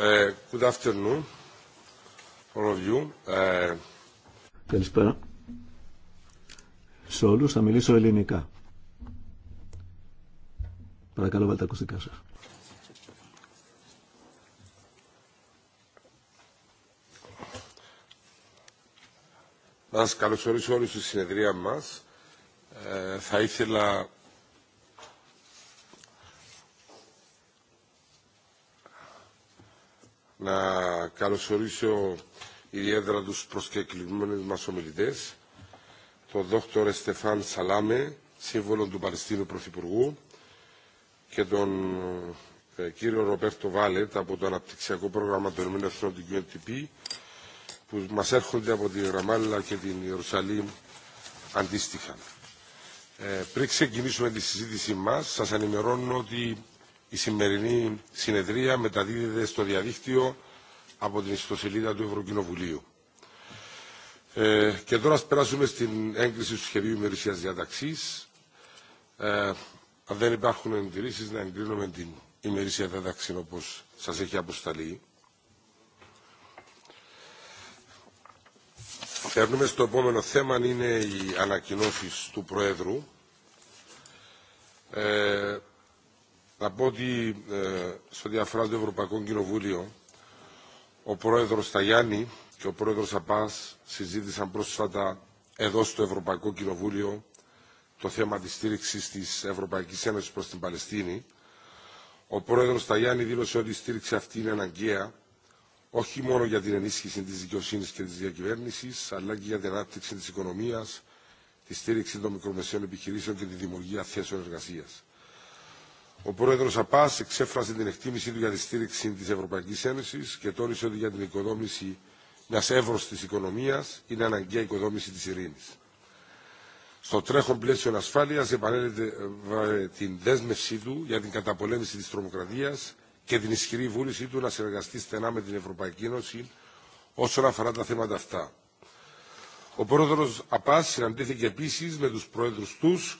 Ε, good afternoon, all of you. Ε, Καλησπέρα. Σε όλους θα μιλήσω ελληνικά. Παρακαλώ βάλτε τα ακουστικά σας. Να σας καλωσορίσω όλους στη συνεδρία μας. Ε, θα ήθελα να καλωσορίσω ιδιαίτερα τους προσκεκλημένους μας ομιλητές, τον δόκτωρ Στεφάν Σαλάμε, σύμβολο του Παλαιστίνου Πρωθυπουργού, και τον ε, κύριο Ροπέρτο Βάλετ από το Αναπτυξιακό Πρόγραμμα των εε του που μας έρχονται από τη Ραμάλα και την Ιερουσαλήμ αντίστοιχα. Ε, πριν ξεκινήσουμε τη συζήτησή μας, σας ενημερώνω ότι η σημερινή συνεδρία μεταδίδεται στο διαδίκτυο από την ιστοσελίδα του Ευρωκοινοβουλίου. Ε, και τώρα ας περάσουμε στην έγκριση του σχεδίου ημερησία διαταξή. Ε, αν δεν υπάρχουν εντηρήσει, να εγκρίνουμε την ημερησία διαταξή όπω σα έχει αποσταλεί. Περνούμε στο επόμενο θέμα, είναι οι ανακοινώσει του Προέδρου. Ε, να πω ότι ε, σε ό,τι αφορά Κοινοβούλιο, ο πρόεδρο Ταγιάννη και ο πρόεδρο Απάς συζήτησαν πρόσφατα εδώ στο Ευρωπαϊκό Κοινοβούλιο το θέμα τη στήριξη τη Ευρωπαϊκή Ένωση προ την Παλαιστίνη. Ο πρόεδρο Ταγιάννη δήλωσε ότι η στήριξη αυτή είναι αναγκαία όχι μόνο για την ενίσχυση της δικαιοσύνης και της διακυβέρνησης, αλλά και για την ανάπτυξη της οικονομίας, τη στήριξη των μικρομεσαίων επιχειρήσεων και τη δημιουργία θέσεων εργασίας. Ο πρόεδρος Απάς εξέφρασε την εκτίμησή του για τη στήριξη της Ευρωπαϊκής Ένωσης και τόνισε ότι για την οικοδόμηση μιας εύρωστης οικονομίας είναι αναγκαία η οικοδόμηση της ειρήνης. Στο τρέχον πλαίσιο ασφάλειας επανέλετε την δέσμευσή του για την καταπολέμηση της τρομοκρατίας και την ισχυρή βούλησή του να συνεργαστεί στενά με την Ευρωπαϊκή Ένωση όσον αφορά τα θέματα αυτά. Ο πρόεδρος Απάς συναντήθηκε επίση με τους πρόεδρους τους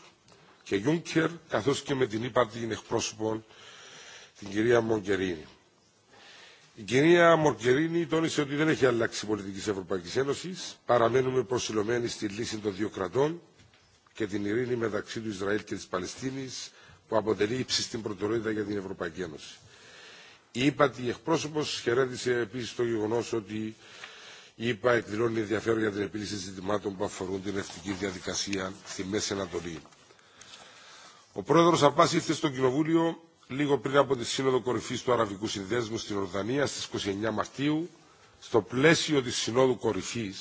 και Γιούνκερ, καθώς και με την ύπαρτη εκπρόσωπο την κυρία Μογκερίνη. Η κυρία Μογκερίνη τόνισε ότι δεν έχει αλλάξει η πολιτική τη Ευρωπαϊκή Ένωση. Παραμένουμε προσιλωμένοι στη λύση των δύο κρατών και την ειρήνη μεταξύ του Ισραήλ και τη Παλαιστίνη, που αποτελεί στην προτεραιότητα για την Ευρωπαϊκή Ένωση. Η ΥΠΑΤΗ εκπρόσωπο χαιρέτησε επίση το γεγονό ότι η ΥΠΑ εκδηλώνει ενδιαφέρον για την επίλυση ζητημάτων που αφορούν την ευτική διαδικασία στη Μέση Ανατολή. Ο πρόεδρο Σαπά ήρθε στο Κοινοβούλιο λίγο πριν από τη Σύνοδο Κορυφή του Αραβικού Συνδέσμου στην Ορδανία στι 29 Μαρτίου, στο πλαίσιο τη Συνόδου Κορυφή,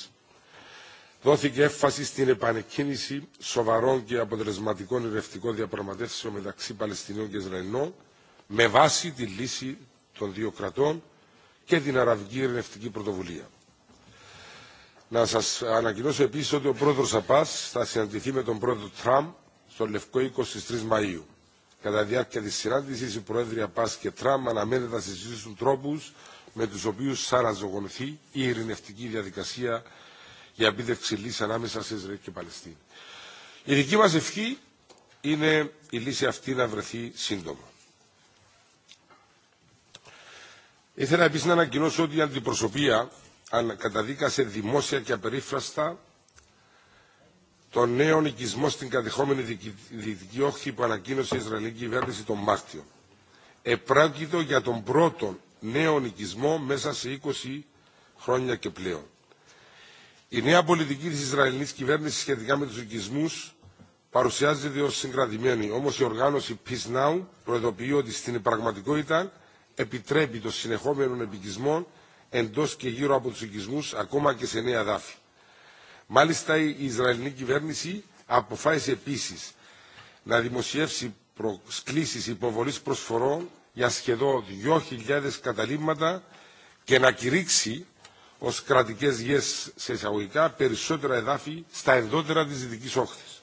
δόθηκε έμφαση στην επανεκκίνηση σοβαρών και αποτελεσματικών ειρευτικών διαπραγματεύσεων μεταξύ Παλαιστινίων και Ισραηλινών με βάση τη λύση των δύο κρατών και την Αραβική Ειρηνευτική Πρωτοβουλία. Να σας ανακοινώσω επίσης ότι ο πρόεδρος Απάς θα συναντηθεί με τον πρόεδρο Τραμπ στο Λευκό 23 Μαου, Κατά διάρκεια τη συνάντηση, οι Προέδρια Απά και Τραμ αναμένεται να συζητήσουν τρόπου με του οποίου θα αναζωογονηθεί η ειρηνευτική διαδικασία για επίτευξη λύση ανάμεσα σε Ισραήλ και Παλαιστίνη. Η δική μα ευχή είναι η λύση αυτή να βρεθεί σύντομα. Ήθελα επίση να ανακοινώσω ότι η αντιπροσωπεία καταδίκασε δημόσια και απερίφραστα τον νέο οικισμό στην κατεχόμενη δυτική όχθη που ανακοίνωσε η Ισραηλική κυβέρνηση τον Μάρτιο. Επράκειτο για τον πρώτο νέο οικισμό μέσα σε 20 χρόνια και πλέον. Η νέα πολιτική της Ισραηλινής κυβέρνησης σχετικά με τους οικισμούς παρουσιάζεται ως συγκρατημένη, όμως η οργάνωση Peace Now προειδοποιεί ότι στην πραγματικότητα επιτρέπει το συνεχόμενο επικισμό εντός και γύρω από τους οικισμούς ακόμα και σε νέα δάφη. Μάλιστα η Ισραηλινή κυβέρνηση αποφάσισε επίσης να δημοσιεύσει προσκλήσεις υποβολής προσφορών για σχεδόν 2.000 καταλήμματα και να κηρύξει ως κρατικές γης σε εισαγωγικά περισσότερα εδάφη στα ενδότερα της Δυτικής Όχθης.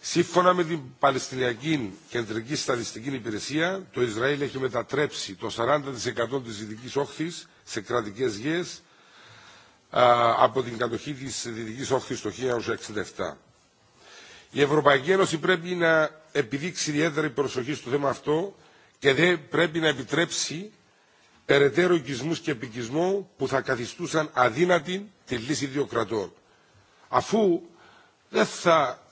Σύμφωνα με την Παλαιστινιακή Κεντρική Στατιστική Υπηρεσία, το Ισραήλ έχει μετατρέψει το 40% της Δυτικής Όχθης σε κρατικές γης από την κατοχή της δυτική Όχθης το 1967. Η Ευρωπαϊκή Ένωση πρέπει να επιδείξει ιδιαίτερη προσοχή στο θέμα αυτό και δεν πρέπει να επιτρέψει περαιτέρω οικισμού και επικισμό που θα καθιστούσαν αδύνατη τη λύση δύο κρατών. Αφού δεν θα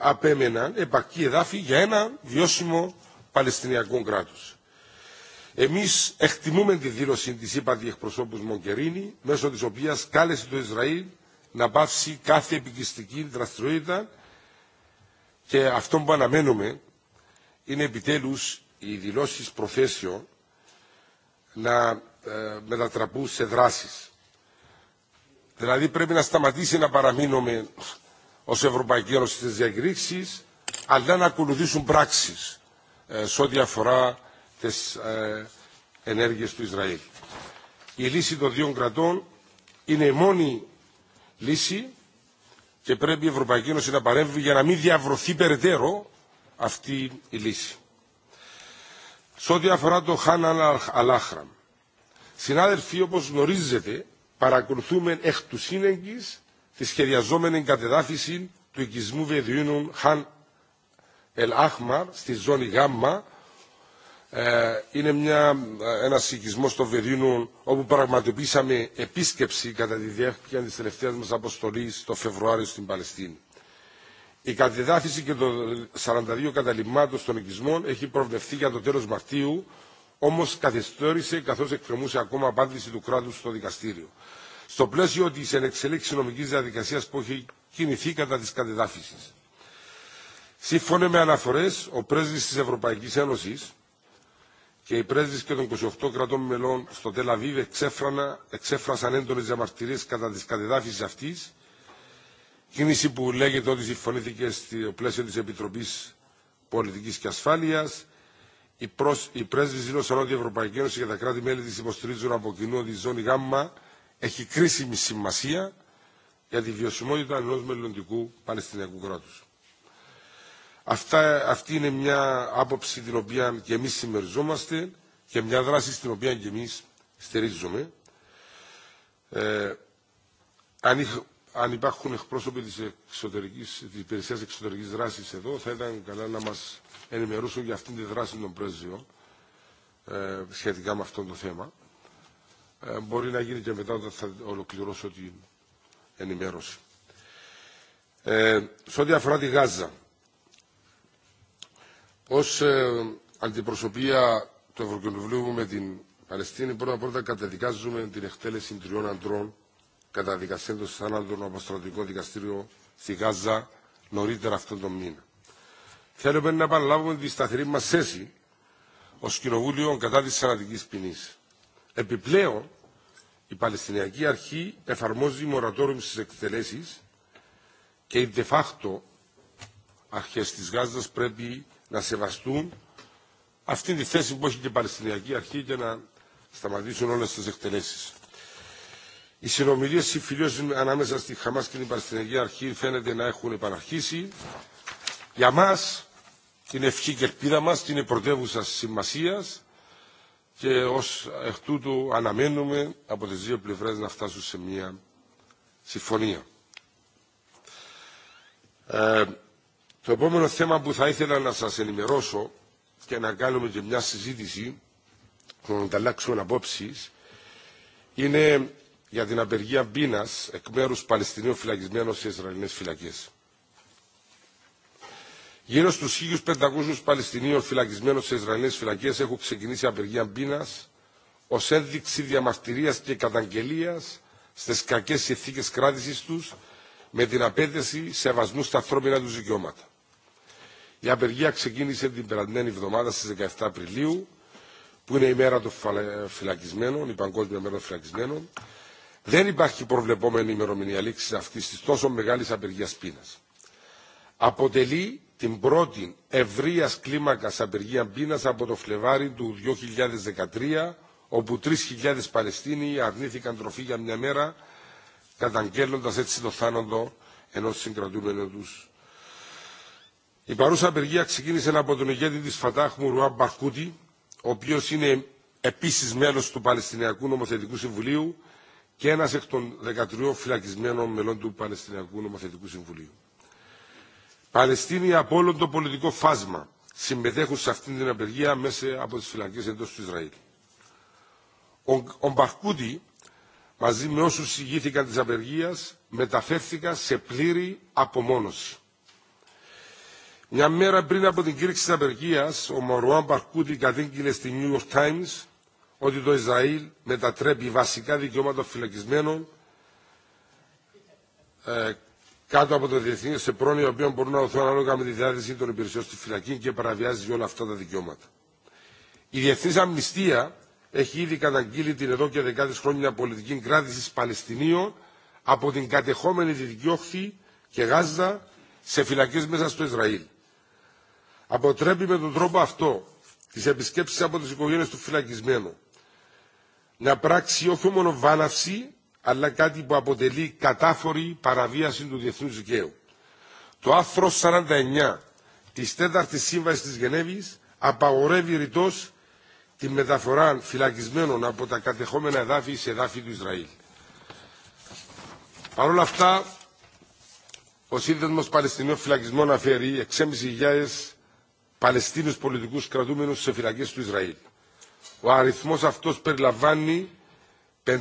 απέμεναν επαρκή εδάφη για ένα βιώσιμο Παλαιστινιακό κράτος. Εμείς εκτιμούμε τη δήλωση της ύπατη εκπροσώπους Μογκερίνη, μέσω της οποίας κάλεσε το Ισραήλ να πάψει κάθε επικιστική δραστηριότητα και αυτό που αναμένουμε είναι επιτέλους οι δηλώσεις προθέσεων να ε, μετατραπούν σε δράσεις. Δηλαδή πρέπει να σταματήσει να παραμείνουμε ως Ευρωπαϊκή Ένωση στις διακρίξεις, αλλά να ακολουθήσουν πράξεις ε, σε ό,τι αφορά τις ε, ενέργειες του Ισραήλ. Η λύση των δύο κρατών είναι η μόνη λύση και πρέπει η Ευρωπαϊκή Ένωση να παρέμβει για να μην διαβρωθεί περαιτέρω αυτή η λύση. Σε ό,τι αφορά το ...Χάν Αλάχραμ, συνάδελφοι όπως γνωρίζετε παρακολουθούμε εκ του σύνεγγυς τη σχεδιαζόμενη κατεδάφιση του οικισμού Βεδιούνων Χαν Ελ Αχμαρ στη ζώνη Γάμμα ε, είναι μια, ε, ένας οικισμός στο Βερίνο όπου πραγματοποιήσαμε επίσκεψη κατά τη διεύκεια της τελευταίας μας αποστολής το Φεβρουάριο στην Παλαιστίνη. Η κατεδάφιση και το 42 καταλημμάτων των οικισμών έχει προβλεφθεί για το τέλος Μαρτίου, όμως καθυστέρησε καθώς εκκρεμούσε ακόμα απάντηση του κράτους στο δικαστήριο. Στο πλαίσιο της ενεξελίξης νομικής διαδικασίας που έχει κινηθεί κατά της κατεδάφισης. Σύμφωνα με αναφορές, ο πρέσβης τη Ευρωπαϊκή Ένωση και οι πρέσβεις και των 28 κρατών μελών στο Τελαβίβ εξέφρασαν έντονες διαμαρτυρίες κατά της κατεδάφιση αυτής, κίνηση που λέγεται ότι συμφωνήθηκε στο πλαίσιο της Επιτροπής Πολιτικής και Ασφάλειας. Οι, προσ... οι πρέσβεις δήλωσαν ότι η Ευρωπαϊκή Ένωση και τα κράτη-μέλη της υποστηρίζουν από κοινού ότι η ζώνη Γ έχει κρίσιμη σημασία για τη βιωσιμότητα ενός μελλοντικού Παλαιστινιακού κράτους αυτή είναι μια άποψη την οποία και εμείς συμμεριζόμαστε και μια δράση στην οποία και εμείς στηρίζουμε. αν, είχ, αν υπάρχουν εκπρόσωποι της, εξωτερικής, της υπηρεσίας εξωτερικής δράσης εδώ, θα ήταν καλά να μας ενημερώσουν για αυτήν τη δράση των πρέσβειων ε, σχετικά με αυτό το θέμα. Ε, μπορεί να γίνει και μετά όταν θα ολοκληρώσω την ενημέρωση. Ε, σε ό,τι αφορά τη Γάζα, ως ε, αντιπροσωπεία του Ευρωκοινοβουλίου με την Παλαιστίνη πρώτα-πρώτα καταδικάζουμε την εκτέλεση τριών αντρών καταδικασέντος θάνατον από στρατιωτικό δικαστήριο στη Γάζα νωρίτερα αυτόν τον μήνα. Θέλουμε να επαναλάβουμε τη σταθερή μα θέση ω κοινοβούλιο κατά τη θανατική ποινή. Επιπλέον, η Παλαιστινιακή Αρχή εφαρμόζει μορατόριο στι εκτελέσει και οι de facto αρχέ τη Γάζα πρέπει να σεβαστούν αυτή τη θέση που έχει και η Παλαιστινιακή Αρχή και να σταματήσουν όλες τις εκτελέσεις. Οι συνομιλίε συμφιλίωση ανάμεσα στη Χαμά και την Παλαιστινιακή Αρχή φαίνεται να έχουν επαναρχίσει. Για μας, την ευχή και ελπίδα μα, την πρωτεύουσα σημασία και ω εκ τούτου αναμένουμε από τι δύο πλευρέ να φτάσουν σε μια συμφωνία. Ε, το επόμενο θέμα που θα ήθελα να σας ενημερώσω και να κάνουμε και μια συζήτηση, να ανταλλάξουμε απόψεις, είναι για την απεργία πείνα εκ μέρου Παλαιστινίων φυλακισμένων σε Ισραηλινέ φυλακέ. Γύρω στου 1.500 Παλαιστινίων φυλακισμένων σε Ισραηλινές φυλακέ έχουν ξεκινήσει απεργία πείνα ω ένδειξη διαμαρτυρία και καταγγελία στι κακέ συνθήκε κράτηση του με την απέτηση σεβασμού στα ανθρώπινα του δικαιώματα. Η απεργία ξεκίνησε την περασμένη εβδομάδα στι 17 Απριλίου, που είναι η μέρα των φυλακισμένων, η παγκόσμια μέρα των φυλακισμένων. Δεν υπάρχει προβλεπόμενη ημερομηνία λήξη αυτή τη τόσο μεγάλη απεργία πείνα. Αποτελεί την πρώτη ευρεία κλίμακα απεργία πείνα από το Φλεβάρι του 2013, όπου 3.000 Παλαιστίνοι αρνήθηκαν τροφή για μια μέρα καταγγέλλοντας έτσι το θάνατο ενός συγκρατούμενου τους. Η παρούσα απεργία ξεκίνησε από τον ηγέτη της Φατάχ Μουρουά Μπαρκούτη, ο οποίος είναι επίσης μέλος του Παλαιστινιακού Νομοθετικού Συμβουλίου και ένας εκ των 13 φυλακισμένων μελών του Παλαιστινιακού Νομοθετικού Συμβουλίου. Παλαιστίνοι από όλο το πολιτικό φάσμα συμμετέχουν σε αυτήν την απεργία μέσα από τις φυλακές εντός του Ισραήλ. Ο, ο Μπαρκούτη μαζί με όσους συγγήθηκαν της απεργίας, μεταφέρθηκα σε πλήρη απομόνωση. Μια μέρα πριν από την κήρυξη της απεργίας, ο Μαρουάν Παρκούτη κατήγγειλε στη New York Times ότι το Ισραήλ μετατρέπει βασικά δικαιώματα φυλακισμένων ε, κάτω από το διεθνή σε πρόνοια οι οποίοι μπορούν να οθούν ανάλογα με τη διάθεση των υπηρεσιών στη φυλακή και παραβιάζει όλα αυτά τα δικαιώματα. Η διεθνή Αμνηστία έχει ήδη καταγγείλει την εδώ και δεκάδε χρόνια πολιτική κράτηση Παλαιστινίων από την κατεχόμενη Δυτική Όχθη και Γάζα σε φυλακέ μέσα στο Ισραήλ. Αποτρέπει με τον τρόπο αυτό τι επισκέψει από τι οικογένειε του φυλακισμένου. Να πράξει όχι μόνο βάναυση, αλλά κάτι που αποτελεί κατάφορη παραβίαση του διεθνού δικαίου. Το άρθρο 49 τη 4η Σύμβαση τη Γενέβη απαγορεύει ρητό τη μεταφορά φυλακισμένων από τα κατεχόμενα εδάφη σε εδάφη του Ισραήλ. Παρ' όλα αυτά, ο Σύνδεσμο Παλαιστινίων Φυλακισμών αφαιρεί 6.500 Παλαιστίνου πολιτικού κρατούμενου σε φυλακέ του Ισραήλ. Ο αριθμό αυτό περιλαμβάνει 500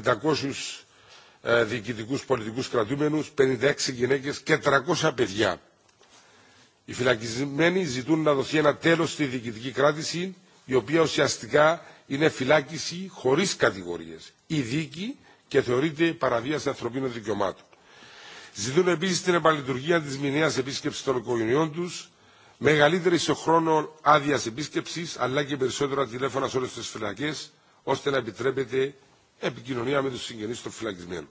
ε, διοικητικού πολιτικού κρατούμενου, 56 γυναίκε και 300 παιδιά. Οι φυλακισμένοι ζητούν να δοθεί ένα τέλο στη διοικητική κράτηση η οποία ουσιαστικά είναι φυλάκιση χωρίς κατηγορίες, η δίκη και θεωρείται παραβίαση ανθρωπίνων δικαιωμάτων. Ζητούν επίσης την επαλειτουργία της μηνιαίας επίσκεψης των οικογενειών τους, μεγαλύτερη σε χρόνο άδεια επίσκεψη αλλά και περισσότερα τηλέφωνα σε όλε τι φυλακέ, ώστε να επιτρέπεται επικοινωνία με του συγγενεί των φυλακισμένων.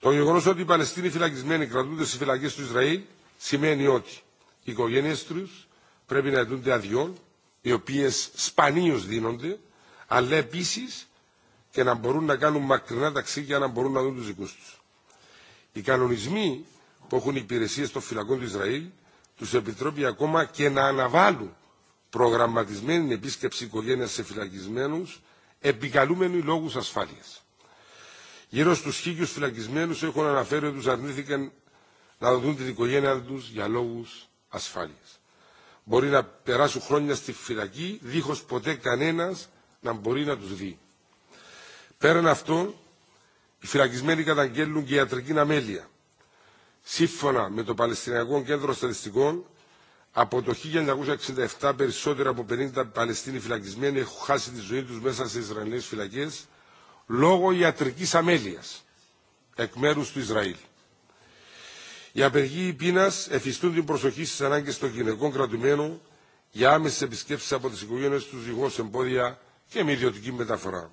Το γεγονό ότι οι Παλαιστίνοι φυλακισμένοι κρατούνται στι φυλακέ του Ισραήλ σημαίνει ότι οι οικογένειε του πρέπει να αιτούνται αδειών οι οποίες σπανίως δίνονται, αλλά επίσης και να μπορούν να κάνουν μακρινά ταξίδια να μπορούν να δουν τους δικούς τους. Οι κανονισμοί που έχουν υπηρεσίες των φυλακών του Ισραήλ τους επιτρέπει ακόμα και να αναβάλουν προγραμματισμένη επίσκεψη οικογένεια σε φυλακισμένους επικαλούμενοι λόγους ασφάλειας. Γύρω στους χίλιους φυλακισμένους έχουν αναφέρει ότι τους αρνήθηκαν να δουν την οικογένειά τους για λόγους ασφάλειας. Μπορεί να περάσουν χρόνια στη φυλακή δίχως ποτέ κανένας να μπορεί να τους δει. Πέραν αυτών, οι φυλακισμένοι καταγγέλνουν και ιατρική αμέλεια. Σύμφωνα με το Παλαιστινιακό Κέντρο Στατιστικών, από το 1967 περισσότερο από 50 Παλαιστίνοι φυλακισμένοι έχουν χάσει τη ζωή τους μέσα σε Ισραηλινές φυλακές λόγω ιατρικής αμέλειας εκ μέρους του Ισραήλ. Οι απεργοί πείνα εφιστούν την προσοχή στι ανάγκε των γυναικών κρατουμένων για άμεσε επισκέψει από τι οικογένειε του δίχω εμπόδια και με ιδιωτική μεταφορά.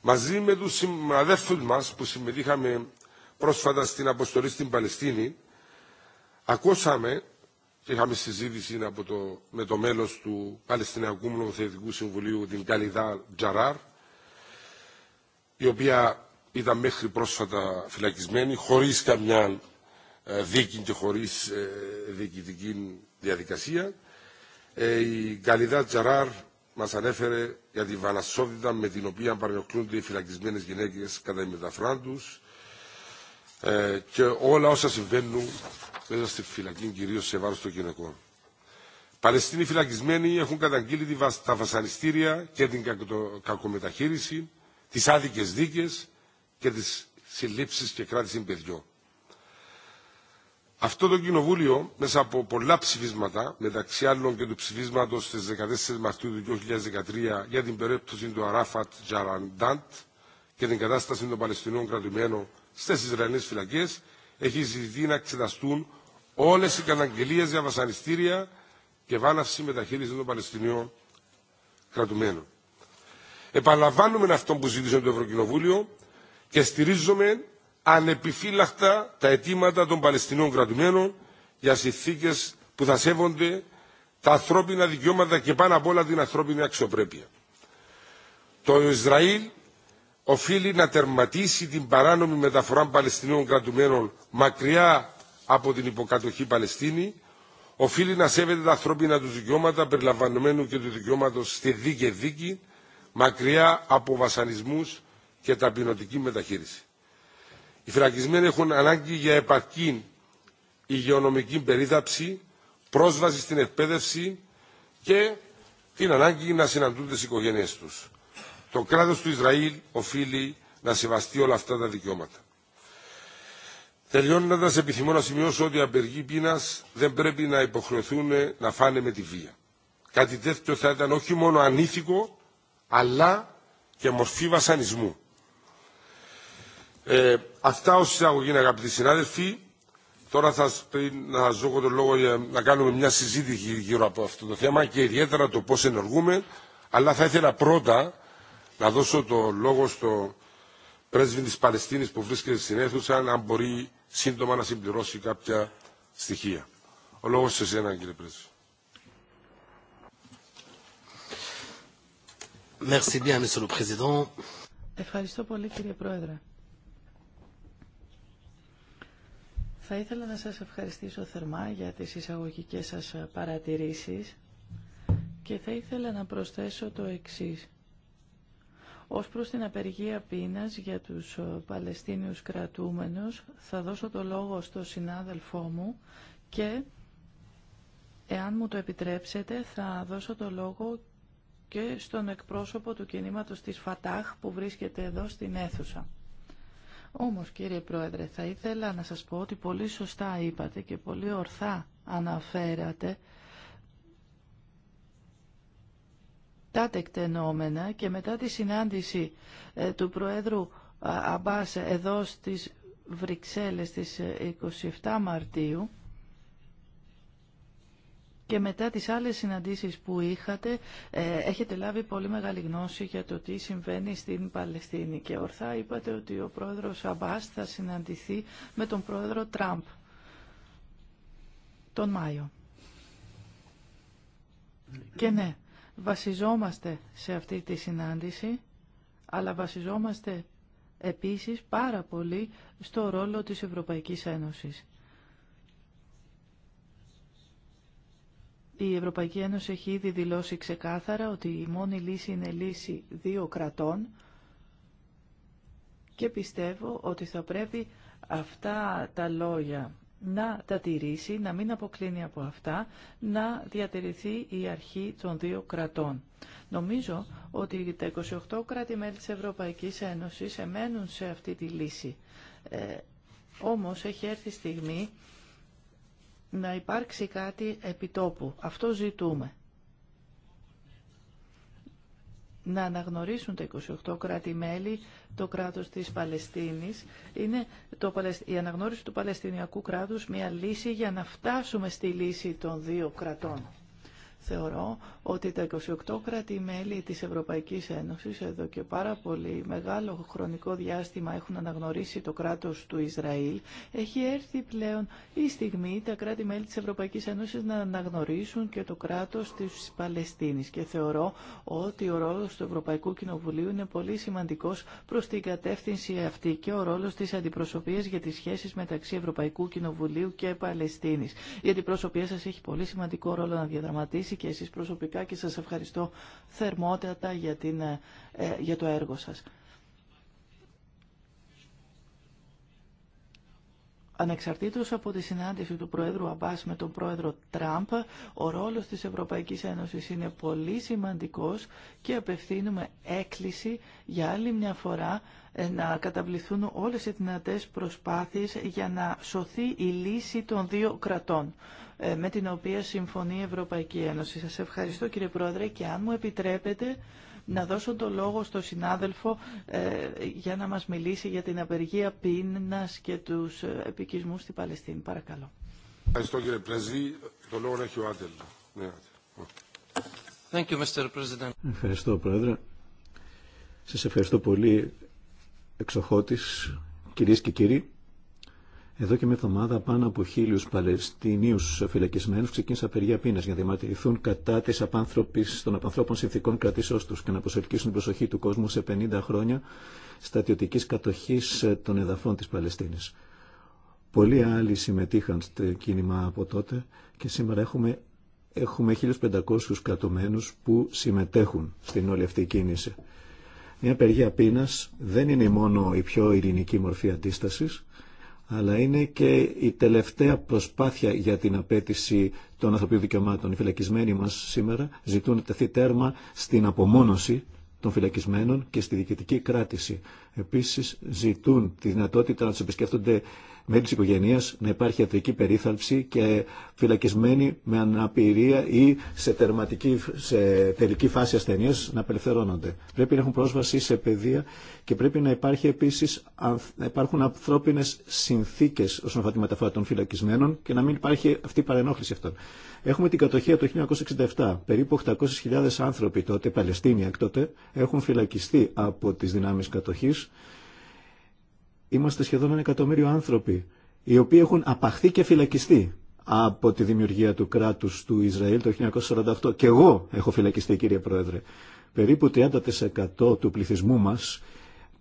Μαζί με του συμμαδέλφου μα που συμμετείχαμε πρόσφατα στην αποστολή στην Παλαιστίνη, ακούσαμε και είχαμε συζήτηση από το, με το μέλο του Παλαιστινιακού Μνομοθετικού Συμβουλίου, την Καλιδά Τζαράρ, η οποία ήταν μέχρι πρόσφατα φυλακισμένη, χωρί καμιά ε, δίκη και χωρίς ε, διοικητική διαδικασία. Ε, η Γκαλιδά Τζαράρ μας ανέφερε για τη βανασότητα με την οποία παρενοχλούνται οι φυλακισμένες γυναίκες κατά τους και όλα όσα συμβαίνουν μέσα στη φυλακή κυρίως σε βάρος των γυναικών. Παλαιστίνοι φυλακισμένοι έχουν καταγγείλει τα βασανιστήρια και την κακομεταχείριση, τις άδικες δίκες και τις συλλήψεις και κράτηση παιδιών. Αυτό το κοινοβούλιο, μέσα από πολλά ψηφίσματα, μεταξύ άλλων και του ψηφίσματο στι 14 Μαρτίου του 2013 για την περίπτωση του Αράφατ Τζαραντάντ και την κατάσταση των Παλαιστινίων κρατουμένων στι Ισραηλινέ φυλακέ, έχει ζητηθεί να εξεταστούν όλε οι καταγγελίε για βασανιστήρια και βάναυση μεταχείριση των Παλαιστινίων κρατουμένων. Επαναλαμβάνουμε αυτό που ζήτησε το Ευρωκοινοβούλιο και στηρίζουμε ανεπιφύλακτα τα αιτήματα των Παλαιστινίων κρατουμένων για συνθήκε που θα σέβονται τα ανθρώπινα δικαιώματα και πάνω απ' όλα την ανθρώπινη αξιοπρέπεια. Το Ισραήλ οφείλει να τερματίσει την παράνομη μεταφορά Παλαιστινίων κρατουμένων μακριά από την υποκατοχή Παλαιστίνη, οφείλει να σέβεται τα ανθρώπινα του δικαιώματα περιλαμβανομένου και του δικαιώματο στη δίκαιη δίκη, μακριά από βασανισμού και ταπεινωτική μεταχείριση. Οι φυλακισμένοι έχουν ανάγκη για επαρκή υγειονομική περίδαψη, πρόσβαση στην εκπαίδευση και την ανάγκη να συναντούν τι οικογένειέ του. Το κράτο του Ισραήλ οφείλει να σεβαστεί όλα αυτά τα δικαιώματα. Τελειώνοντα, επιθυμώ να σημειώσω ότι οι απεργοί πείνα δεν πρέπει να υποχρεωθούν να φάνε με τη βία. Κάτι τέτοιο θα ήταν όχι μόνο ανήθικο, αλλά και μορφή βασανισμού. Ε, αυτά ως εισαγωγή αγαπητοί συνάδελφοι. Τώρα θα πριν να σας δώσω τον λόγο για να κάνουμε μια συζήτηση γύρω από αυτό το θέμα και ιδιαίτερα το πώς ενεργούμε. Αλλά θα ήθελα πρώτα να δώσω το λόγο στο πρέσβη της Παλαιστίνης που βρίσκεται στην αίθουσα αν μπορεί σύντομα να συμπληρώσει κάποια στοιχεία. Ο λόγος σε εσένα κύριε πρέσβη. Ευχαριστώ πολύ κύριε Πρόεδρε. Θα ήθελα να σας ευχαριστήσω θερμά για τις εισαγωγικές σας παρατηρήσεις και θα ήθελα να προσθέσω το εξής. Ως προς την απεργία πείνας για τους ε, Παλαιστίνιους κρατούμενους θα δώσω το λόγο στο συνάδελφό μου και εάν μου το επιτρέψετε θα δώσω το λόγο και στον εκπρόσωπο του κινήματος της ΦΑΤΑΧ που βρίσκεται εδώ στην αίθουσα. Όμως κύριε Πρόεδρε θα ήθελα να σας πω ότι πολύ σωστά είπατε και πολύ ορθά αναφέρατε τα τεκτενόμενα και μετά τη συνάντηση ε, του Προέδρου ε, Αμπάς εδώ στις Βρυξέλλες στις 27 ε, Μαρτίου και μετά τις άλλες συναντήσεις που είχατε ε, έχετε λάβει πολύ μεγάλη γνώση για το τι συμβαίνει στην Παλαιστίνη και ορθά είπατε ότι ο πρόεδρος Αμπάς θα συναντηθεί με τον πρόεδρο Τραμπ τον Μάιο. Και ναι, βασιζόμαστε σε αυτή τη συνάντηση, αλλά βασιζόμαστε επίσης πάρα πολύ στο ρόλο της Ευρωπαϊκής Ένωσης. Η Ευρωπαϊκή Ένωση έχει ήδη δηλώσει ξεκάθαρα ότι η μόνη λύση είναι λύση δύο κρατών και πιστεύω ότι θα πρέπει αυτά τα λόγια να τα τηρήσει, να μην αποκλίνει από αυτά, να διατηρηθεί η αρχή των δύο κρατών. Νομίζω ότι τα 28 κράτη-μέλη της Ευρωπαϊκής Ένωσης εμένουν σε αυτή τη λύση. Ε, όμως έχει έρθει η στιγμή να υπάρξει κάτι επιτόπου. Αυτό ζητούμε. Να αναγνωρίσουν τα 28 κράτη-μέλη το κράτος της Παλαιστίνης. Είναι το, η αναγνώριση του Παλαιστινιακού κράτους μια λύση για να φτάσουμε στη λύση των δύο κρατών. Θεωρώ ότι τα 28 κράτη-μέλη της Ευρωπαϊκής Ένωσης εδώ και πάρα πολύ μεγάλο χρονικό διάστημα έχουν αναγνωρίσει το κράτος του Ισραήλ. Έχει έρθει πλέον η στιγμή τα κράτη-μέλη της Ευρωπαϊκής Ένωσης να αναγνωρίσουν και το κράτος της Παλαιστίνης. Και θεωρώ ότι ο ρόλος του Ευρωπαϊκού Κοινοβουλίου είναι πολύ σημαντικός προς την κατεύθυνση αυτή και ο ρόλος της αντιπροσωπείας για τις σχέσεις μεταξύ Ευρωπαϊκού Κοινοβουλίου και Παλαιστίνης. Η αντιπροσωπεία σας έχει πολύ σημαντικό ρόλο να διαδραματίσει και εσείς προσωπικά και σας ευχαριστώ θερμότατα για, την, ε, ε, για το έργο σας. Ανεξαρτήτως από τη συνάντηση του Προέδρου Αμπάς με τον Πρόεδρο Τραμπ, ο ρόλος της Ευρωπαϊκής Ένωσης είναι πολύ σημαντικός και απευθύνουμε έκκληση για άλλη μια φορά ε, να καταβληθούν όλες οι δυνατές προσπάθειες για να σωθεί η λύση των δύο κρατών ε, με την οποία συμφωνεί η Ευρωπαϊκή Ένωση. Σας ευχαριστώ κύριε Πρόεδρε και αν μου επιτρέπετε να δώσω το λόγο στο συνάδελφο ε, για να μας μιλήσει για την απεργία πείνας και τους επικισμούς στην Παλαιστίνη. Παρακαλώ. Ευχαριστώ κύριε Το λόγο έχει ο Άντελ. Ναι, ευχαριστώ, Πρόεδρε. Σας ευχαριστώ πολύ εξοχώτης, κυρίες και κύριοι, εδώ και μια εβδομάδα πάνω από χίλιους Παλαιστινίους φυλακισμένους ξεκίνησαν απεργία πείνας για να διαμαρτυρηθούν κατά της απάνθρωπης, των απανθρώπων συνθήκων κρατήσεώς τους και να προσελκύσουν την προσοχή του κόσμου σε 50 χρόνια στατιωτικής κατοχής των εδαφών της Παλαιστίνης. Πολλοί άλλοι συμμετείχαν στο κίνημα από τότε και σήμερα έχουμε, έχουμε 1500 κρατωμένους που συμμετέχουν στην όλη αυτή κίνηση. Μια απεργία πείνα δεν είναι μόνο η πιο ειρηνική μορφή αντίστασης, αλλά είναι και η τελευταία προσπάθεια για την απέτηση των ανθρωπίνων δικαιωμάτων. Οι φυλακισμένοι μας σήμερα ζητούν να τεθεί τέρμα στην απομόνωση των φυλακισμένων και στη διοικητική κράτηση. Επίσης ζητούν τη δυνατότητα να του επισκέφτονται μέλη της οικογένειας να υπάρχει ιατρική περίθαλψη και φυλακισμένοι με αναπηρία ή σε, τερματική, σε τελική φάση ασθενείας να απελευθερώνονται. Πρέπει να έχουν πρόσβαση σε παιδεία και πρέπει να υπάρχει επίσης, να υπάρχουν ανθρώπινες συνθήκες όσον αφορά τη μεταφορά των φυλακισμένων και να μην υπάρχει αυτή η παρενόχληση αυτών. Έχουμε την κατοχή από το 1967. Περίπου 800.000 άνθρωποι τότε, Παλαιστίνοι τότε, έχουν φυλακιστεί από τις δυνάμεις κατοχής Είμαστε σχεδόν ένα εκατομμύριο άνθρωποι οι οποίοι έχουν απαχθεί και φυλακιστεί από τη δημιουργία του κράτους του Ισραήλ το 1948. Και εγώ έχω φυλακιστεί κύριε Πρόεδρε. Περίπου 30% του πληθυσμού μας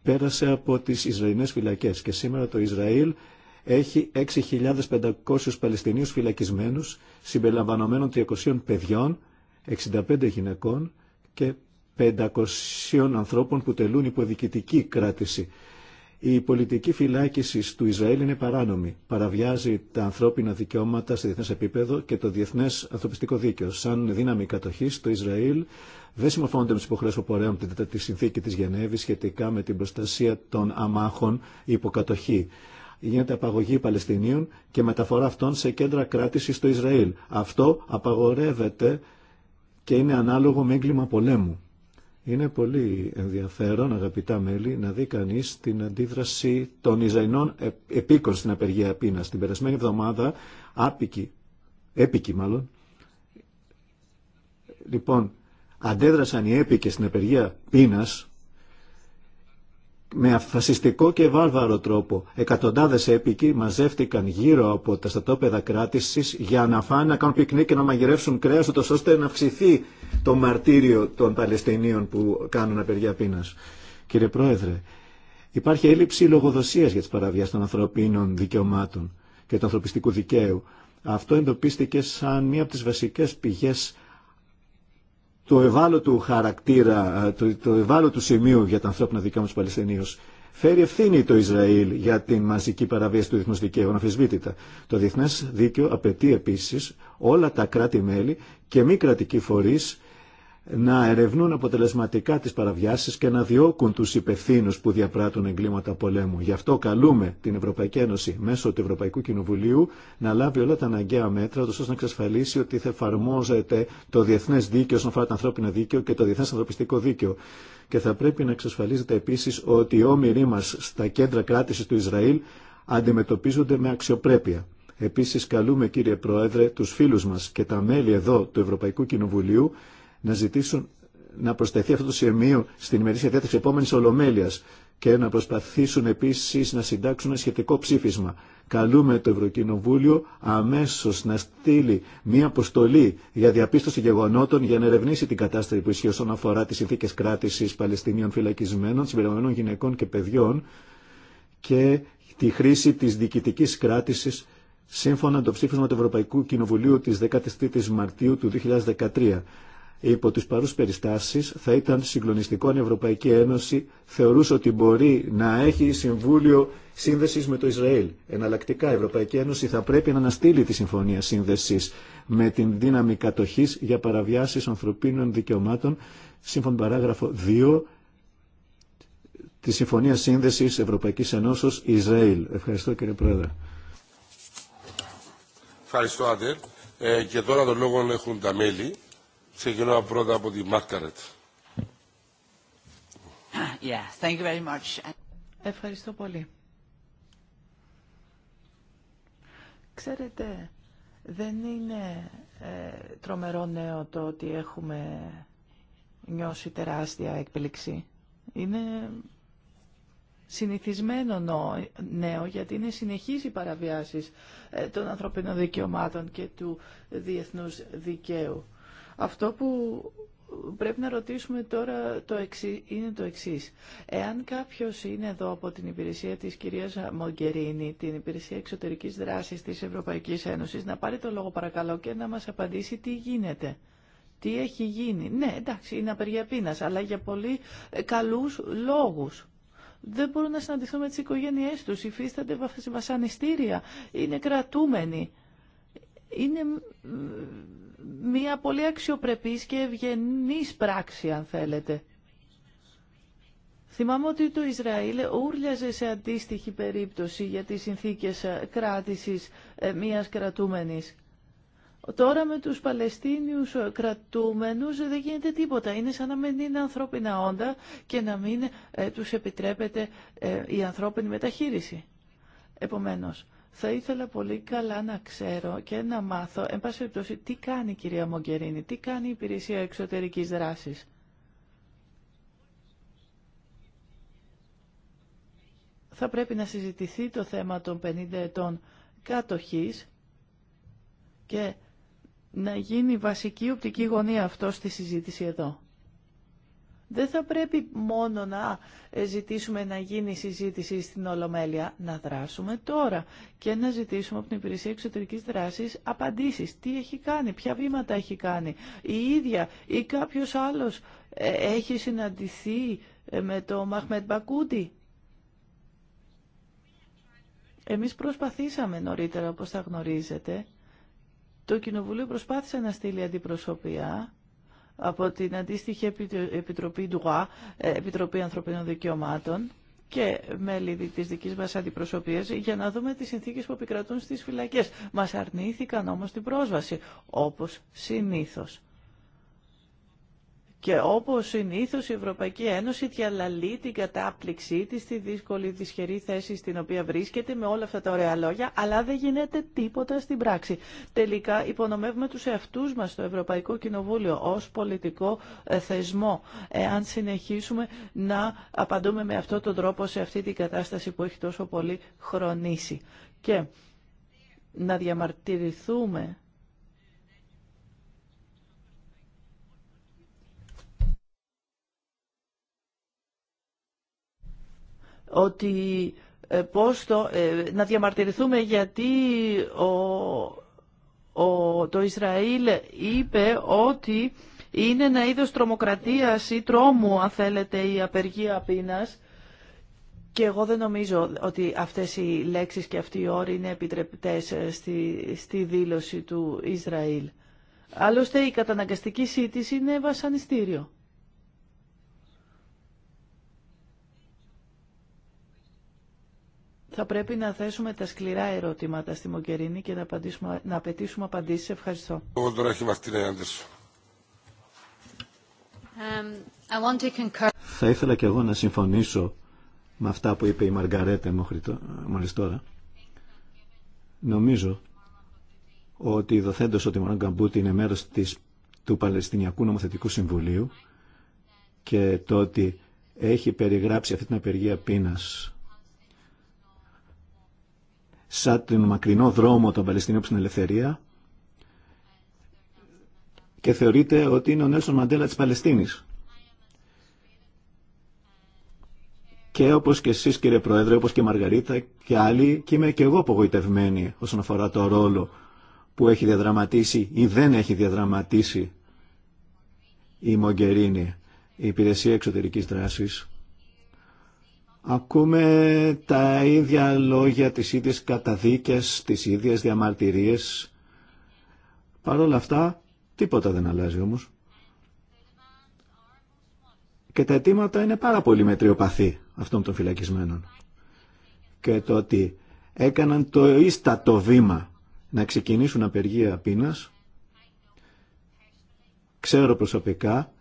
πέρασε από τις Ισραηλινές φυλακές και σήμερα το Ισραήλ έχει 6.500 Παλαιστινίους φυλακισμένους συμπεριλαμβανομένων 300 παιδιών, 65 γυναικών και 500 ανθρώπων που τελούν υποδικητική κράτηση. Η πολιτική φυλάκιση του Ισραήλ είναι παράνομη. Παραβιάζει τα ανθρώπινα δικαιώματα σε διεθνέ επίπεδο και το διεθνέ ανθρωπιστικό δίκαιο. Σαν δύναμη κατοχή, το Ισραήλ δεν συμμορφώνεται με τι υποχρεώσει που από τη συνθήκη τη Γενέβη σχετικά με την προστασία των αμάχων υποκατοχή. Γίνεται απαγωγή Παλαιστινίων και μεταφορά αυτών σε κέντρα κράτηση στο Ισραήλ. Αυτό απαγορεύεται και είναι ανάλογο με έγκλημα πολέμου. Είναι πολύ ενδιαφέρον, αγαπητά μέλη, να δει κανεί την αντίδραση των Ιζαϊνών επίκων στην απεργία πείνα. Την περασμένη εβδομάδα, άπικη, έπικη μάλλον, λοιπόν, αντέδρασαν οι έπικε στην απεργία πείνα, με αφασιστικό και βάρβαρο τρόπο. Εκατοντάδες έπικοι μαζεύτηκαν γύρω από τα στατόπεδα κράτηση για να φάνε, να κάνουν πικνίκ και να μαγειρεύσουν κρέας, ώστε να αυξηθεί το μαρτύριο των Παλαιστινίων που κάνουν απεργία πείνα. Κύριε Πρόεδρε, υπάρχει έλλειψη λογοδοσία για τις παραβιάσεις των ανθρωπίνων δικαιωμάτων και του ανθρωπιστικού δικαίου. Αυτό εντοπίστηκε σαν μία από τι βασικέ πηγέ του ευάλωτο χαρακτήρα, ε, το του σημείου για τα ανθρώπινα δικαιώματα του Παλαιστινίου. Φέρει ευθύνη το Ισραήλ για την μαζική παραβίαση του διεθνού δικαίου, αναφυσβήτητα. Το διεθνέ δίκαιο απαιτεί επίση όλα τα κράτη-μέλη και μη κρατικοί φορεί να ερευνούν αποτελεσματικά τις παραβιάσεις και να διώκουν τους υπευθύνους που διαπράττουν εγκλήματα πολέμου. Γι' αυτό καλούμε την Ευρωπαϊκή Ένωση μέσω του Ευρωπαϊκού Κοινοβουλίου να λάβει όλα τα αναγκαία μέτρα ώστε να εξασφαλίσει ότι θα εφαρμόζεται το διεθνές δίκαιο όσον αφορά το ανθρώπινο δίκαιο και το διεθνές ανθρωπιστικό δίκαιο. Και θα πρέπει να εξασφαλίζεται επίσης ότι οι όμοιροι μας στα κέντρα κράτησης του Ισραήλ αντιμετωπίζονται με αξιοπρέπεια. Επίσης καλούμε κύριε Πρόεδρε τους φίλους μας και τα μέλη εδώ του Ευρωπαϊκού Κοινοβουλίου να ζητήσουν να προσθεθεί αυτό το σημείο στην ημερήσια διάταξη επόμενη Ολομέλεια και να προσπαθήσουν επίση να συντάξουν ένα σχετικό ψήφισμα. Καλούμε το Ευρωκοινοβούλιο αμέσω να στείλει μία αποστολή για διαπίστωση γεγονότων για να ερευνήσει την κατάσταση που ισχύει όσον αφορά τι συνθήκε κράτηση Παλαιστινίων φυλακισμένων, συμπεριλαμβανομένων γυναικών και παιδιών και τη χρήση τη διοικητική κράτηση σύμφωνα με το ψήφισμα του Ευρωπαϊκού Κοινοβουλίου τη 13 η Μαρτίου του 2013 υπό τις παρούς περιστάσεις θα ήταν συγκλονιστικό αν η Ευρωπαϊκή Ένωση θεωρούσε ότι μπορεί να έχει συμβούλιο σύνδεσης με το Ισραήλ. Εναλλακτικά η Ευρωπαϊκή Ένωση θα πρέπει να αναστείλει τη συμφωνία σύνδεσης με την δύναμη κατοχής για παραβιάσεις ανθρωπίνων δικαιωμάτων σύμφωνα παράγραφο 2 τη Συμφωνία Σύνδεσης Ευρωπαϊκής Ενώσεως Ισραήλ. Ευχαριστώ κύριε Πρόεδρε. Ευχαριστώ ε, και τώρα τον λόγο έχουν τα μέλη. Ξεκινώ πρώτα από τη Μάρκαρετ. Ευχαριστώ πολύ. Ξέρετε, δεν είναι ε, τρομερό νέο το ότι έχουμε νιώσει τεράστια έκπληξη. Είναι συνηθισμένο νέο, γιατί είναι συνεχής οι παραβιάσεις ε, των ανθρωπίνων δικαιωμάτων και του διεθνούς δικαίου. Αυτό που πρέπει να ρωτήσουμε τώρα το είναι το εξή. Εάν κάποιος είναι εδώ από την υπηρεσία της κυρίας Μογκερίνη, την υπηρεσία εξωτερικής δράσης της Ευρωπαϊκής Ένωσης, να πάρει το λόγο παρακαλώ και να μας απαντήσει τι γίνεται. Τι έχει γίνει. Ναι, εντάξει, είναι απεργία πείνα, αλλά για πολύ ε, καλούς λόγους. Δεν μπορούν να συναντηθούν με τι οικογένειέ του. υφίστανται βασανιστήρια, είναι κρατούμενοι είναι μια πολύ αξιοπρεπής και ευγενής πράξη αν θέλετε. Θυμάμαι ότι το Ισραήλ ούρλιαζε σε αντίστοιχη περίπτωση για τις συνθήκες ε, κράτησης ε, μιας κρατούμενης. Τώρα με τους Παλαιστίνιους ε, κρατούμενους δεν γίνεται τίποτα. Είναι σαν να μην είναι ανθρώπινα όντα και να μην ε, τους επιτρέπεται η ανθρώπινη μεταχείριση. Επομένως, θα ήθελα πολύ καλά να ξέρω και να μάθω, εν πάση περιπτώσει, τι κάνει η κυρία Μογκερίνη, τι κάνει η Υπηρεσία Εξωτερικής Δράσης. Θα πρέπει να συζητηθεί το θέμα των 50 ετών κατοχής και να γίνει βασική οπτική γωνία αυτό στη συζήτηση εδώ δεν θα πρέπει μόνο να ε, ζητήσουμε να γίνει συζήτηση στην Ολομέλεια, να δράσουμε τώρα και να ζητήσουμε από την Υπηρεσία Εξωτερικής Δράσης απαντήσεις. Τι έχει κάνει, ποια βήματα έχει κάνει, η ίδια ή κάποιος άλλος ε, έχει συναντηθεί ε, με το Μαχμέτ Μπακούτι; Εμείς προσπαθήσαμε νωρίτερα, όπως θα γνωρίζετε. Το Κοινοβουλίο προσπάθησε να στείλει αντιπροσωπεία από την αντίστοιχη Επιτροπή ε, Επιτροπή Ανθρωπίνων Δικαιωμάτων και μέλη της δικής μας αντιπροσωπείας για να δούμε τις συνθήκες που επικρατούν στις φυλακές. Μας αρνήθηκαν όμως την πρόσβαση, όπως συνήθως. Και όπως συνήθως η Ευρωπαϊκή Ένωση διαλαλεί την κατάπληξή της στη δύσκολη δυσχερή θέση στην οποία βρίσκεται με όλα αυτά τα ωραία λόγια, αλλά δεν γίνεται τίποτα στην πράξη. Τελικά υπονομεύουμε τους εαυτούς μας στο Ευρωπαϊκό Κοινοβούλιο ως πολιτικό ε, θεσμό, εάν συνεχίσουμε να απαντούμε με αυτόν τον τρόπο σε αυτή την κατάσταση που έχει τόσο πολύ χρονίσει. Και να διαμαρτυρηθούμε ότι ε, πώς το, ε, να διαμαρτυρηθούμε γιατί ο, ο, το Ισραήλ είπε ότι είναι ένα είδος τρομοκρατίας ή τρόμου αν θέλετε η απεργία πείνας και εγώ δεν νομίζω ότι αυτές οι λέξεις και αυτοί οι όροι είναι επιτρεπτές ε, στη, στη δήλωση του Ισραήλ. Άλλωστε η καταναγκαστική σύντηση είναι βασανιστήριο. θα πρέπει να θέσουμε τα σκληρά ερωτήματα στη Μογκερίνη και να, να απαιτήσουμε απαντήσεις. Ευχαριστώ. Um, θα ήθελα και εγώ να συμφωνήσω με αυτά που είπε η Μαργαρέτα μόλις τώρα. Νομίζω ότι δοθέντως ότι η Καμπούτη είναι μέρος της, του Παλαιστινιακού Νομοθετικού Συμβουλίου και το ότι έχει περιγράψει αυτή την απεργία πείνας σαν τον μακρινό δρόμο των Παλαιστινίων στην ελευθερία και θεωρείται ότι είναι ο Νέλσον Μαντέλα της Παλαιστίνης. Και όπως και εσείς κύριε Πρόεδρε, όπως και η Μαργαρίτα και άλλοι, και είμαι και εγώ απογοητευμένη όσον αφορά το ρόλο που έχει διαδραματίσει ή δεν έχει διαδραματίσει η Μογκερίνη, η Υπηρεσία Εξωτερικής Δράσης, Ακούμε τα ίδια λόγια, τις ίδιες καταδίκες, τις ίδιες διαμαρτυρίες. Παρ' όλα αυτά, τίποτα δεν αλλάζει όμως. Και τα αιτήματα είναι πάρα πολύ μετριοπαθή αυτών των φυλακισμένων. Και το ότι έκαναν το ίστατο βήμα να ξεκινήσουν απεργία πείνας, ξέρω προσωπικά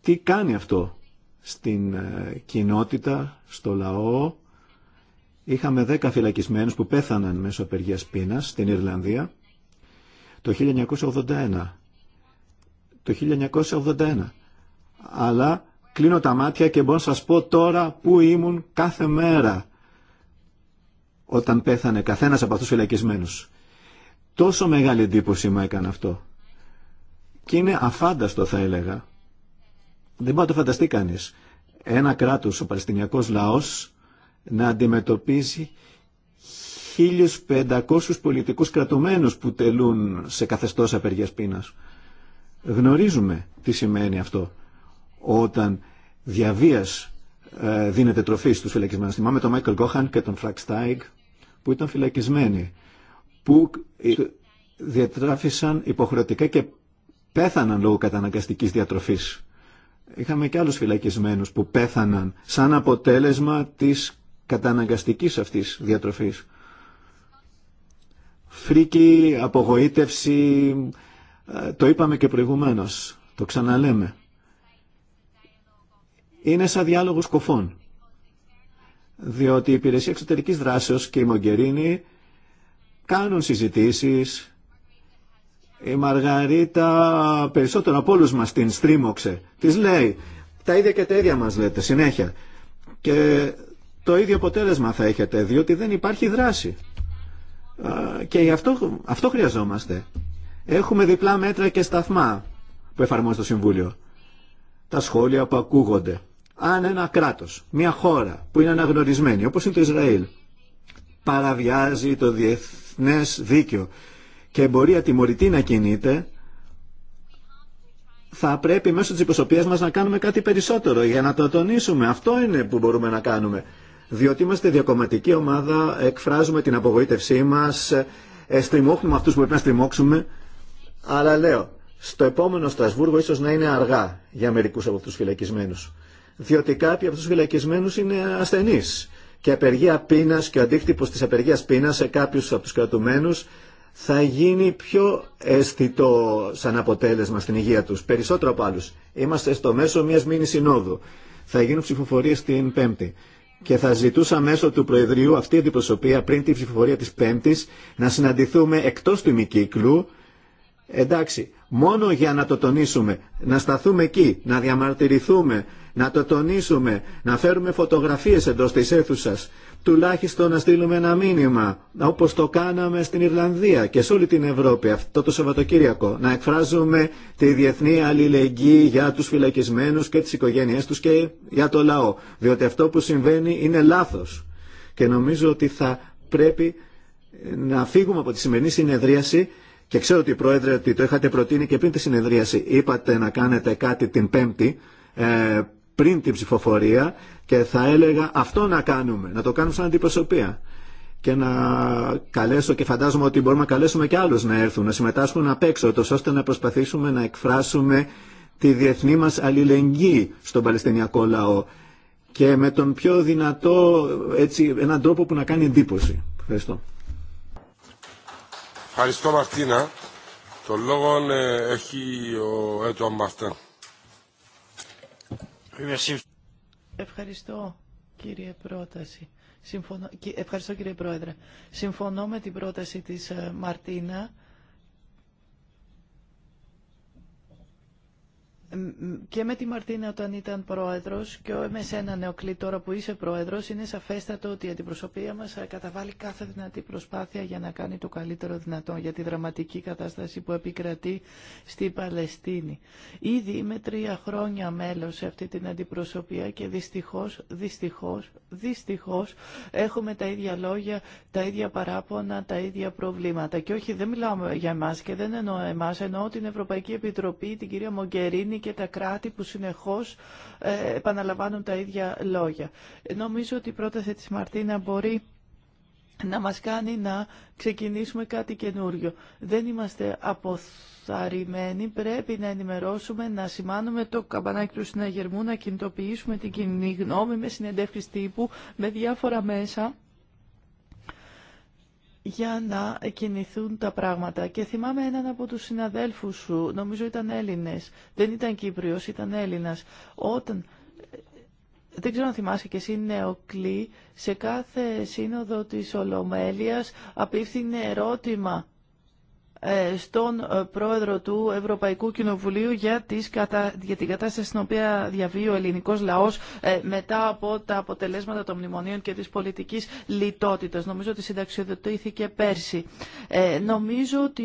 τι κάνει αυτό στην ε, κοινότητα, στο λαό. Είχαμε δέκα φυλακισμένους που πέθαναν μέσω απεργίας πείνας στην Ιρλανδία το 1981. Το 1981. Αλλά κλείνω τα μάτια και μπορώ να σας πω τώρα που ήμουν κάθε μέρα όταν πέθανε καθένας από αυτούς τους φυλακισμένους. Τόσο μεγάλη εντύπωση μου έκανε αυτό. Και είναι αφάνταστο θα έλεγα δεν μπορεί να το φανταστεί κάνει, Ένα κράτο ο Παλαιστινιακό Λαό να αντιμετωπίζει 1.500 πολιτικού κρατουμένου που τελούν σε καθεστώ απεργίας πείνα. Γνωρίζουμε τι σημαίνει αυτό όταν διαβίας ε, δίνεται τροφή στους φυλακισμένους. Θυμάμαι τον Μάικλ Γκόχαν και τον Φρακ Στάιγ που ήταν φυλακισμένοι, που διατράφησαν υποχρεωτικά και πέθαναν λόγω καταναγκαστικής διατροφής. Είχαμε και άλλους φυλακισμένους που πέθαναν σαν αποτέλεσμα της καταναγκαστικής αυτής διατροφής. Φρίκη, απογοήτευση, ε, το είπαμε και προηγουμένως, το ξαναλέμε. Είναι σαν διάλογο κοφών. Διότι η υπηρεσία εξωτερικής δράσεως και η Μογκερίνη κάνουν συζητήσεις, η Μαργαρίτα περισσότερο από όλου μα την στρίμωξε. Τη λέει τα ίδια και τα ίδια μα λέτε συνέχεια. Και το ίδιο αποτέλεσμα θα έχετε, διότι δεν υπάρχει δράση. Και γι αυτό, αυτό χρειαζόμαστε. Έχουμε διπλά μέτρα και σταθμά που εφαρμόζει το Συμβούλιο. Τα σχόλια που ακούγονται. Αν ένα κράτος, μια χώρα που είναι αναγνωρισμένη, όπως είναι το Ισραήλ, παραβιάζει το διεθνές δίκαιο και εμπορία τιμωρητή να κινείται, θα πρέπει μέσω της υποσοπίας μας να κάνουμε κάτι περισσότερο για να το τονίσουμε. Αυτό είναι που μπορούμε να κάνουμε. Διότι είμαστε διακομματική ομάδα, εκφράζουμε την απογοήτευσή μας, ε, στριμώχνουμε αυτούς που πρέπει να στριμώξουμε. Αλλά λέω, στο επόμενο Στρασβούργο ίσως να είναι αργά για μερικούς από τους φυλακισμένους. Διότι κάποιοι από τους φυλακισμένους είναι ασθενείς. Και απεργία πείνας και ο αντίκτυπος της απεργίας πείνας σε κάποιους από τους κρατουμένους θα γίνει πιο αισθητό σαν αποτέλεσμα στην υγεία τους, περισσότερο από άλλους. Είμαστε στο μέσο μιας μήνης συνόδου. Θα γίνουν ψηφοφορίες την Πέμπτη. Και θα ζητούσα μέσω του Προεδρίου αυτή η αντιπροσωπεία πριν την ψηφοφορία της Πέμπτης να συναντηθούμε εκτός του ημικύκλου. Εντάξει, μόνο για να το τονίσουμε, να σταθούμε εκεί, να διαμαρτυρηθούμε, να το τονίσουμε, να φέρουμε φωτογραφίες εντός της αίθουσας, τουλάχιστον να στείλουμε ένα μήνυμα, όπως το κάναμε στην Ιρλανδία και σε όλη την Ευρώπη αυτό το Σαββατοκύριακο, να εκφράζουμε τη διεθνή αλληλεγγύη για τους φυλακισμένους και τις οικογένειές τους και για το λαό, διότι αυτό που συμβαίνει είναι λάθος. Και νομίζω ότι θα πρέπει να φύγουμε από τη σημερινή συνεδρίαση και ξέρω ότι, Πρόεδρε, ότι το είχατε προτείνει και πριν τη συνεδρίαση. Είπατε να κάνετε κάτι την Πέμπτη ε, πριν την ψηφοφορία και θα έλεγα αυτό να κάνουμε, να το κάνουμε σαν αντιπροσωπεία και να καλέσω και φαντάζομαι ότι μπορούμε να καλέσουμε και άλλους να έρθουν, να συμμετάσχουν απ' έξω, ώστε να προσπαθήσουμε να εκφράσουμε τη διεθνή μας αλληλεγγύη στον Παλαιστινιακό λαό και με τον πιο δυνατό, έτσι, έναν τρόπο που να κάνει εντύπωση. Ευχαριστώ. Ευχαριστώ Μαρτίνα. Το λόγο ε, έχει ο ε, Μαρτίνα. Ευχαριστώ κύριε πρόταση. Συμφωνώ... Ευχαριστώ κύριε Πρόεδρε. Συμφωνώ με την πρόταση της ε, Μαρτίνα και με τη Μαρτίνα όταν ήταν πρόεδρος και με σένα Νεοκλή τώρα που είσαι πρόεδρος είναι σαφέστατο ότι η αντιπροσωπεία μας ε, καταβάλει κάθε δυνατή προσπάθεια για να κάνει το καλύτερο δυνατό για τη δραματική κατάσταση που επικρατεί στη Παλαιστίνη. Ήδη είμαι τρία χρόνια μέλος σε αυτή την αντιπροσωπεία και δυστυχώς, δυστυχώς, δυστυχώς έχουμε τα ίδια λόγια, τα ίδια παράπονα, τα ίδια προβλήματα. Και όχι δεν μιλάω για εμάς και δεν εννοώ εμάς, εννοώ την Ευρωπαϊκή Επιτροπή, την κυρία Μογκερίνη και τα κράτη που συνεχώς ε, επαναλαμβάνουν τα ίδια λόγια. Νομίζω ότι η πρόταση της Μαρτίνα μπορεί να μας κάνει να ξεκινήσουμε κάτι καινούριο. Δεν είμαστε αποθαρρυμένοι, πρέπει να ενημερώσουμε, να σημάνουμε το καμπανάκι του συναγερμού, να κινητοποιήσουμε την κοινή γνώμη με συνεντεύξεις τύπου, με διάφορα μέσα για να κινηθούν τα πράγματα. Και θυμάμαι έναν από τους συναδέλφους σου, νομίζω ήταν Έλληνες, δεν ήταν Κύπριος, ήταν Έλληνας, όταν, δεν ξέρω αν θυμάσαι και εσύ Νεοκλή, σε κάθε σύνοδο της Ολομέλειας απίφθινε ερώτημα ε, στον ε, πρόεδρο του Ευρωπαϊκού Κοινοβουλίου για, τις κατα... για την κατάσταση στην οποία διαβεί ο ελληνικός λαός ε, μετά από τα αποτελέσματα των μνημονίων και της πολιτικής λιτότητας. Νομίζω ότι συνταξιοδοτήθηκε πέρσι. νομίζω ότι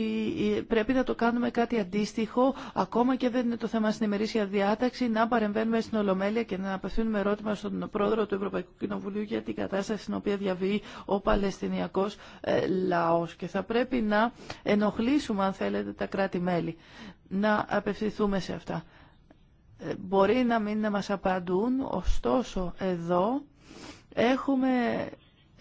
πρέπει να το κάνουμε κάτι αντίστοιχο, ακόμα και δεν είναι το θέμα στην ημερήσια διάταξη, να παρεμβαίνουμε στην Ολομέλεια και να απευθύνουμε ερώτημα στον πρόεδρο του Ευρωπαϊκού Κοινοβουλίου για την κατάσταση στην οποία διαβεί ο Παλαιστινιακός λαός. Και θα πρέπει να καλήσουμε αν θέλετε τα κράτη-μέλη να απευθυνθούμε σε αυτά. Ε, μπορεί να μην μας απαντούν, ωστόσο εδώ έχουμε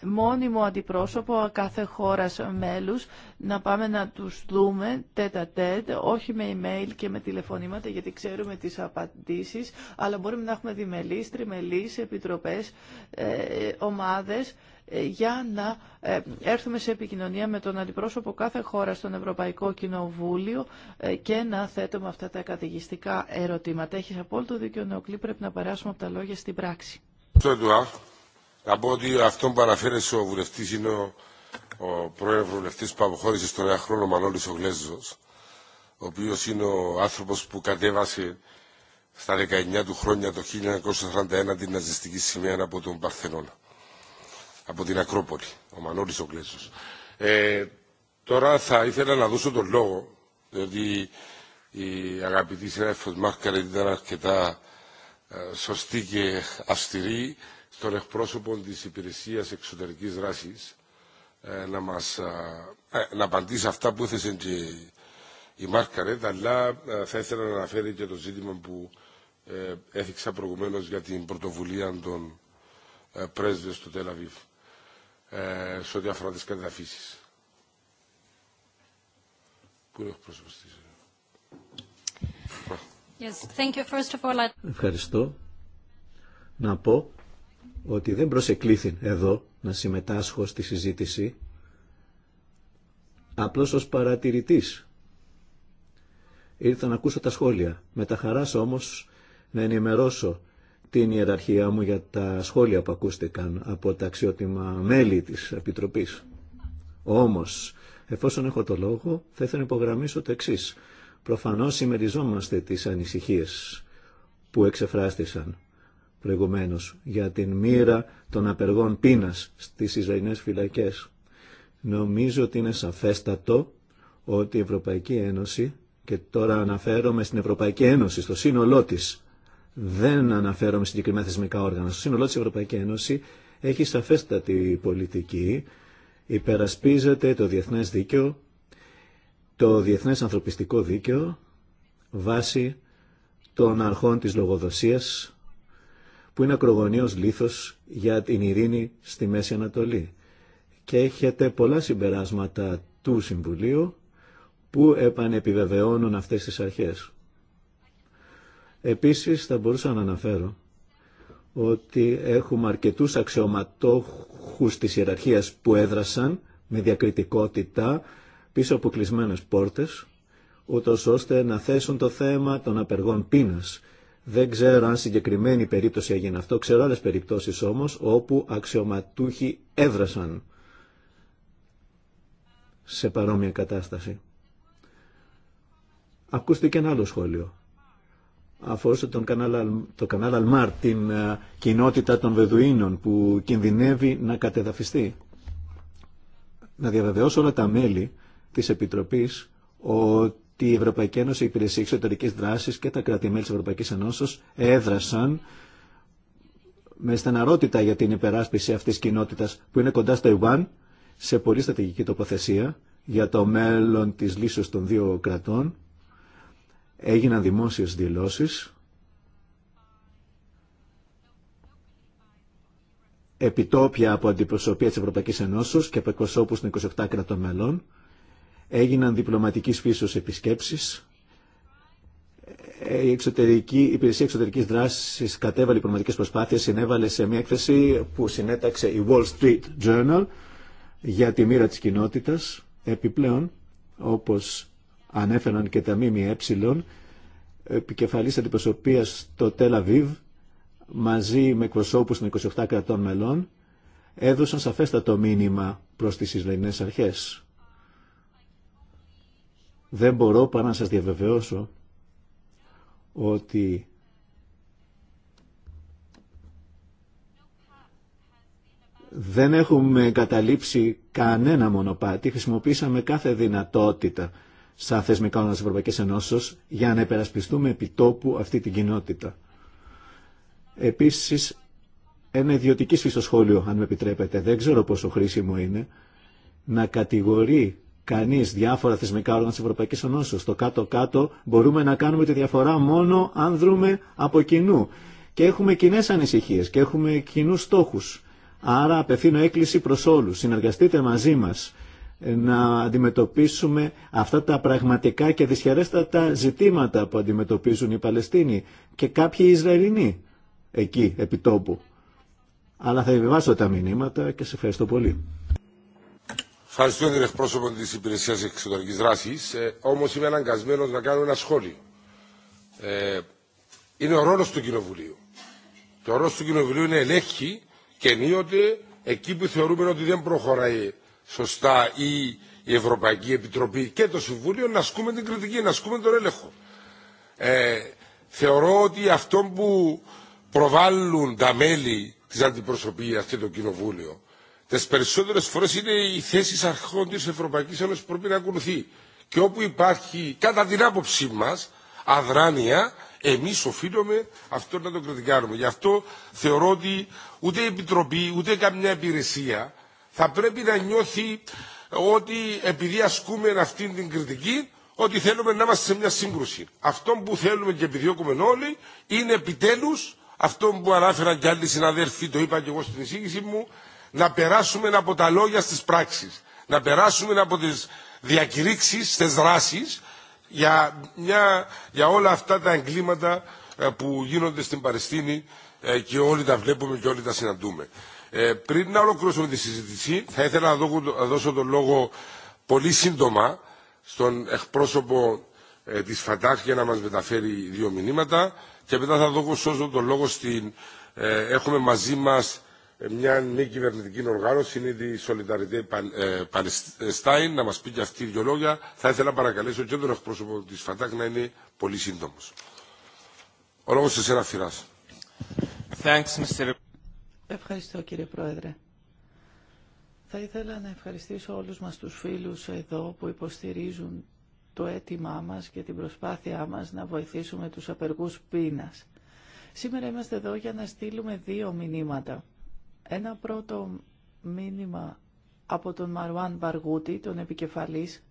μόνιμο αντιπρόσωπο κάθε χώρας μέλους να πάμε να τους δούμε τέτα τέτ, όχι με email και με τηλεφωνήματα γιατί ξέρουμε τις απαντήσεις αλλά μπορούμε να έχουμε διμελείς, τριμελείς, επιτροπές, ε, ομάδες ε, για να ε, έρθουμε σε επικοινωνία με τον αντιπρόσωπο κάθε χώρα στον Ευρωπαϊκό Κοινοβούλιο ε, και να θέτουμε αυτά τα καταιγιστικά ερωτήματα. Έχεις απόλυτο δίκιο, Νεοκλή, πρέπει να περάσουμε από τα λόγια στην πράξη. Να πω ότι που παραφέρεσε ο βουλευτή είναι ο, ο πρώην βουλευτή που αποχώρησε στον ένα χρόνο, Μανώλη ο ο οποίο είναι ο άνθρωπο που κατέβασε στα 19 του χρόνια το 1941 την ναζιστική σημαία από τον Παρθενώνα από την Ακρόπολη, ο Μανώλης ο ε, τώρα θα ήθελα να δώσω τον λόγο, διότι η αγαπητή συνάδελφος Μάρκαρετ ήταν αρκετά ε, σωστή και αυστηρή στον εκπρόσωπο της Υπηρεσίας Εξωτερικής Δράσης ε, να μας απαντήσει αυτά που έθεσε και η Μάρκαρετ, αλλά θα ήθελα να αναφέρει και το ζήτημα που έθιξα προηγουμένως για την πρωτοβουλία των πρέσβες του Τελαβίβ ε, σε ό,τι αφορά τις καταφύσεις. Πού είναι ο Ευχαριστώ. Να πω ότι δεν προσεκλήθη εδώ να συμμετάσχω στη συζήτηση απλώς ως παρατηρητής. Ήρθα να ακούσω τα σχόλια. Με τα χαράς όμως να ενημερώσω την ιεραρχία μου για τα σχόλια που ακούστηκαν από τα αξιότιμα μέλη της Επιτροπής. Όμως, εφόσον έχω το λόγο, θα ήθελα να υπογραμμίσω το εξή. Προφανώς συμμεριζόμαστε τις ανησυχίες που εξεφράστησαν προηγουμένως για την μοίρα των απεργών πείνας στις Ισραηλινές φυλακές. Νομίζω ότι είναι σαφέστατο ότι η Ευρωπαϊκή Ένωση, και τώρα αναφέρομαι στην Ευρωπαϊκή Ένωση, στο σύνολό της, δεν αναφέρομαι συγκεκριμένα θεσμικά όργανα. Στο σύνολό τη Ευρωπαϊκή Ένωση έχει σαφέστατη πολιτική, υπερασπίζεται το διεθνές δίκαιο, το διεθνές ανθρωπιστικό δίκαιο, βάσει των αρχών της λογοδοσίας, που είναι ακρογωνίως λήθος για την ειρήνη στη Μέση Ανατολή. Και έχετε πολλά συμπεράσματα του Συμβουλίου που επανεπιβεβαιώνουν αυτές τις αρχές. Επίσης θα μπορούσα να αναφέρω ότι έχουμε αρκετούς αξιωματόχους της ιεραρχίας που έδρασαν με διακριτικότητα πίσω από κλεισμένε πόρτες, ούτω ώστε να θέσουν το θέμα των απεργών πείνας. Δεν ξέρω αν συγκεκριμένη περίπτωση έγινε αυτό, ξέρω άλλες περιπτώσεις όμως όπου αξιωματούχοι έδρασαν σε παρόμοια κατάσταση. Ακούστηκε ένα άλλο σχόλιο αφορούσε τον κανάλ, το κανάλ Αλμάρ, την ε, κοινότητα των Βεδουίνων που κινδυνεύει να κατεδαφιστεί. Να διαβεβαιώσω όλα τα μέλη της Επιτροπής ότι η Ευρωπαϊκή Ένωση, η Υπηρεσία Εξωτερικής Δράσης και τα κράτη-μέλη της Ευρωπαϊκής Ένωσης έδρασαν με στεναρότητα για την υπεράσπιση αυτής της κοινότητας που είναι κοντά στο Ιουάν σε πολύ στρατηγική τοποθεσία για το μέλλον της λύσεως των δύο κρατών έγιναν δημόσιες δηλώσεις επιτόπια από αντιπροσωπεία της Ευρωπαϊκής Ενώσεως και από εκπροσώπους των 27 κρατών μελών, έγιναν διπλωματικής φύσεως επισκέψεις, ε, η, εξωτερική, η υπηρεσία εξωτερικής δράσης κατέβαλε διπλωματικές προσπάθειες, συνέβαλε σε μια έκθεση που συνέταξε η Wall Street Journal για τη μοίρα της κοινότητας, επιπλέον, όπως ανέφεραν και τα ΜΜΕ, επικεφαλής αντιπροσωπείας στο Τελαβίβ, μαζί με εκπροσώπους των 28 κρατών μελών, έδωσαν σαφέστατο μήνυμα προς τις Ισραηλινές αρχές. Δεν μπορώ παρά να σας διαβεβαιώσω ότι δεν έχουμε καταλήψει κανένα μονοπάτι, χρησιμοποίησαμε κάθε δυνατότητα στα θεσμικά όνα της Ευρωπαϊκής Ενώσεως για να επερασπιστούμε επιτόπου αυτή την κοινότητα. Επίσης, ένα ιδιωτική σφίστο σχόλιο, αν με επιτρέπετε, δεν ξέρω πόσο χρήσιμο είναι, να κατηγορεί κανεί διάφορα θεσμικά όργανα τη Ευρωπαϊκή Ενώσεω. Το κάτω-κάτω μπορούμε να κάνουμε τη διαφορά μόνο αν δρούμε από κοινού. Και έχουμε κοινέ ανησυχίε και έχουμε κοινού στόχου. Άρα απευθύνω έκκληση προ όλου. Συνεργαστείτε μαζί μα να αντιμετωπίσουμε αυτά τα πραγματικά και δυσχερέστατα ζητήματα που αντιμετωπίζουν οι Παλαιστίνοι και κάποιοι Ισραηλινοί εκεί επί τόπου. Αλλά θα επιβάσω τα μηνύματα και σε ευχαριστώ πολύ. Ευχαριστώ την εκπρόσωπο τη Υπηρεσία Εξωτερική Δράση. Ε, Όμω είμαι αναγκασμένο να κάνω ένα σχόλιο. Ε, είναι ο ρόλο του Κοινοβουλίου. Και ο ρόλο του Κοινοβουλίου είναι ελέγχει και ενίοτε εκεί που θεωρούμε ότι δεν προχωράει σωστά ή η Ευρωπαϊκή Επιτροπή και το Συμβούλιο να ασκούμε την κριτική, να ασκούμε τον έλεγχο. Ε, θεωρώ ότι αυτό που προβάλλουν τα μέλη της αντιπροσωπείας και το Κοινοβούλιο τις περισσότερες φορές είναι οι θέσεις αρχών της Ευρωπαϊκής Ένωσης που πρέπει να ακολουθεί. Και όπου υπάρχει, κατά την άποψή μας, αδράνεια, εμείς οφείλουμε αυτό να το κριτικάρουμε. Γι' αυτό θεωρώ ότι ούτε η Επιτροπή, ούτε καμιά υπηρεσία θα πρέπει να νιώθει ότι επειδή ασκούμε αυτή την κριτική ότι θέλουμε να είμαστε σε μια σύγκρουση. Αυτό που θέλουμε και επιδιώκουμε όλοι είναι επιτέλου, αυτό που ανάφεραν και άλλοι συναδέλφοι, το είπα και εγώ στην εισήγηση μου, να περάσουμε από τα λόγια στι πράξεις. Να περάσουμε από τι διακηρύξεις στι δράσει για, για όλα αυτά τα εγκλήματα ε, που γίνονται στην Παλαιστίνη ε, και όλοι τα βλέπουμε και όλοι τα συναντούμε. Ε, πριν να ολοκληρώσουμε τη συζήτηση, θα ήθελα να δώσω τον λόγο πολύ σύντομα στον εκπρόσωπο ε, της ΦΑΤΑΧ για να μας μεταφέρει δύο μηνύματα και μετά θα δώσω τον λόγο στην... Ε, έχουμε μαζί μας ε, μια μη κυβερνητική οργάνωση, είναι τη Solidarité Palestine, να μας πει και αυτή δύο λόγια. Θα ήθελα να παρακαλέσω και τον εκπρόσωπο της ΦΑΤΑΧ να είναι πολύ σύντομος. Ο λόγος σε σένα, Thanks, Mr. Ευχαριστώ κύριε Πρόεδρε. Θα ήθελα να ευχαριστήσω όλους μας τους φίλους εδώ που υποστηρίζουν το αίτημά μας και την προσπάθειά μας να βοηθήσουμε τους απεργούς πείνας. Σήμερα είμαστε εδώ για να στείλουμε δύο μηνύματα. Ένα πρώτο μήνυμα από τον Μαρουάν Μπαργούτη, τον επικεφαλής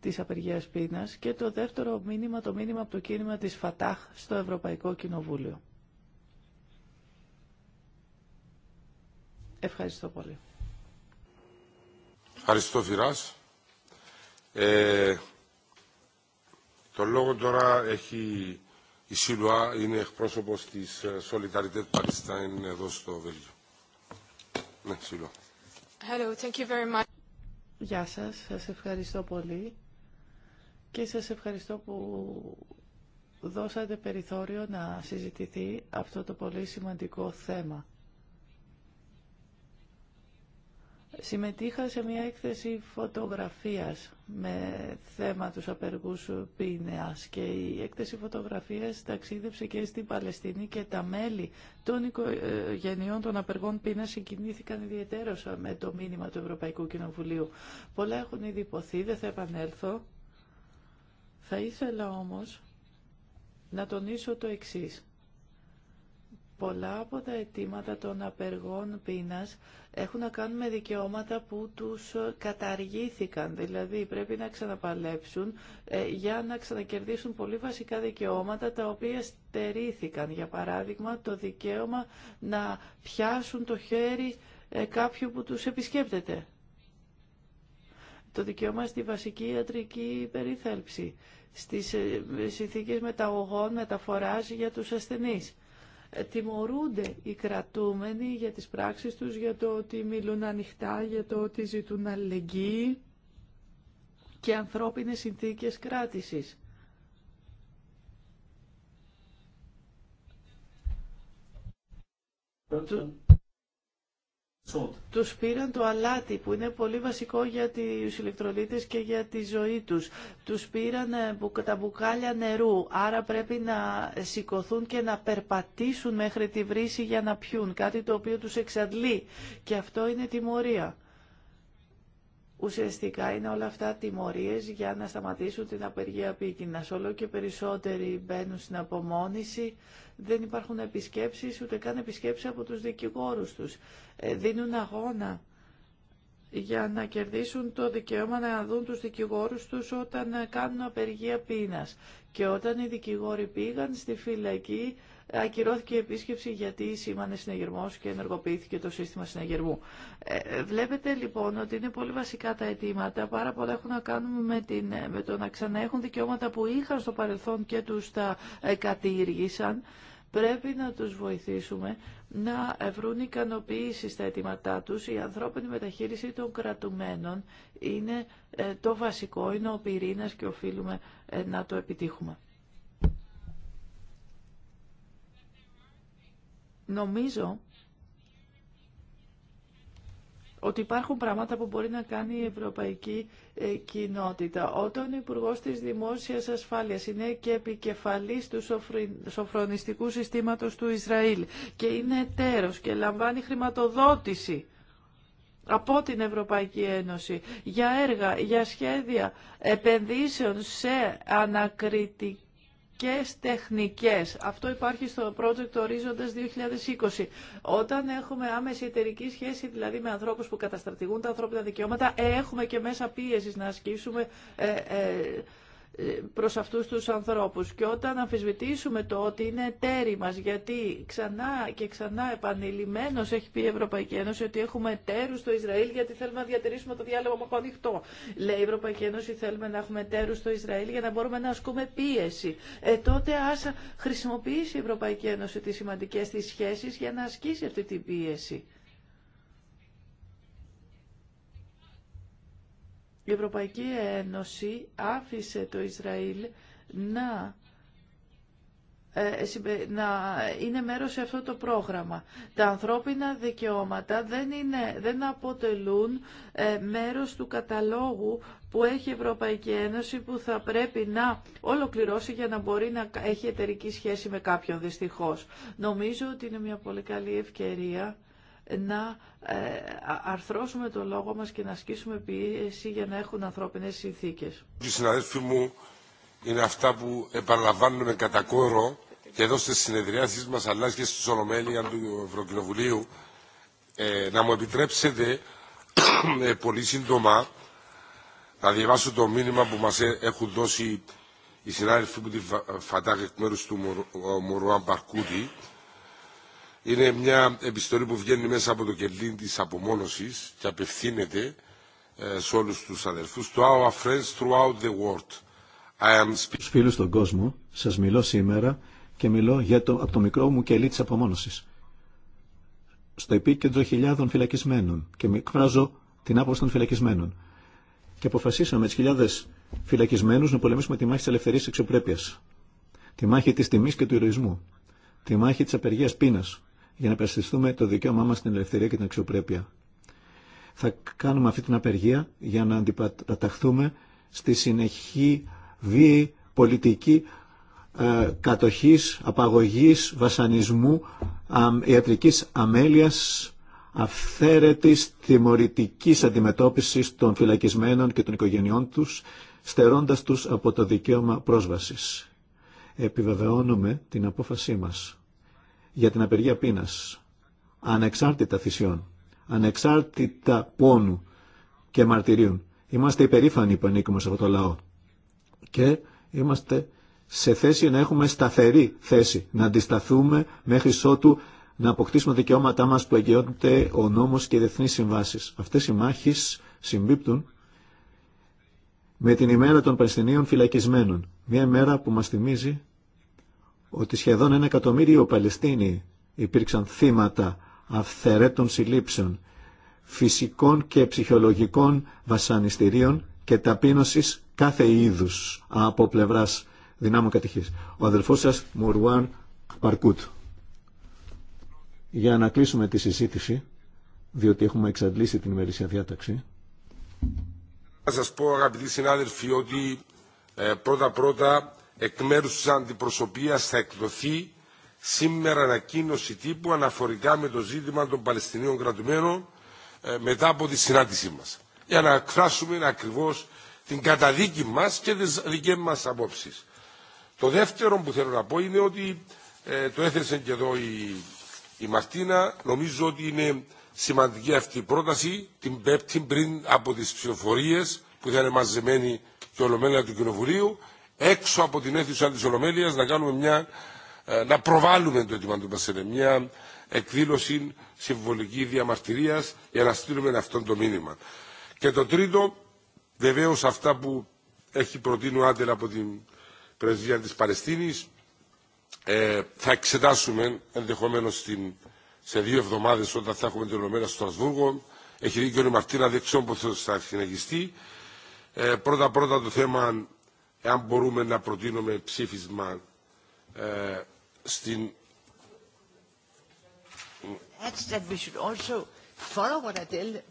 της απεργίας πείνας και το δεύτερο μήνυμα, το μήνυμα από το κίνημα της ΦΑΤΑΧ στο Ευρωπαϊκό Κοινοβούλιο. Ευχαριστώ πολύ. Ευχαριστώ ε, το λόγο τώρα έχει η Σιλουά, είναι εκπρόσωπος της ε, Solidarité Palestine εδώ στο Βέλγιο. Ναι, Σιλουά. Hello, thank you very much. Γεια σας, σας ευχαριστώ πολύ και σας ευχαριστώ που δώσατε περιθώριο να συζητηθεί αυτό το πολύ σημαντικό θέμα. Συμμετείχα σε μια έκθεση φωτογραφίας με θέμα τους απεργούς πίνεας και η έκθεση φωτογραφίας ταξίδεψε και στην Παλαιστινή και τα μέλη των οικογενειών των απεργών πίνας συγκινήθηκαν ιδιαίτερως με το μήνυμα του Ευρωπαϊκού Κοινοβουλίου. Πολλά έχουν ήδη υποθεί, δεν θα επανέλθω. Θα ήθελα όμως να τονίσω το εξής. Πολλά από τα αιτήματα των απεργών πείνας έχουν να κάνουν με δικαιώματα που τους ε, καταργήθηκαν. Δηλαδή πρέπει να ξαναπαλέψουν ε, για να ξανακερδίσουν πολύ βασικά δικαιώματα τα οποία στερήθηκαν. Για παράδειγμα το δικαίωμα να πιάσουν το χέρι ε, κάποιου που τους επισκέπτεται. Το δικαίωμα στη βασική ιατρική περιθέλψη. Στις συνθήκες μεταγωγών μεταφοράς για τους ασθενείς τιμωρούνται οι κρατούμενοι για τις πράξεις τους, για το ότι μιλούν ανοιχτά, για το ότι ζητούν αλληλεγγύη και ανθρώπινες συνθήκες κράτησης. Τους πήραν το αλάτι που είναι πολύ βασικό για τους ηλεκτρολίτες και για τη ζωή τους. Τους πήραν ε, τα μπουκάλια νερού, άρα πρέπει να σηκωθούν και να περπατήσουν μέχρι τη βρύση για να πιούν, κάτι το οποίο τους εξαντλεί. Και αυτό είναι τιμωρία. Ουσιαστικά είναι όλα αυτά τιμωρίε για να σταματήσουν την απεργία πίκινας. Όλο και περισσότεροι μπαίνουν στην απομόνηση, δεν υπάρχουν επισκέψεις, ούτε καν επισκέψει από τους δικηγόρους τους. Ε, δίνουν αγώνα για να κερδίσουν το δικαίωμα να δουν τους δικηγόρους τους όταν κάνουν απεργία πείνας. Και όταν οι δικηγόροι πήγαν στη φυλακή ακυρώθηκε η επίσκεψη γιατί σήμανε συνεγερμό και ενεργοποιήθηκε το σύστημα συνεγερμού. Ε, βλέπετε λοιπόν ότι είναι πολύ βασικά τα αιτήματα, πάρα πολλά έχουν να κάνουν με, την, με το να έχουν δικαιώματα που είχαν στο παρελθόν και του τα ε, κατήργησαν. Πρέπει να τους βοηθήσουμε να βρουν ικανοποίηση στα αιτήματά τους. Η ανθρώπινη μεταχείριση των κρατουμένων είναι ε, το βασικό, είναι ο πυρήνας και οφείλουμε ε, να το επιτύχουμε. Νομίζω ότι υπάρχουν πράγματα που μπορεί να κάνει η Ευρωπαϊκή ε, Κοινότητα. Όταν ο Υπουργό τη Δημόσια Ασφάλεια είναι και επικεφαλή του σοφρονιστικού συστήματο του Ισραήλ και είναι εταίρο και λαμβάνει χρηματοδότηση από την Ευρωπαϊκή Ένωση για έργα, για σχέδια επενδύσεων σε ανακριτικά και τεχνικές. Αυτό υπάρχει στο project Ορίζοντας 2020. Όταν έχουμε άμεση εταιρική σχέση, δηλαδή με ανθρώπους που καταστρατηγούν τα ανθρώπινα δικαιώματα, έχουμε και μέσα πίεση να ασκήσουμε ε, ε, προς αυτούς τους ανθρώπους. Και όταν αμφισβητήσουμε το ότι είναι εταίροι μας, γιατί ξανά και ξανά επανειλημμένος έχει πει η Ευρωπαϊκή Ένωση ότι έχουμε εταίρους στο Ισραήλ γιατί θέλουμε να διατηρήσουμε το διάλογο μου ανοιχτό. Λέει η Ευρωπαϊκή Ένωση θέλουμε να έχουμε εταίρους στο Ισραήλ για να μπορούμε να ασκούμε πίεση. Ε, τότε ας χρησιμοποιήσει η Ευρωπαϊκή Ένωση τις σημαντικές της σχέσεις για να ασκήσει αυτή την πίεση. Η Ευρωπαϊκή Ένωση άφησε το Ισραήλ να ε, να είναι μέρος σε αυτό το πρόγραμμα. Τα ανθρώπινα δικαιώματα δεν, είναι, δεν αποτελούν ε, μέρος του καταλόγου που έχει η Ευρωπαϊκή Ένωση που θα πρέπει να ολοκληρώσει για να μπορεί να έχει εταιρική σχέση με κάποιον δυστυχώς. Νομίζω ότι είναι μια πολύ καλή ευκαιρία να ε, αρθρώσουμε το λόγο μας και να ασκήσουμε πίεση για να έχουν ανθρώπινες συνθήκες. Οι συναδέλφοι μου είναι αυτά που επαναλαμβάνουμε κατά κόρο και εδώ στις συνεδριάσεις μας αλλά και στις Ολομέλεια του Ευρωκοινοβουλίου ε, να μου επιτρέψετε ε, πολύ σύντομα να διαβάσω το μήνυμα που μας ε, έχουν δώσει οι συνάδελφοι που τη φαντάγει εκ μέρους του Μουρουάν Μπαρκούτη είναι μια επιστολή που βγαίνει μέσα από το κελί τη απομόνωση και απευθύνεται ε, σε όλους τους αδερφούς. To our friends throughout the world. am Φίλους στον κόσμο, σας μιλώ σήμερα και μιλώ για το, από το μικρό μου κελί της απομόνωσης. Στο επίκεντρο χιλιάδων φυλακισμένων και εκφράζω την άποψη των φυλακισμένων. Και αποφασίσαμε με τις χιλιάδες φυλακισμένους να πολεμήσουμε τη μάχη της ελευθερίας εξωπρέπειας. Τη μάχη της τιμής και του ηρωισμού. Τη μάχη της απεργίας πείνας για να περιστηθούμε το δικαίωμά μας στην ελευθερία και την αξιοπρέπεια. Θα κάνουμε αυτή την απεργία για να αντιπαταχθούμε στη συνεχή βίαιη πολιτική ε, κατοχής, απαγωγής, βασανισμού, ιατρικής αμέλειας, αυθαίρετης τιμωρητικής αντιμετώπισης των φυλακισμένων και των οικογενειών τους, στερώντας τους από το δικαίωμα πρόσβασης. Επιβεβαιώνουμε την απόφασή μας για την απεργία πείνας, ανεξάρτητα θυσιών, ανεξάρτητα πόνου και μαρτυρίων. Είμαστε υπερήφανοι που ανήκουμε σε αυτό το λαό και είμαστε σε θέση να έχουμε σταθερή θέση, να αντισταθούμε μέχρι ότου να αποκτήσουμε δικαιώματά μας που εγγυώνται ο νόμος και οι διεθνείς συμβάσεις. Αυτές οι μάχες συμπίπτουν με την ημέρα των Παλαιστινίων φυλακισμένων. Μια ημέρα που μας θυμίζει ότι σχεδόν ένα εκατομμύριο Παλαιστίνοι υπήρξαν θύματα αυθερέτων συλλήψεων, φυσικών και ψυχολογικών βασανιστήριων και ταπείνωσης κάθε είδους από πλευράς δυνάμων κατοχής. Ο αδελφός σας Μουρουάν Παρκούτ. Για να κλείσουμε τη συζήτηση, διότι έχουμε εξαντλήσει την ημερήσια διάταξη. Θα σας πω αγαπητοί συνάδελφοι ότι ε, πρώτα πρώτα εκ μέρους της αντιπροσωπείας θα εκδοθεί σήμερα ανακοίνωση τύπου αναφορικά με το ζήτημα των Παλαιστινίων κρατουμένων ε, μετά από τη συνάντησή μας. Για να εκφράσουμε ακριβώς την καταδίκη μας και τις δικές μας απόψεις. Το δεύτερο που θέλω να πω είναι ότι ε, το έθεσε και εδώ η, η Μαρτίνα. Νομίζω ότι είναι σημαντική αυτή η πρόταση την Πέπτη πριν από τις ψηφοφορίες που θα είναι μαζεμένη και ολομένα του Κοινοβουλίου έξω από την αίθουσα της Ολομέλειας να, κάνουμε μια, ε, να προβάλλουμε το αίτημα του Πασέρε. Μια εκδήλωση συμβολική διαμαρτυρίας για να στείλουμε αυτό το μήνυμα. Και το τρίτο, βεβαίω αυτά που έχει προτείνει ο Άντελ από την Πρεσβεία της Παλαιστίνης, ε, θα εξετάσουμε ενδεχομένως σε δύο εβδομάδες όταν θα έχουμε την Ολομέλεια στο Στρασβούργο. Έχει δίκιο η Μαρτίνα, δεν ξέρω πώς θα συνεχιστεί. Ε, πρώτα πρώτα το θέμα εάν μπορούμε να προτείνουμε ψήφισμα ε, στην...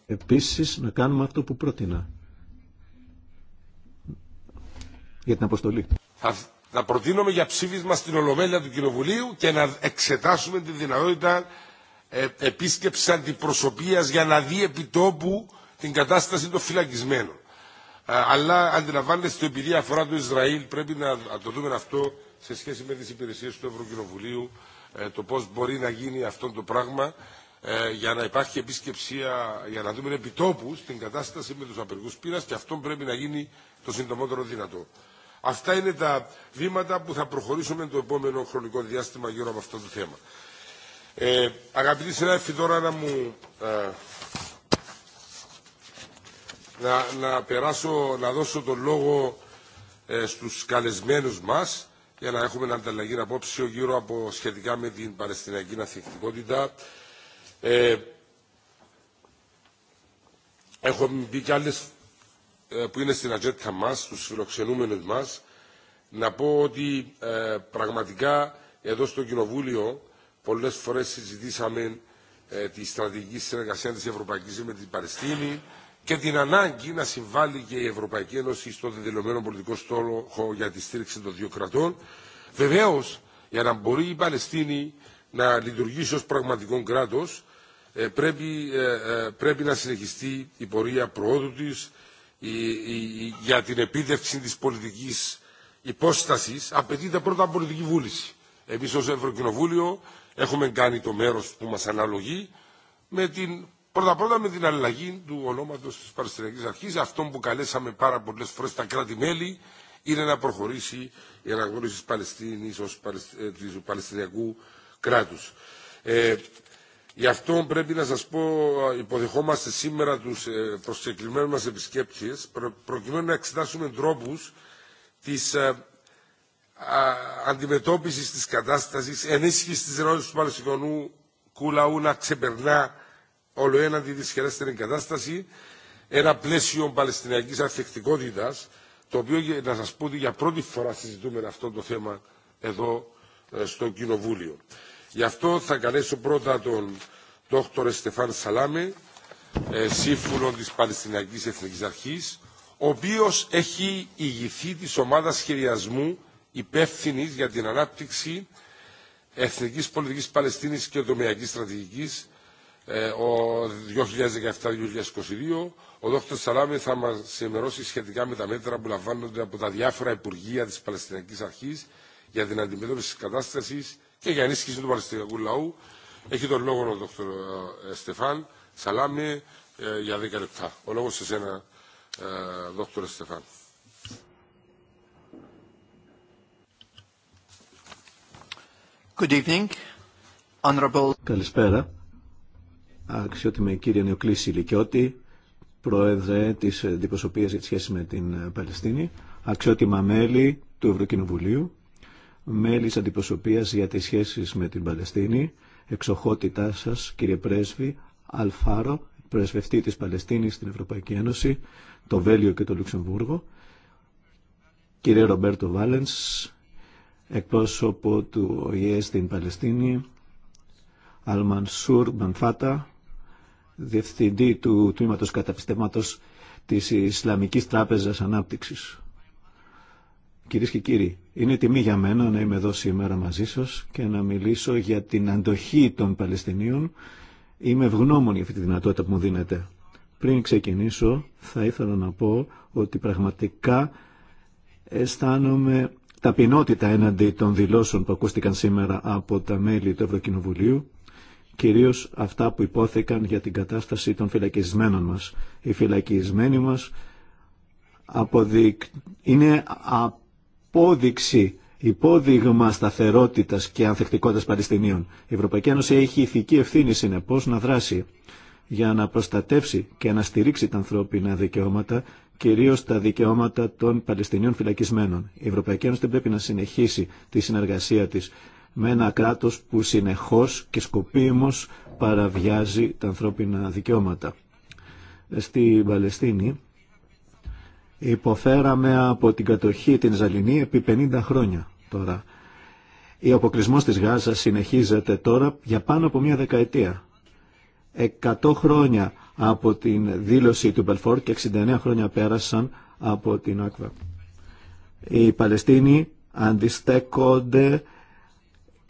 Επίσης να κάνουμε αυτό που πρότεινα για την αποστολή. Θα, θα προτείνουμε για ψήφισμα στην Ολομέλεια του Κοινοβουλίου και να εξετάσουμε τη δυνατότητα ε, επίσκεψης αντιπροσωπείας για να δει επιτόπου την κατάσταση των φυλακισμένων. Ε, αλλά αντιλαμβάνεστε επειδή αφορά το Ισραήλ πρέπει να το δούμε αυτό σε σχέση με τις υπηρεσίες του Ευρωκοινοβουλίου, ε, το πώς μπορεί να γίνει αυτό το πράγμα ε, για να υπάρχει επίσκεψη, για να δούμε επιτόπου στην κατάσταση με τους απεργούς πείρας και αυτό πρέπει να γίνει το συντομότερο δυνατό. Αυτά είναι τα βήματα που θα προχωρήσουμε το επόμενο χρονικό διάστημα γύρω από αυτό το θέμα. Ε, αγαπητοί συνάδελφοι, τώρα να μου να, να περάσω, να δώσω τον λόγο ε, στους καλεσμένους μας για να έχουμε ανταλλαγή απόψεων γύρω από σχετικά με την Παλαιστινιακή Αθεκτικότητα. Ε, έχω μπει κι άλλες ε, που είναι στην ατζέντα μας, τους φιλοξενούμενους μας, να πω ότι ε, πραγματικά εδώ στο Κοινοβούλιο πολλές φορές συζητήσαμε τη στρατηγική συνεργασία της Ευρωπαϊκής με την Παλαιστίνη, και την ανάγκη να συμβάλλει και η Ευρωπαϊκή Ένωση στο δεδηλωμένο πολιτικό στόλο για τη στήριξη των δύο κρατών. Βεβαίω, για να μπορεί η Παλαιστίνη να λειτουργήσει ω πραγματικό κράτο, ε, πρέπει, ε, ε, πρέπει να συνεχιστεί η πορεία προόδου τη για την επίτευξη τη πολιτική υπόσταση. Απαιτείται πρώτα πολιτική βούληση. Εμεί ω Ευρωκοινοβούλιο έχουμε κάνει το μέρο που μα αναλογεί με την Πρώτα πρώτα με την αλλαγή του ονόματο τη Παλαιστινιακή Αρχή, αυτό που καλέσαμε πάρα πολλέ φορέ τα κράτη-μέλη, είναι να προχωρήσει η αναγνώριση τη Παλαιστίνη ω ε, Παλαιστινιακού κράτου. Ε, γι' αυτό πρέπει να σα πω, υποδεχόμαστε σήμερα του ε, προσκεκλημένου μα επισκέπτε, προκειμένου να εξετάσουμε τρόπου τη ε, αντιμετώπιση τη κατάσταση, ενίσχυση τη ρόλη του Παλαιστινιακού λαού να ξεπερνά όλο έναντι χειρέστερη κατάσταση, ένα πλαίσιο παλαιστινιακής ανθεκτικότητας, το οποίο να σας πω ότι για πρώτη φορά συζητούμε αυτό το θέμα εδώ ε, στο Κοινοβούλιο. Γι' αυτό θα καλέσω πρώτα τον δόκτωρ Στεφάν Σαλάμε, ε, σύμφωνο της Παλαιστινιακής Εθνικής Αρχής, ο οποίος έχει ηγηθεί της ομάδας σχεδιασμού υπεύθυνη για την ανάπτυξη εθνικής πολιτικής Παλαιστίνης και τομεακής στρατηγικής ε, ο 2017-2022, ο Δ. Σαλάμι θα μα ενημερώσει σχετικά με τα μέτρα που λαμβάνονται από τα διάφορα Υπουργεία τη Παλαιστινιακής Αρχή για την αντιμετώπιση τη κατάσταση και για ενίσχυση του Παλαιστινιακού λαού. Έχει τον λόγο ο Δ. Ε, Στεφάν Σαλάμι ε, για 10 λεπτά. Ο λόγος σε σένα, Δ. Στεφάν. Καλησπέρα, αξιότιμη κύριε Νεοκλήση Σιλικιώτη, πρόεδρε της αντιπροσωπεία για τη σχέση με την Παλαιστίνη, αξιότιμα μέλη του Ευρωκοινοβουλίου, μέλη της αντιπροσωπεία για τις σχέσεις με την Παλαιστίνη, εξοχότητά σα, κύριε πρέσβη Αλφάρο, πρεσβευτή της Παλαιστίνης στην Ευρωπαϊκή Ένωση, το Βέλιο και το Λουξεμβούργο, κύριε Ρομπέρτο Βάλενς, εκπρόσωπο του ΟΗΕ στην Παλαιστίνη, Αλμανσούρ Μπανφάτα, διευθυντή του τμήματος καταπιστεύματος της Ισλαμικής Τράπεζας Ανάπτυξης. Κυρίε και κύριοι, είναι τιμή για μένα να είμαι εδώ σήμερα μαζί σας και να μιλήσω για την αντοχή των Παλαιστινίων. Είμαι ευγνώμων για αυτή τη δυνατότητα που μου δίνεται. Πριν ξεκινήσω, θα ήθελα να πω ότι πραγματικά αισθάνομαι ταπεινότητα έναντι των δηλώσεων που ακούστηκαν σήμερα από τα μέλη του Ευρωκοινοβουλίου κυρίως αυτά που υπόθηκαν για την κατάσταση των φυλακισμένων μας. Οι φυλακισμένοι μας είναι απόδειξη, υπόδειγμα σταθερότητας και ανθεκτικότητας Παλαιστινίων. Η Ευρωπαϊκή Ένωση έχει ηθική ευθύνη συνεπώς να δράσει για να προστατεύσει και να στηρίξει τα ανθρώπινα δικαιώματα, κυρίως τα δικαιώματα των Παλαιστινίων φυλακισμένων. Η Ευρωπαϊκή Ένωση δεν πρέπει να συνεχίσει τη συνεργασία της με ένα κράτος που συνεχώς και σκοπίμως παραβιάζει τα ανθρώπινα δικαιώματα. Στην Παλαιστίνη υποφέραμε από την κατοχή την Ζαλινή επί 50 χρόνια τώρα. Ο αποκλεισμό της Γάζας συνεχίζεται τώρα για πάνω από μια δεκαετία. 100 χρόνια από την δήλωση του Μπελφόρ και 69 χρόνια πέρασαν από την Άκβα. Οι Παλαιστίνοι αντιστέκονται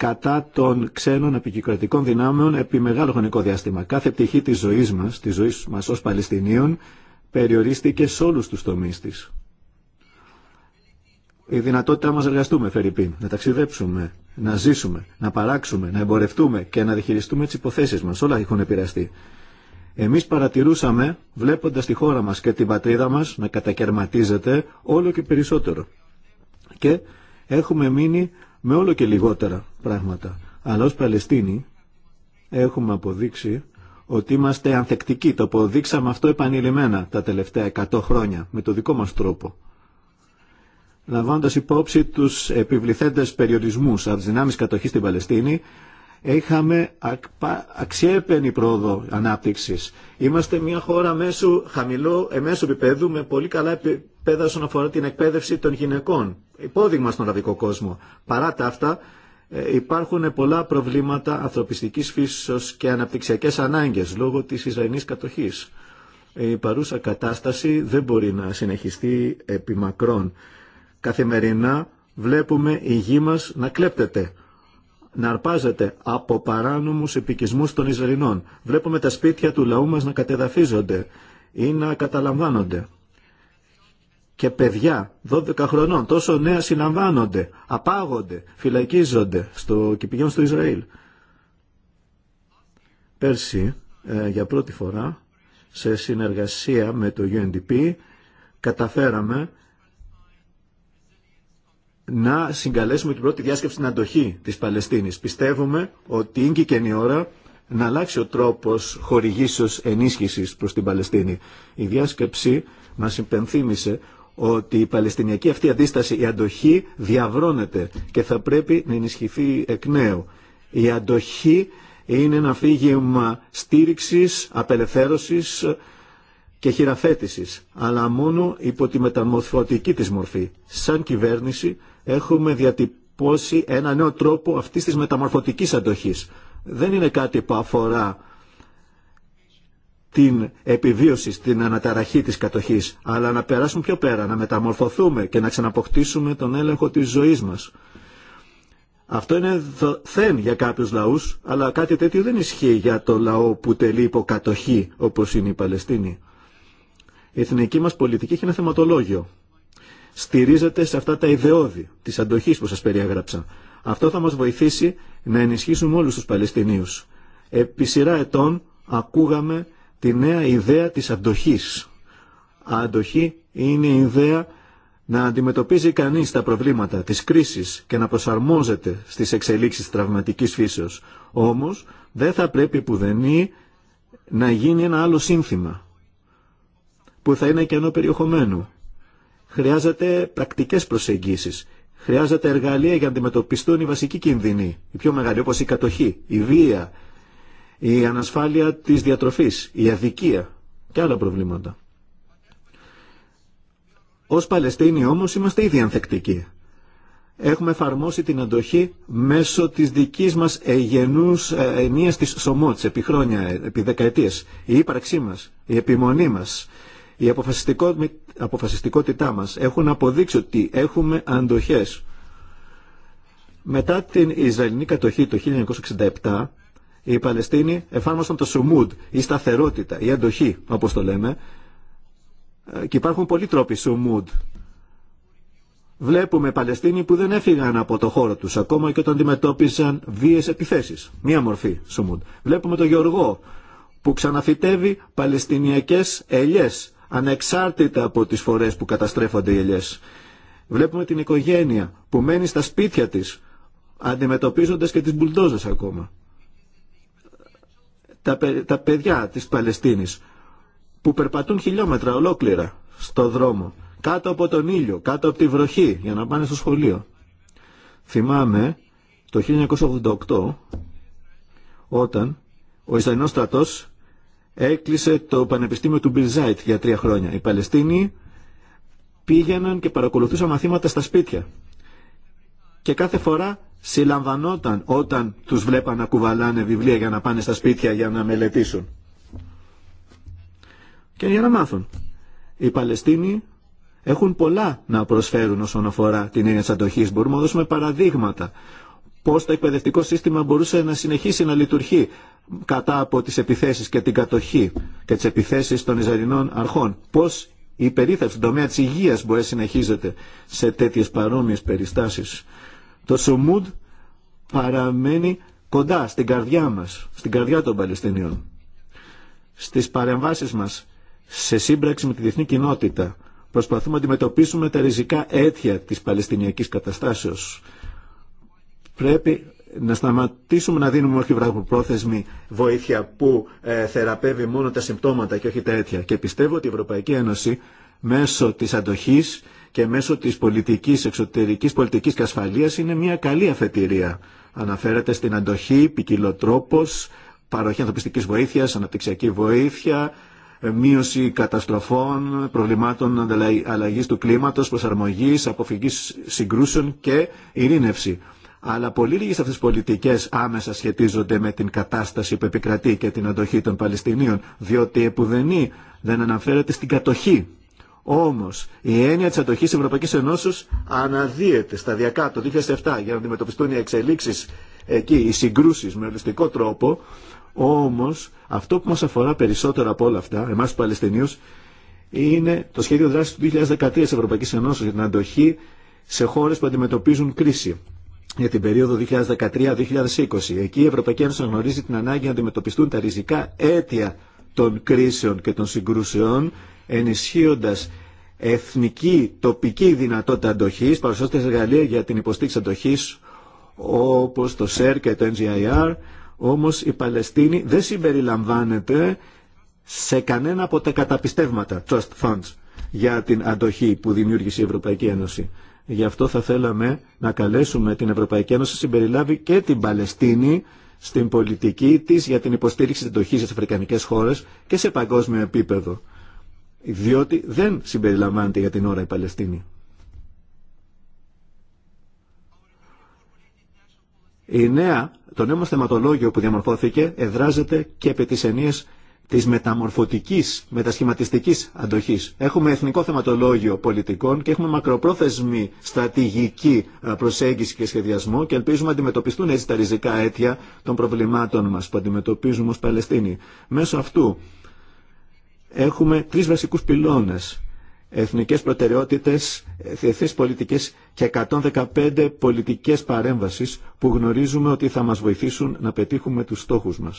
κατά των ξένων επικοινωνικών δυνάμεων επί μεγάλο χρονικό διάστημα. Κάθε πτυχή της ζωής μας, της ζωής μας ως Παλαιστινίων, περιορίστηκε σε όλους τους τομείς της. Η δυνατότητά μας εργαστούμε, Φερρυπίν, να ταξιδέψουμε, να ζήσουμε, να παράξουμε, να εμπορευτούμε και να διχειριστούμε τις υποθέσεις μας. Όλα έχουν επηρεαστεί. Εμείς παρατηρούσαμε, βλέποντας τη χώρα μας και την πατρίδα μας να κατακαιρματίζεται όλο και περισσότερο. Και έχουμε μείνει με όλο και λιγότερα πράγματα. Αλλά ως Παλαιστίνοι έχουμε αποδείξει ότι είμαστε ανθεκτικοί. Το αποδείξαμε αυτό επανειλημμένα τα τελευταία 100 χρόνια με το δικό μας τρόπο. Λαμβάνοντας υπόψη τους επιβληθέντες περιορισμούς από τις δυνάμεις κατοχής στην Παλαιστίνη, είχαμε αξιέπαινη πρόοδο ανάπτυξης. Είμαστε μια χώρα μέσου, χαμηλό, εμέσου επίπεδου με πολύ καλά επίπεδα όσον αφορά την εκπαίδευση των γυναικών υπόδειγμα στον αραβικό κόσμο. Παρά τα αυτά ε, υπάρχουν πολλά προβλήματα ανθρωπιστικής φύσης και αναπτυξιακές ανάγκες λόγω της Ισραηλινής κατοχής. Η παρούσα κατάσταση δεν μπορεί να συνεχιστεί επιμακρών. Καθημερινά βλέπουμε η γη μας να κλέπτεται να αρπάζεται από παράνομους επικισμούς των Ισραηλινών. Βλέπουμε τα σπίτια του λαού μας να κατεδαφίζονται ή να καταλαμβάνονται και παιδιά 12 χρονών, τόσο νέα συναμβάνονται, απάγονται, φυλακίζονται στο, και πηγαίνουν στο Ισραήλ. Πέρσι, ε, για πρώτη φορά, σε συνεργασία με το UNDP, καταφέραμε να συγκαλέσουμε την πρώτη διάσκεψη στην αντοχή της Παλαιστίνης. Πιστεύουμε ότι είναι και η ώρα να αλλάξει ο τρόπος χορηγήσεως ενίσχυσης προς την Παλαιστίνη. Η διάσκεψη μας υπενθύμησε ότι η παλαιστινιακή αυτή αντίσταση, η αντοχή διαβρώνεται και θα πρέπει να ενισχυθεί εκ νέου. Η αντοχή είναι ένα φύγημα στήριξης, απελευθέρωσης και χειραφέτησης, αλλά μόνο υπό τη μεταμορφωτική της μορφή. Σαν κυβέρνηση έχουμε διατυπώσει ένα νέο τρόπο αυτής της μεταμορφωτικής αντοχής. Δεν είναι κάτι που αφορά την επιβίωση, την αναταραχή της κατοχής, αλλά να περάσουμε πιο πέρα, να μεταμορφωθούμε και να ξαναποκτήσουμε τον έλεγχο της ζωής μας. Αυτό είναι θεν για κάποιους λαούς, αλλά κάτι τέτοιο δεν ισχύει για το λαό που τελεί κατοχή, όπως είναι η Παλαιστίνη. Η εθνική μας πολιτική έχει ένα θεματολόγιο. Στηρίζεται σε αυτά τα ιδεώδη της αντοχής που σας περιέγραψα. Αυτό θα μας βοηθήσει να ενισχύσουμε όλους τους Παλαιστινίους. Επί σειρά ετών ακούγαμε τη νέα ιδέα της αντοχής. Αντοχή είναι η ιδέα να αντιμετωπίζει κανείς τα προβλήματα της κρίσης και να προσαρμόζεται στις εξελίξεις τραυματικής φύσεως. Όμως δεν θα πρέπει που να γίνει ένα άλλο σύνθημα που θα είναι κενό περιεχομένου. Χρειάζεται πρακτικές προσεγγίσεις. Χρειάζεται εργαλεία για να αντιμετωπιστούν οι βασικοί κινδυνοί, οι πιο μεγάλοι όπως η κατοχή, η βία, η ανασφάλεια της διατροφής, η αδικία και άλλα προβλήματα. Ως Παλαιστίνοι όμως είμαστε ήδη ανθεκτικοί. Έχουμε εφαρμόσει την αντοχή μέσω της δικής μας εγενούς ε, ενίας της Σομότς επί χρόνια, επί δεκαετίες. Η ύπαρξή μας, η επιμονή μας, η αποφασιστικότητά μας έχουν αποδείξει ότι έχουμε αντοχές. Μετά την Ισραηλινή κατοχή το 1967 οι Παλαιστίνοι εφάρμοσαν το σουμούντ, η σταθερότητα, η αντοχή, οπω το λέμε. Ε, και υπάρχουν πολλοί τρόποι σουμούντ. Βλέπουμε Παλαιστίνοι που δεν έφυγαν από το χώρο του ακόμα και όταν αντιμετώπισαν βίες επιθέσει, Μία μορφή σουμούντ. Βλέπουμε τον Γεωργό που ξαναφυτεύει Παλαιστινιακέ ελιέ, ανεξάρτητα από τι φορέ που καταστρέφονται οι ελιές. Βλέπουμε την οικογένεια που μένει στα σπίτια τη, αντιμετωπίζοντας και τις μπουλντόζες ακόμα τα, τα παιδιά της Παλαιστίνης που περπατούν χιλιόμετρα ολόκληρα στο δρόμο, κάτω από τον ήλιο, κάτω από τη βροχή για να πάνε στο σχολείο. Θυμάμαι το 1988 όταν ο Ισραηλινός στρατός έκλεισε το Πανεπιστήμιο του Μπιλζάιτ για τρία χρόνια. Οι Παλαιστίνοι πήγαιναν και παρακολουθούσαν μαθήματα στα σπίτια και κάθε φορά συλλαμβανόταν όταν τους βλέπαν να κουβαλάνε βιβλία για να πάνε στα σπίτια για να μελετήσουν και για να μάθουν. Οι Παλαιστίνοι έχουν πολλά να προσφέρουν όσον αφορά την έννοια τη αντοχής. Μπορούμε να δώσουμε παραδείγματα πώς το εκπαιδευτικό σύστημα μπορούσε να συνεχίσει να λειτουργεί κατά από τις επιθέσεις και την κατοχή και τι επιθέσει των Ιζαρινών αρχών. Πώς η περίθαλψη η τομέα τη υγεία μπορεί να συνεχίζεται σε τέτοιες παρόμοιε περιστάσει. Το Σουμούντ παραμένει κοντά στην καρδιά μας, στην καρδιά των Παλαιστινίων. Στις παρεμβάσεις μας, σε σύμπραξη με τη διεθνή κοινότητα, προσπαθούμε να αντιμετωπίσουμε τα ριζικά αίτια της Παλαιστινιακής καταστάσεως. Πρέπει να σταματήσουμε να δίνουμε όχι βραχυπρόθεσμη βοήθεια που ε, θεραπεύει μόνο τα συμπτώματα και όχι τα αίτια. Και πιστεύω ότι η Ευρωπαϊκή Ένωση μέσω της αντοχής και μέσω της πολιτικής, εξωτερικής πολιτικής και ασφαλείας είναι μια καλή αφετηρία. Αναφέρεται στην αντοχή, ποικιλοτρόπος, παροχή ανθρωπιστικής βοήθειας, αναπτυξιακή βοήθεια, μείωση καταστροφών, προβλημάτων αλλαγής του κλίματος, προσαρμογής, αποφυγής συγκρούσεων και ειρήνευση. Αλλά πολύ λίγες αυτές τις πολιτικές άμεσα σχετίζονται με την κατάσταση που επικρατεί και την αντοχή των Παλαιστινίων, διότι επουδενή δεν αναφέρεται στην κατοχή Όμω η έννοια τη αντοχή της Ευρωπαϊκή Ένωση αναδύεται σταδιακά το 2007 για να αντιμετωπιστούν οι εξελίξει εκεί, οι συγκρούσει με οριστικό τρόπο. όμω, αυτό που μα αφορά περισσότερο από όλα αυτά, εμά του Παλαιστινίου, είναι το σχέδιο δράση του 2013 τη Ευρωπαϊκή Ένωση, για την αντοχή σε χώρε που αντιμετωπίζουν κρίση για την περίοδο 2013-2020. Εκεί η Ευρωπαϊκή Ένωση γνωρίζει την ανάγκη να αντιμετωπιστούν τα ριζικά αίτια των κρίσεων και των συγκρούσεων, ενισχύοντας εθνική, τοπική δυνατότητα αντοχής, παρουσιάζοντας εργαλεία για την υποστήριξη αντοχής, όπως το ΣΕΡ και το NGIR, όμως η Παλαιστίνη δεν συμπεριλαμβάνεται σε κανένα από τα καταπιστεύματα, trust funds, για την αντοχή που δημιούργησε η Ευρωπαϊκή Ένωση. Γι' αυτό θα θέλαμε να καλέσουμε την Ευρωπαϊκή Ένωση να συμπεριλάβει και την Παλαιστίνη στην πολιτική της για την υποστήριξη της εντοχής στις αφρικανικές χώρες και σε παγκόσμιο επίπεδο, διότι δεν συμπεριλαμβάνεται για την ώρα η Παλαιστίνη. Η νέα, το νέο μας θεματολόγιο που διαμορφώθηκε εδράζεται και επί τη μεταμορφωτική, μετασχηματιστικής αντοχή. Έχουμε εθνικό θεματολόγιο πολιτικών και έχουμε μακροπρόθεσμη στρατηγική ε, προσέγγιση και σχεδιασμό και ελπίζουμε να αντιμετωπιστούν έτσι τα ριζικά αίτια των προβλημάτων μα που αντιμετωπίζουμε ω Παλαιστίνοι. Μέσω αυτού έχουμε τρει βασικού πυλώνε εθνικέ προτεραιότητε, διεθνεί πολιτικέ και 115 πολιτικέ παρέμβασεις που γνωρίζουμε ότι θα μα βοηθήσουν να πετύχουμε του στόχου μα.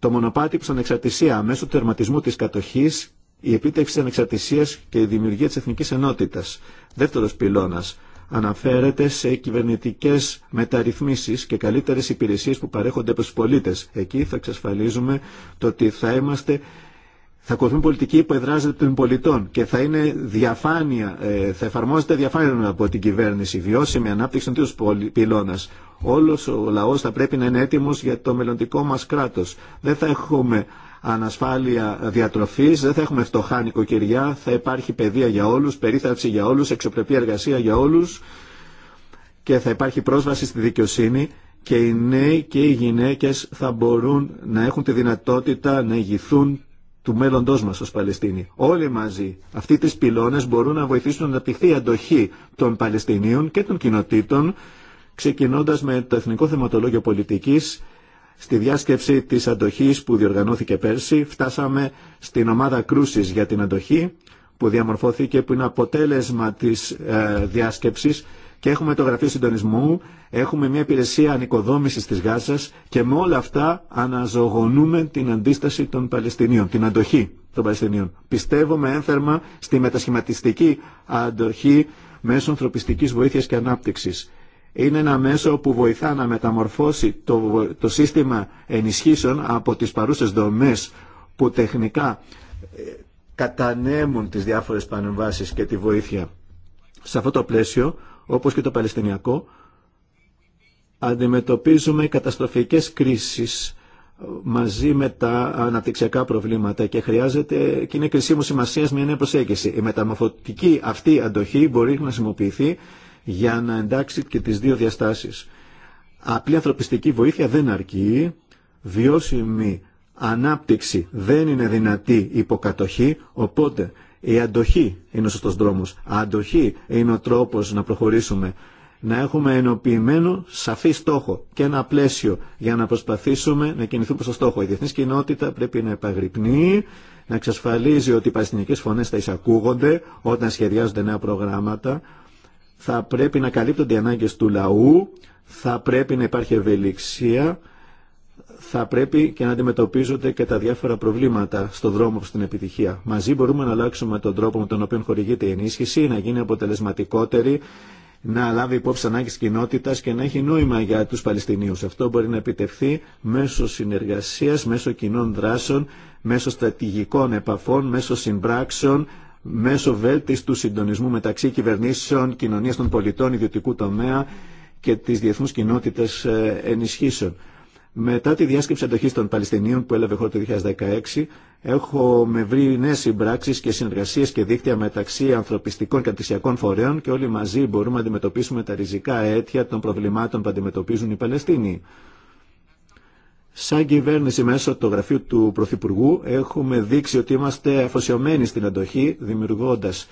Το μονοπάτι προς ανεξαρτησία μέσω του τερματισμού της κατοχής, η επίτευξη της ανεξαρτησίας και η δημιουργία της εθνικής ενότητας. Δεύτερος πυλώνας αναφέρεται σε κυβερνητικές μεταρρυθμίσεις και καλύτερες υπηρεσίες που παρέχονται προς τους πολίτες. Εκεί θα εξασφαλίζουμε το ότι θα είμαστε θα ακολουθούν πολιτική που εδράζεται των πολιτών και θα είναι διαφάνεια, ε, θα εφαρμόζεται διαφάνεια από την κυβέρνηση, βιώσιμη ανάπτυξη των τύπων πυλώνα. Όλο ο λαό θα πρέπει να είναι έτοιμο για το μελλοντικό μα κράτο. Δεν θα έχουμε ανασφάλεια διατροφή, δεν θα έχουμε φτωχά νοικοκυριά, θα υπάρχει παιδεία για όλου, περίθαλψη για όλου, εξωπρεπή εργασία για όλου και θα υπάρχει πρόσβαση στη δικαιοσύνη και οι νέοι και οι γυναίκες θα μπορούν να έχουν τη δυνατότητα να ηγηθούν του μέλλοντό μα ω Παλαιστίνοι. Όλοι μαζί αυτοί τι πυλώνε μπορούν να βοηθήσουν να αναπτυχθεί η αντοχή των Παλαιστινίων και των κοινοτήτων, ξεκινώντα με το Εθνικό Θεματολόγιο Πολιτική. Στη διάσκεψη της αντοχής που διοργανώθηκε πέρσι φτάσαμε στην ομάδα κρούσης για την αντοχή που διαμορφώθηκε που είναι αποτέλεσμα της ε, και έχουμε το Γραφείο Συντονισμού, έχουμε μια υπηρεσία ανοικοδόμησης της Γάζας και με όλα αυτά αναζωογονούμε την αντίσταση των Παλαιστινίων, την αντοχή των Παλαιστινίων. Πιστεύουμε ένθερμα στη μετασχηματιστική αντοχή μέσω ανθρωπιστικής βοήθειας και ανάπτυξης. Είναι ένα μέσο που βοηθά να μεταμορφώσει το, το σύστημα ενισχύσεων από τις παρούσες δομές που τεχνικά ε, κατανέμουν τις διάφορες πανεμβάσεις και τη βοήθεια. Σε αυτό το πλαίσιο όπως και το Παλαιστινιακό, αντιμετωπίζουμε καταστροφικές κρίσεις μαζί με τα αναπτυξιακά προβλήματα και χρειάζεται και είναι κρισίμου σημασία μια νέα προσέγγιση. Η μεταμορφωτική αυτή αντοχή μπορεί να χρησιμοποιηθεί για να εντάξει και τις δύο διαστάσεις. Απλή ανθρωπιστική βοήθεια δεν αρκεί, βιώσιμη ανάπτυξη δεν είναι δυνατή υποκατοχή, οπότε η αντοχή είναι ο σωστός δρόμος. Αντοχή είναι ο τρόπος να προχωρήσουμε. Να έχουμε ενοποιημένο σαφή στόχο και ένα πλαίσιο για να προσπαθήσουμε να κινηθούμε στο στόχο. Η διεθνής κοινότητα πρέπει να επαγρυπνεί, να εξασφαλίζει ότι οι παλαιστινικές φωνές θα εισακούγονται όταν σχεδιάζονται νέα προγράμματα. Θα πρέπει να καλύπτονται οι ανάγκες του λαού, θα πρέπει να υπάρχει ευελιξία θα πρέπει και να αντιμετωπίζονται και τα διάφορα προβλήματα στον δρόμο προς την επιτυχία. Μαζί μπορούμε να αλλάξουμε τον τρόπο με τον οποίο χορηγείται η ενίσχυση, να γίνει αποτελεσματικότερη, να λάβει υπόψη ανάγκη κοινότητα και να έχει νόημα για του Παλαιστινίου. Αυτό μπορεί να επιτευχθεί μέσω συνεργασία, μέσω κοινών δράσεων, μέσω στρατηγικών επαφών, μέσω συμπράξεων, μέσω του συντονισμού μεταξύ κυβερνήσεων, κοινωνία των πολιτών, ιδιωτικού τομέα και τη διεθνού κοινότητα ε, ενισχύσεων. Μετά τη διάσκεψη αντοχής των Παλαιστινίων που έλαβε χώρα το 2016, έχω με βρει νέε συμπράξει και συνεργασίε και δίκτυα μεταξύ ανθρωπιστικών και αντισιακών φορέων και όλοι μαζί μπορούμε να αντιμετωπίσουμε τα ριζικά αίτια των προβλημάτων που αντιμετωπίζουν οι Παλαιστίνοι. Σαν κυβέρνηση μέσω του γραφείου του Πρωθυπουργού έχουμε δείξει ότι είμαστε αφοσιωμένοι στην αντοχή, δημιουργώντας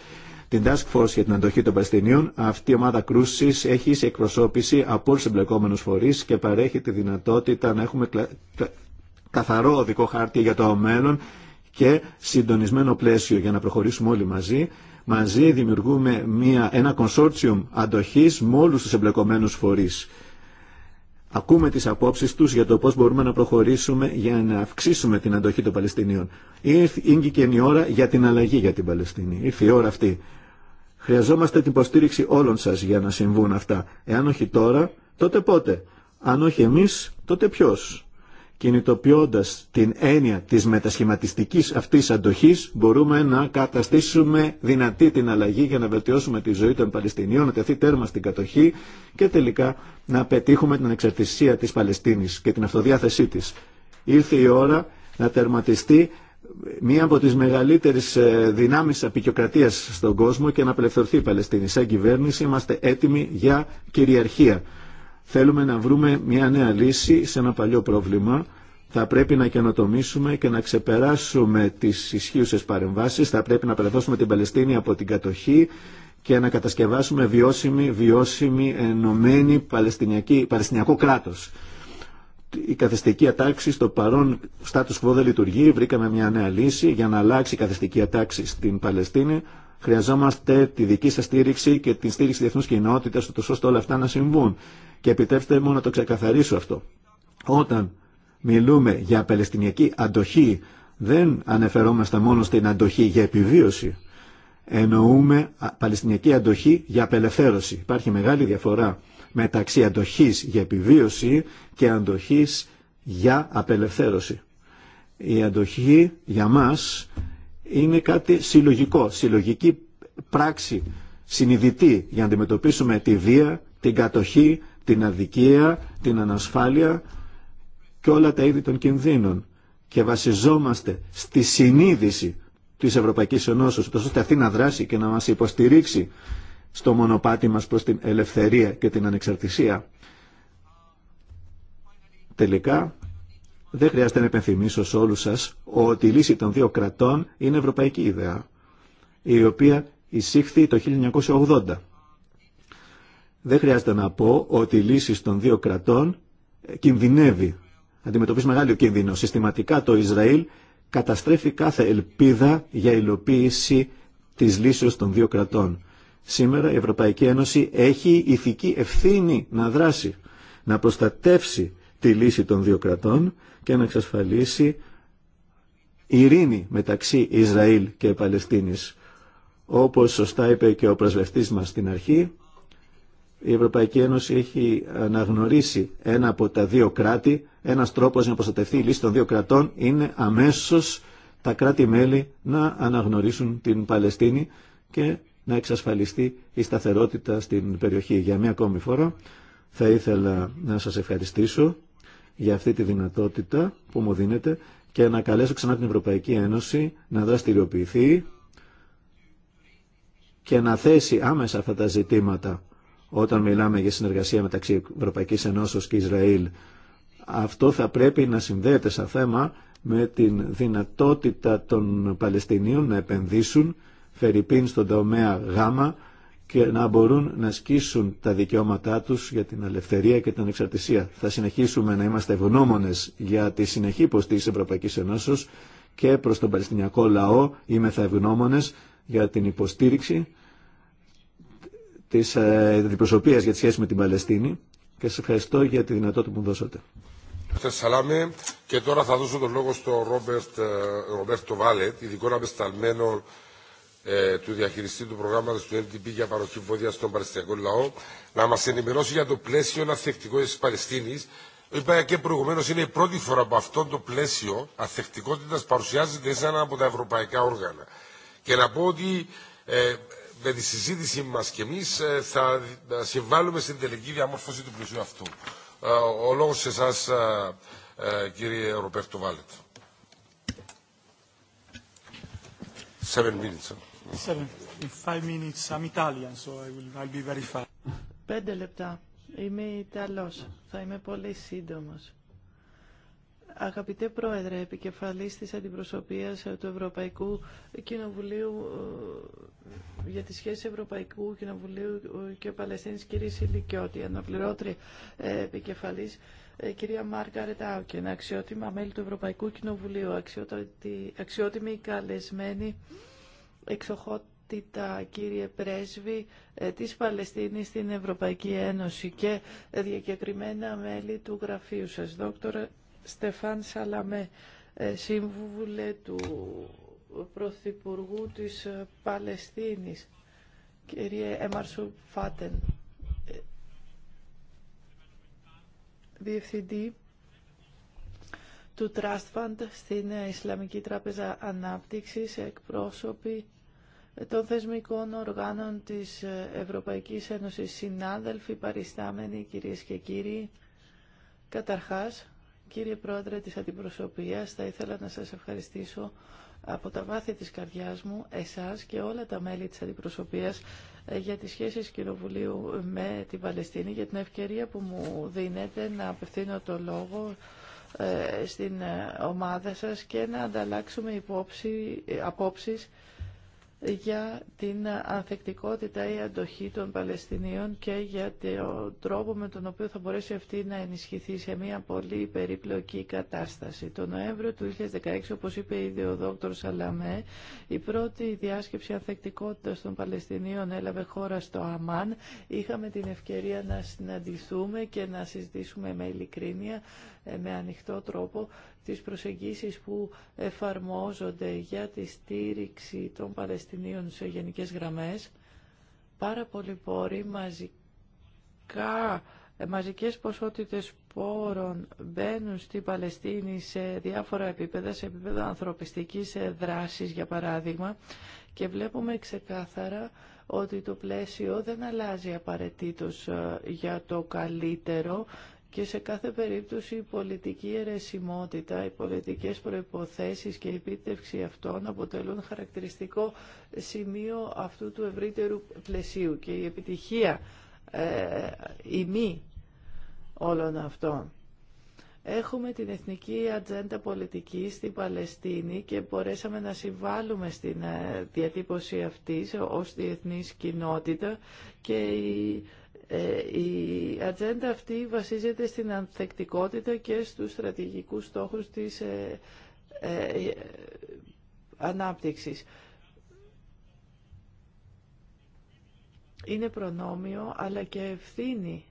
την Task Force για την αντοχή των Παλαιστινίων. Αυτή η ομάδα κρούση έχει σε εκπροσώπηση από όλου του εμπλεκόμενου φορεί και παρέχει τη δυνατότητα να έχουμε καθαρό οδικό χάρτη για το μέλλον και συντονισμένο πλαίσιο για να προχωρήσουμε όλοι μαζί. Μαζί δημιουργούμε μια, ένα κονσόρτσιουμ αντοχής με όλους τους εμπλεκομένους φορείς. Ακούμε τις απόψεις τους για το πώς μπορούμε να προχωρήσουμε για να αυξήσουμε την αντοχή των Παλαιστινίων. Ήρθε η ώρα για την αλλαγή για την Παλαιστινή. Ήρθε η ώρα αυτή. Χρειαζόμαστε την υποστήριξη όλων σας για να συμβούν αυτά. Εάν όχι τώρα, τότε πότε. Αν όχι εμείς, τότε ποιος. Κινητοποιώντας την έννοια της μετασχηματιστικής αυτής αντοχής, μπορούμε να καταστήσουμε δυνατή την αλλαγή για να βελτιώσουμε τη ζωή των Παλαιστινίων, να τεθεί τέρμα στην κατοχή και τελικά να πετύχουμε την εξαρτησία της Παλαιστίνης και την αυτοδιάθεσή της. Ήρθε η ώρα να τερματιστεί μία από τις μεγαλύτερες ε, δυνάμεις απεικιοκρατίας στον κόσμο και να απελευθερωθεί η Παλαιστίνη. Σαν κυβέρνηση είμαστε έτοιμοι για κυριαρχία. Θέλουμε να βρούμε μια νέα λύση σε ένα παλιό πρόβλημα. Θα πρέπει να καινοτομήσουμε και να ξεπεράσουμε τις ισχύουσες παρεμβάσεις. Θα πρέπει να απελευθερώσουμε την Παλαιστίνη από την κατοχή και να κατασκευάσουμε βιώσιμη, βιώσιμη, ενωμένη Παλαιστινιακή, Παλαιστινιακό κράτος η καθεστική ατάξη στο παρόν status quo δεν λειτουργεί. Βρήκαμε μια νέα λύση για να αλλάξει η καθεστική ατάξη στην Παλαιστίνη. Χρειαζόμαστε τη δική σα στήριξη και τη στήριξη διεθνού κοινότητα, ώστε όλα αυτά να συμβούν. Και επιτρέψτε μου να το ξεκαθαρίσω αυτό. Όταν μιλούμε για παλαιστινιακή αντοχή, δεν αναφερόμαστε μόνο στην αντοχή για επιβίωση. Εννοούμε παλαιστινιακή αντοχή για απελευθέρωση. Υπάρχει μεγάλη διαφορά μεταξύ αντοχής για επιβίωση και αντοχής για απελευθέρωση. Η αντοχή για μας είναι κάτι συλλογικό, συλλογική πράξη συνειδητή για να αντιμετωπίσουμε τη βία, την κατοχή, την αδικία, την ανασφάλεια και όλα τα είδη των κινδύνων. Και βασιζόμαστε στη συνείδηση της Ευρωπαϊκής Ενώσεως, ώστε αυτή να δράσει και να μας υποστηρίξει στο μονοπάτι μας προς την ελευθερία και την ανεξαρτησία. Τελικά, δεν χρειάζεται να επενθυμίσω σε όλους σας ότι η λύση των δύο κρατών είναι ευρωπαϊκή ιδέα, η οποία εισήχθη το 1980. Δεν χρειάζεται να πω ότι η λύση των δύο κρατών κινδυνεύει. Αντιμετωπίζει μεγάλο κίνδυνο. Συστηματικά το Ισραήλ καταστρέφει κάθε ελπίδα για υλοποίηση της λύσεως των δύο κρατών. Σήμερα η Ευρωπαϊκή Ένωση έχει ηθική ευθύνη να δράσει, να προστατεύσει τη λύση των δύο κρατών και να εξασφαλίσει ειρήνη μεταξύ Ισραήλ και Παλαιστίνης. Όπως σωστά είπε και ο προσβευτής μας στην αρχή, η Ευρωπαϊκή Ένωση έχει αναγνωρίσει ένα από τα δύο κράτη. Ένας τρόπος να προστατευτεί η λύση των δύο κρατών είναι αμέσως τα κράτη-μέλη να αναγνωρίσουν την Παλαιστίνη και να εξασφαλιστεί η σταθερότητα στην περιοχή. Για μία ακόμη φορά θα ήθελα να σας ευχαριστήσω για αυτή τη δυνατότητα που μου δίνετε και να καλέσω ξανά την Ευρωπαϊκή Ένωση να δραστηριοποιηθεί και να θέσει άμεσα αυτά τα ζητήματα όταν μιλάμε για συνεργασία μεταξύ Ευρωπαϊκής Ενώσεως και Ισραήλ. Αυτό θα πρέπει να συνδέεται σαν θέμα με την δυνατότητα των Παλαιστινίων να επενδύσουν Φερρυπίν στον τομέα Γ και να μπορούν να ασκήσουν τα δικαιώματά τους για την ελευθερία και την ανεξαρτησία. Θα συνεχίσουμε να είμαστε ευγνώμονες για τη συνεχή υποστήριξη Ευρωπαϊκής Ενώσεως και προς τον Παλαιστινιακό λαό είμαι θα ευγνώμονες για την υποστήριξη της ε, αντιπροσωπείας για τη σχέση με την Παλαιστίνη και σας ευχαριστώ για τη δυνατότητα που μου δώσατε. Σαλάμε και τώρα θα δώσω τον λόγο στον Ρόμπερτ ε, Βάλετ, ειδικό απεσταλμένο ε, του διαχειριστή του προγράμματο του LTP για παροχή βόδια στον Παλαιστινιακό λαό να μα ενημερώσει για το πλαίσιο αθεκτικό της Παλαιστίνης. Είπα και προηγουμένω είναι η πρώτη φορά που αυτό το πλαίσιο αθεκτικότητα παρουσιάζεται σαν ένα από τα ευρωπαϊκά όργανα. Και να πω ότι ε, με τη συζήτησή μα και εμείς ε, θα συμβάλλουμε στην τελική διαμόρφωση του πλαισίου αυτού. Ο λόγο σε εσάς, κύριε Ροπέρτο Βάλετ. Seven minutes. Πέντε λεπτά. Είμαι Ιταλός. Θα είμαι πολύ σύντομος. Αγαπητέ Πρόεδρε, επικεφαλής της Αντιπροσωπείας του Ευρωπαϊκού Κοινοβουλίου ε, για τις σχέσεις Ευρωπαϊκού Κοινοβουλίου ε, και Παλαιστίνης, Κύριε Σιλικιώτη, Αναπληρώτρη ε, επικεφαλής, κυρία Μάργαρετ Άουκεν, αξιότιμα μέλη του Ευρωπαϊκού Κοινοβουλίου, αξιότιμη καλεσμένη εξοχότητα κύριε Πρέσβη ε, της Παλαιστίνης στην Ευρωπαϊκή Ένωση και ε, διακεκριμένα μέλη του γραφείου σας. Δόκτωρ Στεφάν Σαλαμέ, ε, σύμβουλε του Πρωθυπουργού της Παλαιστίνης. Κύριε Έμαρσου Φάτεν, Διευθυντή του Trust Fund στην Ισλαμική Τράπεζα Ανάπτυξης, εκπρόσωποι των θεσμικών οργάνων της Ευρωπαϊκής Ένωσης, συνάδελφοι παριστάμενοι, κυρίες και κύριοι. Καταρχάς, κύριε Πρόεδρε της Αντιπροσωπείας, θα ήθελα να σας ευχαριστήσω από τα βάθη της καρδιάς μου, εσάς και όλα τα μέλη της Αντιπροσωπείας ε, για τις σχέσεις Κοινοβουλίου με την Παλαιστίνη, για την ευκαιρία που μου δίνετε να απευθύνω το λόγο ε, στην ε, ομάδα σας και να ανταλλάξουμε υπόψη, απόψεις για την ανθεκτικότητα ή αντοχή των Παλαιστινίων και για τον τρόπο με τον οποίο θα μπορέσει αυτή να ενισχυθεί σε μια πολύ περίπλοκη κατάσταση. Το Νοέμβριο του 2016, όπως είπε ήδη ο Δόκτωρ Σαλαμέ, η πρώτη διάσκεψη ανθεκτικότητας των Παλαιστινίων έλαβε χώρα στο Αμάν. Είχαμε την ευκαιρία να συναντηθούμε και να συζητήσουμε με ειλικρίνεια ε, με ανοιχτό τρόπο τις προσεγγίσεις που εφαρμόζονται για τη στήριξη των Παλαιστινίων σε γενικές γραμμές. Πάρα πολλοί πόροι μαζικά ε, μαζικές ποσότητες πόρων μπαίνουν στη Παλαιστίνη σε διάφορα επίπεδα, σε επίπεδο ανθρωπιστικής ε, δράσης για παράδειγμα και βλέπουμε ξεκάθαρα ότι το πλαίσιο δεν αλλάζει απαραίτητος για το καλύτερο. Και σε κάθε περίπτωση η πολιτική αιρεσιμότητα, οι πολιτικές προϋποθέσεις και η επίτευξη αυτών αποτελούν χαρακτηριστικό σημείο αυτού του ευρύτερου πλαισίου και η επιτυχία ε, όλων αυτών. Έχουμε την Εθνική Ατζέντα Πολιτική στην Παλαιστίνη και μπορέσαμε να συμβάλλουμε στην ε, διατύπωση αυτής ως διεθνής κοινότητα και η ε, η ατζέντα αυτή βασίζεται στην ανθεκτικότητα και στους στρατηγικούς στόχους της ε, ε, ε ανάπτυξης. Είναι προνόμιο αλλά και ευθύνη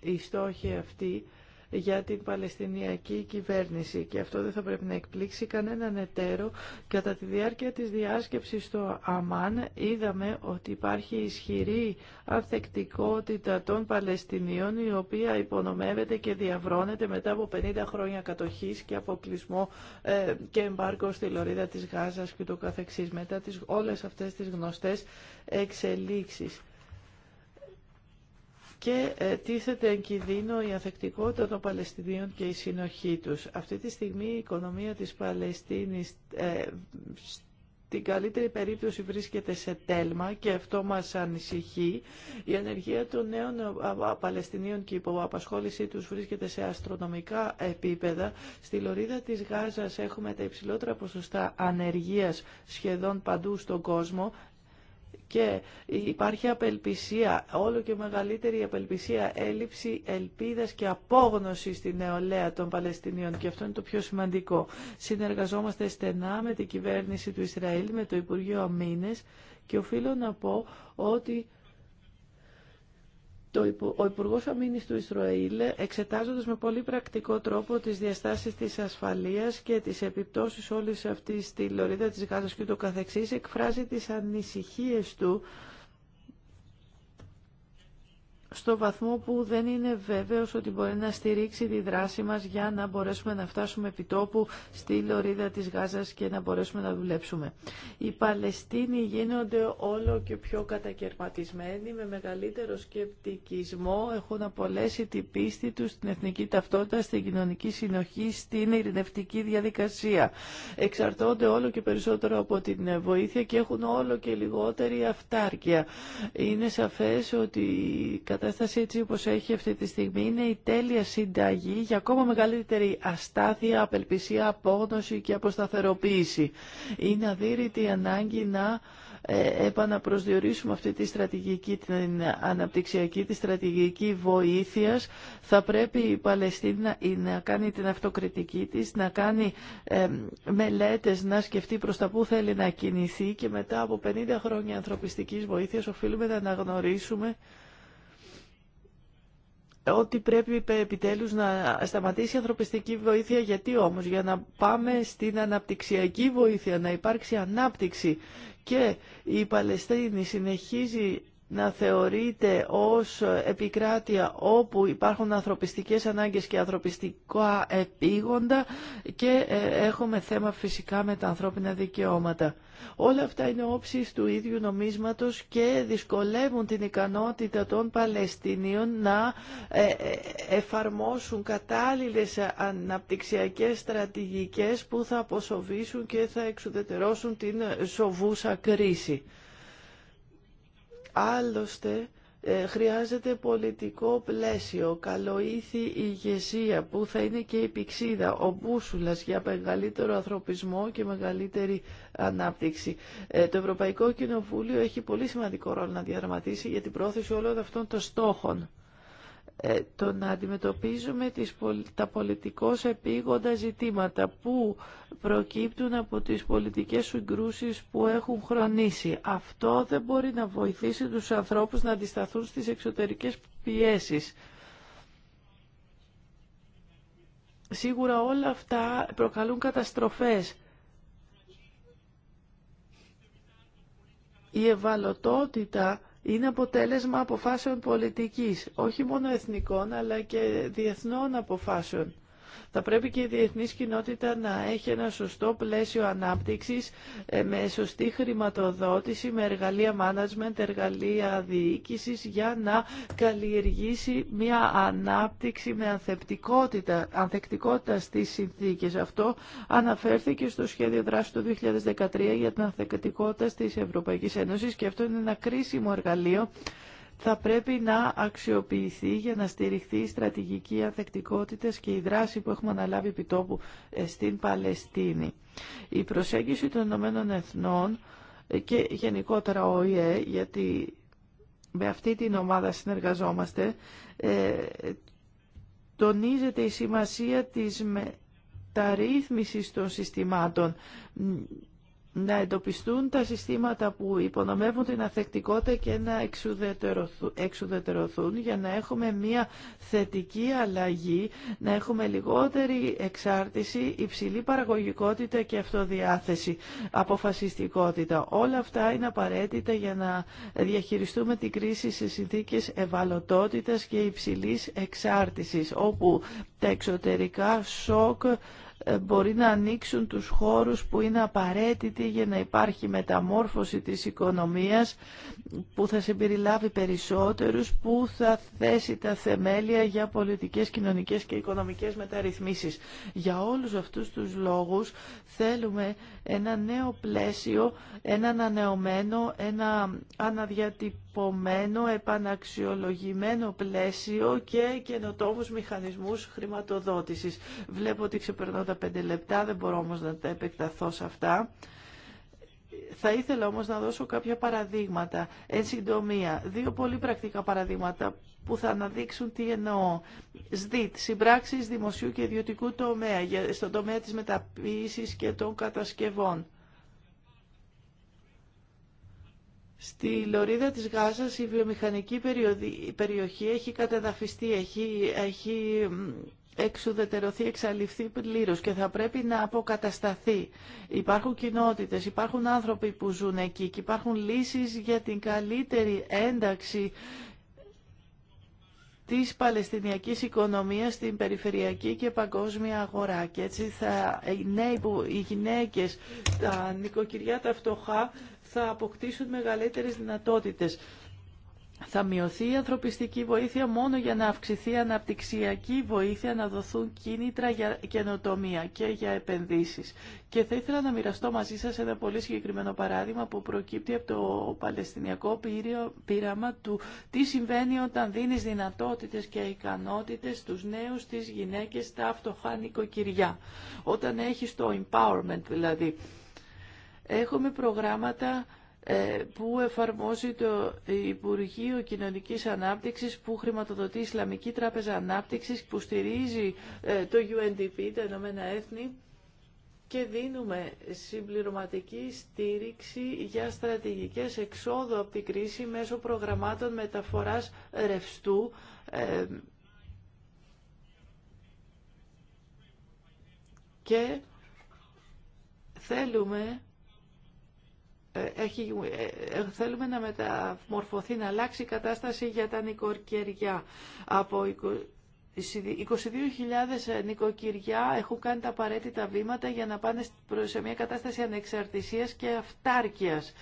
η στόχη αυτή για την Παλαιστινιακή κυβέρνηση και αυτό δεν θα πρέπει να εκπλήξει κανέναν εταίρο. Κατά τη διάρκεια της διάσκεψης στο Αμάν είδαμε ότι υπάρχει ισχυρή ανθεκτικότητα των Παλαιστινίων η οποία υπονομεύεται και διαβρώνεται μετά από 50 χρόνια κατοχής και αποκλεισμό ε, και εμπάρκο στη Λωρίδα της Γάζας και το καθεξής μετά τις, όλες αυτές τις γνωστές εξελίξεις και ε, τίθεται εν κινδύνο η ανθεκτικότητα των Παλαιστινίων και η συνοχή τους. Αυτή τη στιγμή η οικονομία της Παλαιστίνης ε, στην καλύτερη περίπτωση βρίσκεται σε τέλμα και αυτό μας ανησυχεί. Η ενεργεία των νέων Παλαιστινίων και η υποαπασχόλησή τους βρίσκεται σε αστρονομικά επίπεδα. Στη λωρίδα της Γάζας έχουμε τα υψηλότερα ποσοστά ανεργίας σχεδόν παντού στον κόσμο και υπάρχει απελπισία, όλο και μεγαλύτερη απελπισία, έλλειψη ελπίδας και απόγνωση στη νεολαία των Παλαιστινίων και αυτό είναι το πιο σημαντικό. Συνεργαζόμαστε στενά με την κυβέρνηση του Ισραήλ, με το Υπουργείο Αμήνες και οφείλω να πω ότι το, ο Υπουργός Αμήνης του Ισραήλ, εξετάζοντας με πολύ πρακτικό τρόπο τις διαστάσεις της ασφαλείας και τις επιπτώσεις όλης αυτής στη λωρίδα της Γάζας και το καθεξής, εκφράζει τις ανησυχίες του στο βαθμό που δεν είναι βέβαιος ότι μπορεί να στηρίξει τη δράση μας για να μπορέσουμε να φτάσουμε επιτόπου στη λωρίδα της Γάζας και να μπορέσουμε να δουλέψουμε. Οι Παλαιστίνοι γίνονται όλο και πιο κατακαιρματισμένοι με μεγαλύτερο σκεπτικισμό, έχουν απολέσει την πίστη τους στην εθνική ταυτότητα, στην κοινωνική συνοχή, στην ειρηνευτική διαδικασία. Εξαρτώνται όλο και περισσότερο από την βοήθεια και έχουν όλο και λιγότερη αυτάρκεια. Είναι σαφές ότι κατάσταση έτσι όπως έχει αυτή τη στιγμή είναι η τέλεια συνταγή για ακόμα μεγαλύτερη αστάθεια, απελπισία, απόγνωση και αποσταθεροποίηση. Είναι αδύρυτη ανάγκη να ε, επαναπροσδιορίσουμε αυτή τη στρατηγική, την αναπτυξιακή, τη στρατηγική βοήθειας. Θα πρέπει η Παλαιστίνη να, να κάνει την αυτοκριτική της, να κάνει ε, μελέτες, να σκεφτεί προς τα που θέλει να κινηθεί και μετά από 50 χρόνια ανθρωπιστικής βοήθειας οφείλουμε να αναγνωρίσουμε ότι πρέπει επιτέλους να σταματήσει η ανθρωπιστική βοήθεια. Γιατί όμως, για να πάμε στην αναπτυξιακή βοήθεια, να υπάρξει ανάπτυξη και η Παλαιστίνη συνεχίζει να θεωρείται ως επικράτεια όπου υπάρχουν ανθρωπιστικές ανάγκες και ανθρωπιστικά επίγοντα και ε, έχουμε θέμα φυσικά με τα ανθρώπινα δικαιώματα. Όλα αυτά είναι όψεις του ίδιου νομίσματος και δυσκολεύουν την ικανότητα των Παλαιστινίων να ε, ε, εφαρμόσουν κατάλληλες αναπτυξιακές στρατηγικές που θα αποσοβήσουν και θα εξουδετερώσουν την σοβούσα κρίση. Άλλωστε, ε, χρειάζεται πολιτικό πλαίσιο, καλοήθη ηγεσία που θα είναι και η πηξίδα, ο μπούσουλας για μεγαλύτερο ανθρωπισμό και μεγαλύτερη ανάπτυξη. Ε, το Ευρωπαϊκό Κοινοβούλιο έχει πολύ σημαντικό ρόλο να διαρματίσει για την πρόθεση όλων αυτών των στόχων. Ε, το να αντιμετωπίζουμε τα πολιτικώς επίγοντα ζητήματα που προκύπτουν από τις πολιτικές συγκρούσεις που έχουν χρονίσει. Αυτό δεν μπορεί να βοηθήσει τους ανθρώπους να αντισταθούν στις εξωτερικές πιέσεις. Σίγουρα όλα αυτά προκαλούν καταστροφές. Η ευαλωτότητα είναι αποτέλεσμα αποφάσεων πολιτικής, όχι μόνο εθνικών αλλά και διεθνών αποφάσεων θα πρέπει και η διεθνής κοινότητα να έχει ένα σωστό πλαίσιο ανάπτυξης ε, με σωστή χρηματοδότηση, με εργαλεία management, εργαλεία διοίκησης για να καλλιεργήσει μια ανάπτυξη με ανθεκτικότητα, ανθεκτικότητα στις συνθήκες. Αυτό αναφέρθηκε στο σχέδιο δράση του 2013 για την ανθεκτικότητα τη Ευρωπαϊκή Ένωση και αυτό είναι ένα κρίσιμο εργαλείο θα πρέπει να αξιοποιηθεί για να στηριχθεί η στρατηγική ανθεκτικότητα και η δράση που έχουμε αναλάβει επιτόπου ε, στην Παλαιστίνη. Η προσέγγιση των Ηνωμένων Εθνών ε, και γενικότερα ο ΙΕ, γιατί με αυτή την ομάδα συνεργαζόμαστε, ε, τονίζεται η σημασία της μεταρρύθμισης των συστημάτων να εντοπιστούν τα συστήματα που υπονομεύουν την αθεκτικότητα και να εξουδετερωθούν για να έχουμε μια θετική αλλαγή, να έχουμε λιγότερη εξάρτηση, υψηλή παραγωγικότητα και αυτοδιάθεση, αποφασιστικότητα. Όλα αυτά είναι απαραίτητα για να διαχειριστούμε την κρίση σε συνθήκες ευαλωτότητας και υψηλής εξάρτησης, όπου τα εξωτερικά σοκ ε, μπορεί να ανοίξουν τους χώρους που είναι απαραίτητοι για να υπάρχει μεταμόρφωση της οικονομίας που θα συμπεριλάβει περισσότερους, που θα θέσει τα θεμέλια για πολιτικές, κοινωνικές και οικονομικές μεταρρυθμίσεις. Για όλους αυτούς τους λόγους θέλουμε ένα νέο πλαίσιο, ένα ανανεωμένο, ένα αναδιατυπωμένο εναρμονισμένο, επαναξιολογημένο πλαίσιο και καινοτόμους μηχανισμούς χρηματοδότησης. Βλέπω ότι ξεπερνώ τα πέντε λεπτά, δεν μπορώ όμως να τα επεκταθώ σε αυτά. Θα ήθελα όμως να δώσω κάποια παραδείγματα, εν συντομία, δύο πολύ πρακτικά παραδείγματα που θα αναδείξουν τι εννοώ. ΣΔΙΤ, συμπράξεις δημοσίου και ιδιωτικού τομέα, στον τομέα της μεταποίησης και των κατασκευών. Στη λωρίδα της Γάζας η βιομηχανική περιοχή έχει κατεδαφιστεί, έχει, έχει εξουδετερωθεί, εξαλειφθεί πλήρω και θα πρέπει να αποκατασταθεί. Υπάρχουν κοινότητες, υπάρχουν άνθρωποι που ζουν εκεί και υπάρχουν λύσεις για την καλύτερη ένταξη της Παλαιστινιακής οικονομίας στην περιφερειακή και παγκόσμια αγορά. Και έτσι θα, οι, νέοι, οι γυναίκες, τα νοικοκυριά, τα φτωχά θα αποκτήσουν μεγαλύτερες δυνατότητες. Θα μειωθεί η ανθρωπιστική βοήθεια μόνο για να αυξηθεί η αναπτυξιακή βοήθεια, να δοθούν κίνητρα για καινοτομία και για επενδύσεις. Και θα ήθελα να μοιραστώ μαζί σας ένα πολύ συγκεκριμένο παράδειγμα που προκύπτει από το Παλαιστινιακό πείραμα του τι συμβαίνει όταν δίνεις δυνατότητες και ικανότητες στους νέους, στις γυναίκες, στα αυτοχάνικο νοικοκυριά. Όταν έχεις το empowerment δηλαδή Έχουμε προγράμματα ε, που εφαρμόζει το Υπουργείο Κοινωνικής Ανάπτυξης που χρηματοδοτεί η Ισλαμική Τράπεζα Ανάπτυξης που στηρίζει ε, το UNDP, τα Ηνωμένα Έθνη και δίνουμε συμπληρωματική στήριξη για στρατηγικές εξόδου από την κρίση μέσω προγραμμάτων μεταφοράς ρευστού ε, και θέλουμε ε, έχει, ε, ε, θέλουμε να μεταμορφωθεί, να αλλάξει η κατάσταση για τα νοικοκυριά. Από 22.000 νοικοκυριά έχουν κάνει τα απαραίτητα βήματα για να πάνε σε μια κατάσταση ανεξαρτησίας και αυτάρκειας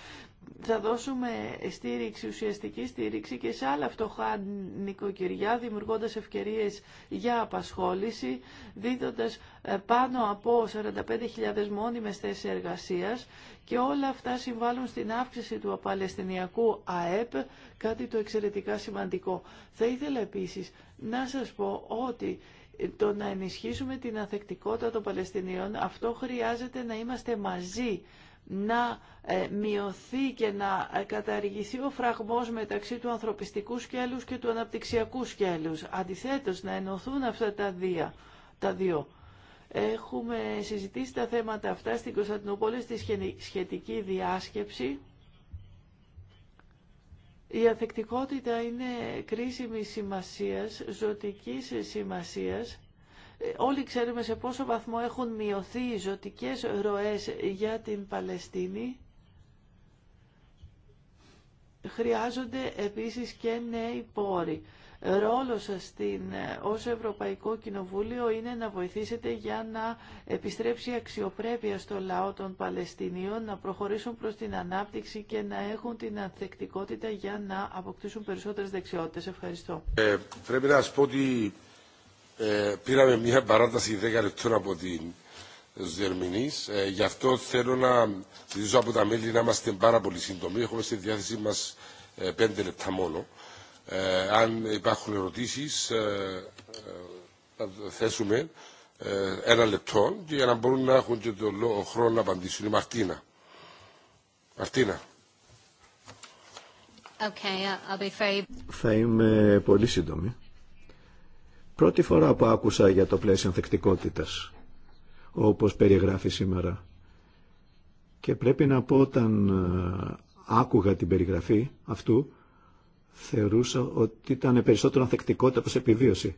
θα δώσουμε στήριξη, ουσιαστική στήριξη και σε άλλα φτωχά νοικοκυριά, δημιουργώντας ευκαιρίες για απασχόληση, δίδοντας ε, πάνω από 45.000 μόνιμες θέσεις εργασίας και όλα αυτά συμβάλλουν στην αύξηση του Παλαιστινιακού ΑΕΠ, κάτι το εξαιρετικά σημαντικό. Θα ήθελα επίσης να σας πω ότι ε, το να ενισχύσουμε την αθεκτικότητα των Παλαιστινίων, αυτό χρειάζεται να είμαστε μαζί να ε, μειωθεί και να ε, καταργηθεί ο φραγμός μεταξύ του ανθρωπιστικού σκέλους και του αναπτυξιακού σκέλους. Αντιθέτως, να ενωθούν αυτά τα, δύο. τα δύο. Έχουμε συζητήσει τα θέματα αυτά στην Κωνσταντινούπολη στη σχετική διάσκεψη. Η αθεκτικότητα είναι κρίσιμη σημασίας, ζωτικής σημασίας όλοι ξέρουμε σε πόσο βαθμό έχουν μειωθεί οι ζωτικές ροές για την Παλαιστίνη. Χρειάζονται επίσης και νέοι πόροι. Ρόλος σας στην, ως Ευρωπαϊκό Κοινοβούλιο είναι να βοηθήσετε για να επιστρέψει αξιοπρέπεια στο λαό των Παλαιστινίων, να προχωρήσουν προς την ανάπτυξη και να έχουν την ανθεκτικότητα για να αποκτήσουν περισσότερες δεξιότητες. Ευχαριστώ. Ε, ε, πήραμε μια παράταση 10 λεπτών από την Ζερμινή. Ε, γι' αυτό θέλω να ζητήσω από τα μέλη να είμαστε πάρα πολύ σύντομοι. Έχουμε στη διάθεσή μα ε, 5 λεπτά μόνο. Ε, αν υπάρχουν ερωτήσεις, ε, θα θέσουμε ένα λεπτό και για να μπορούν να έχουν και τον χρόνο να απαντήσουν. Η Μαρτίνα. Μαρτίνα. Okay, I'll be very... Θα είμαι πολύ σύντομη. Πρώτη φορά που άκουσα για το πλαίσιο ανθεκτικότητας, όπως περιγράφει σήμερα. Και πρέπει να πω όταν ε, άκουγα την περιγραφή αυτού, θεωρούσα ότι ήταν περισσότερο ανθεκτικότητα προς επιβίωση.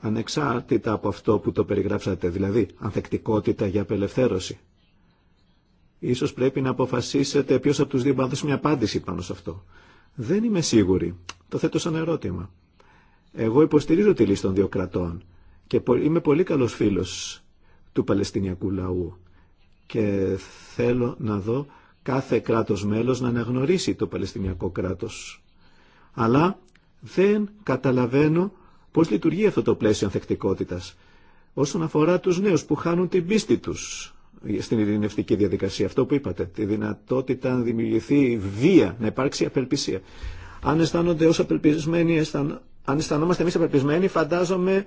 Ανεξάρτητα από αυτό που το περιγράψατε, δηλαδή ανθεκτικότητα για απελευθέρωση. Ίσως πρέπει να αποφασίσετε ποιος από τους δύο πάντως μια απάντηση πάνω σε αυτό. Δεν είμαι σίγουρη. Το θέτω σαν ερώτημα. Εγώ υποστηρίζω τη λύση των δύο κρατών και είμαι πολύ καλός φίλος του Παλαιστινιακού λαού και θέλω να δω κάθε κράτος μέλος να αναγνωρίσει το Παλαιστινιακό κράτος. Αλλά δεν καταλαβαίνω πώς λειτουργεί αυτό το πλαίσιο ανθεκτικότητας όσον αφορά τους νέους που χάνουν την πίστη τους στην ειρηνευτική διαδικασία. Αυτό που είπατε, τη δυνατότητα να δημιουργηθεί βία, να υπάρξει απελπισία. Αν αισθάνονται ως απελπισμένοι αισθάνονται αν αισθανόμαστε εμεί απελπισμένοι, φαντάζομαι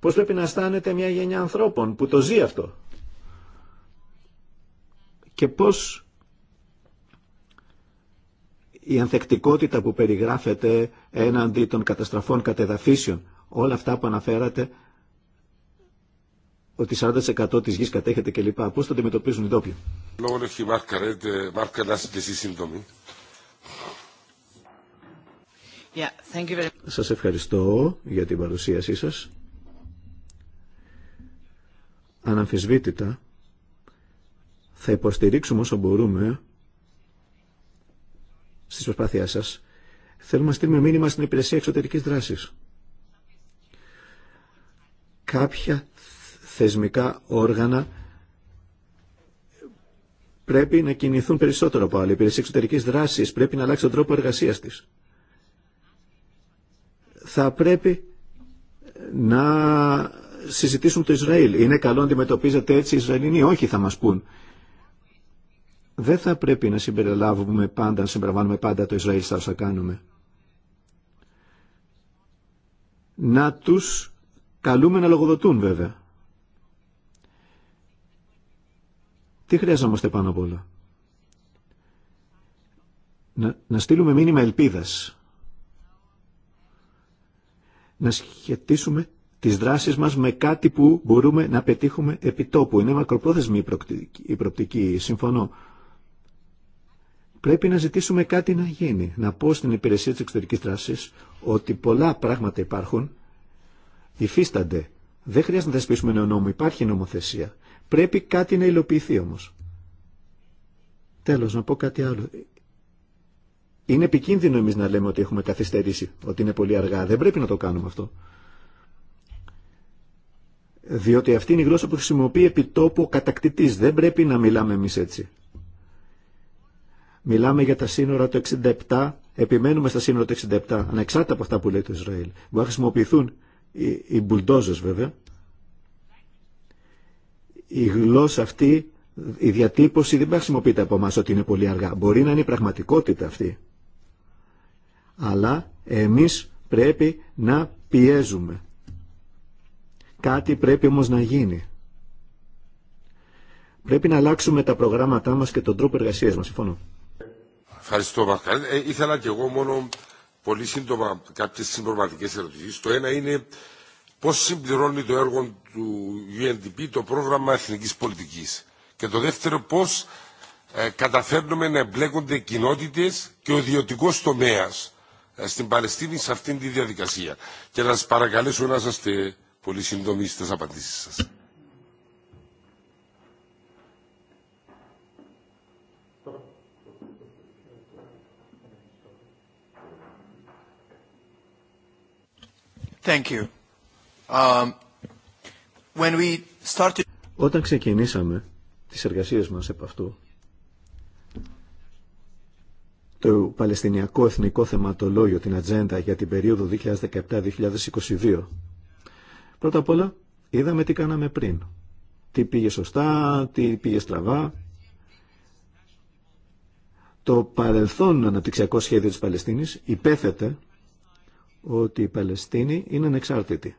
πώ πρέπει να αισθάνεται μια γενιά ανθρώπων που το ζει αυτό. Και πώ η ανθεκτικότητα που περιγράφεται έναντι των καταστραφών κατεδαφίσεων, όλα αυτά που αναφέρατε, ότι 40% της γης κατέχεται κλπ. Πώς το αντιμετωπίζουν οι ντόπιοι. Λόγω σας ευχαριστώ για την παρουσίασή σας. Αναμφισβήτητα θα υποστηρίξουμε όσο μπορούμε στις προσπάθειές σας. Θέλουμε να στείλουμε μήνυμα στην υπηρεσία εξωτερικής δράσης. Κάποια θεσμικά όργανα πρέπει να κινηθούν περισσότερο από άλλη. Η υπηρεσία εξωτερικής δράσης πρέπει να αλλάξει τον τρόπο εργασίας της θα πρέπει να συζητήσουν το Ισραήλ. Είναι καλό να αντιμετωπίζεται έτσι οι Ισραηλινοί. Όχι θα μας πούν. Δεν θα πρέπει να συμπεριλάβουμε πάντα, να συμπεριλαμβάνουμε πάντα το Ισραήλ στα όσα κάνουμε. Να τους καλούμε να λογοδοτούν βέβαια. Τι χρειαζόμαστε πάνω απ' όλα. Να, να στείλουμε μήνυμα ελπίδας να σχετίσουμε τις δράσεις μας με κάτι που μπορούμε να πετύχουμε τόπου. Είναι μακροπρόθεσμη η προπτική, συμφωνώ. Πρέπει να ζητήσουμε κάτι να γίνει. Να πω στην υπηρεσία της εξωτερικής δράσης ότι πολλά πράγματα υπάρχουν, υφίστανται. Δεν χρειάζεται να θεσπίσουμε νέο νόμο, υπάρχει νομοθεσία. Πρέπει κάτι να υλοποιηθεί όμως. Τέλος, να πω κάτι άλλο. Είναι επικίνδυνο εμείς να λέμε ότι έχουμε καθυστερήσει, ότι είναι πολύ αργά. Δεν πρέπει να το κάνουμε αυτό. Διότι αυτή είναι η γλώσσα που χρησιμοποιεί επιτόπου ο κατακτητής. Δεν πρέπει να μιλάμε εμείς έτσι. Μιλάμε για τα σύνορα του 67, επιμένουμε στα σύνορα του 67, ανεξάρτητα από αυτά που λέει το Ισραήλ. Μπορεί να χρησιμοποιηθούν οι, οι βέβαια. Η γλώσσα αυτή, η διατύπωση δεν χρησιμοποιείται από εμά ότι είναι πολύ αργά. Μπορεί να είναι η πραγματικότητα αυτή αλλά εμείς πρέπει να πιέζουμε. Κάτι πρέπει όμως να γίνει. Πρέπει να αλλάξουμε τα προγράμματά μας και τον τρόπο εργασίας μας. Συμφωνώ. Ευχαριστώ Μαρκάλη. Ε, ήθελα και εγώ μόνο πολύ σύντομα κάποιες συμπροματικές ερωτήσεις. Το ένα είναι πώς συμπληρώνει το έργο του UNDP το πρόγραμμα εθνικής πολιτικής. Και το δεύτερο πώς ε, καταφέρνουμε να εμπλέκονται κοινότητες και ο ιδιωτικό τομέας ε, στην Παλαιστίνη σε αυτήν τη διαδικασία. Και να σας παρακαλέσω να είστε πολύ σύντομοι στις απαντήσεις σας. Thank you. Um, when we started... Όταν ξεκινήσαμε τις εργασίες μας επ' αυτού, το Παλαιστινιακό Εθνικό Θεματολόγιο, την ατζέντα για την περίοδο 2017-2022. Πρώτα απ' όλα, είδαμε τι κάναμε πριν. Τι πήγε σωστά, τι πήγε στραβά. Το παρελθόν αναπτυξιακό σχέδιο της Παλαιστίνης υπέθεται ότι η Παλαιστίνη είναι ανεξάρτητη.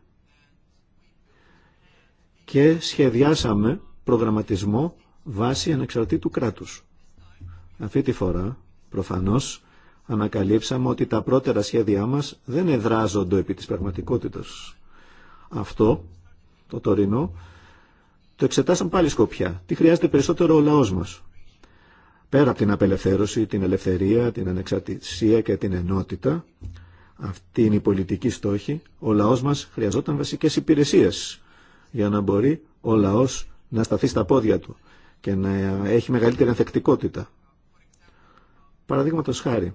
Και σχεδιάσαμε προγραμματισμό βάσει ανεξαρτήτου κράτους. Αυτή τη φορά Προφανώς ανακαλύψαμε ότι τα πρώτερα σχέδιά μας δεν εδράζονται επί της πραγματικότητας. Αυτό, το τωρινό, το εξετάσαν πάλι σκοπιά. Τι χρειάζεται περισσότερο ο λαός μας. Πέρα από την απελευθέρωση, την ελευθερία, την ανεξαρτησία και την ενότητα, αυτή είναι η πολιτική στόχη, ο λαός μας χρειαζόταν βασικές υπηρεσίες για να μπορεί ο λαός να σταθεί στα πόδια του και να έχει μεγαλύτερη ανθεκτικότητα. Παραδείγματο χάρη,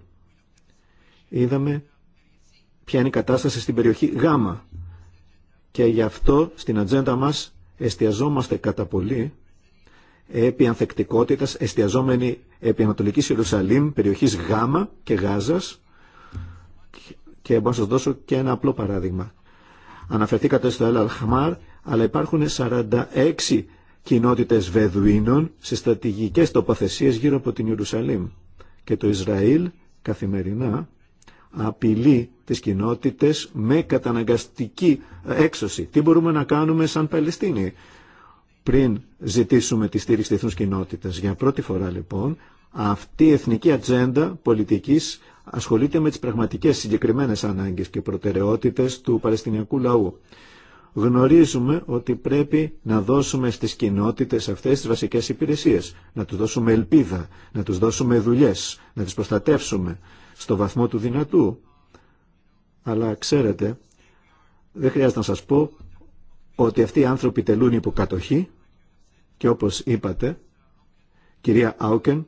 είδαμε ποια είναι η κατάσταση στην περιοχή Γ. και γι' αυτό στην ατζέντα μας εστιαζόμαστε κατά πολύ επί ανθεκτικότητα, εστιαζόμενοι επί Ανατολικής Ιερουσαλήμ, περιοχής Γ και Γάζας και μπορώ να σα δώσω και ένα απλό παράδειγμα. Αναφερθήκατε στο ΕΛΑΛΧΜΑΡ, αλλά υπάρχουν 46 κοινότητες Βεδουίνων σε στρατηγικές τοποθεσίες γύρω από την Ιερουσαλήμ και το Ισραήλ καθημερινά απειλεί τις κοινότητες με καταναγκαστική ε, έξωση. Τι μπορούμε να κάνουμε σαν Παλαιστίνοι πριν ζητήσουμε τη στήριξη της κοινότητας. Για πρώτη φορά λοιπόν αυτή η εθνική ατζέντα πολιτικής ασχολείται με τις πραγματικές συγκεκριμένες ανάγκες και προτεραιότητες του Παλαιστινιακού λαού γνωρίζουμε ότι πρέπει να δώσουμε στις κοινότητες αυτές τις βασικές υπηρεσίες, να τους δώσουμε ελπίδα, να τους δώσουμε δουλειές, να τις προστατεύσουμε στο βαθμό του δυνατού. Αλλά ξέρετε, δεν χρειάζεται να σας πω ότι αυτοί οι άνθρωποι τελούν υποκατοχή και όπως είπατε, κυρία Άουκεν,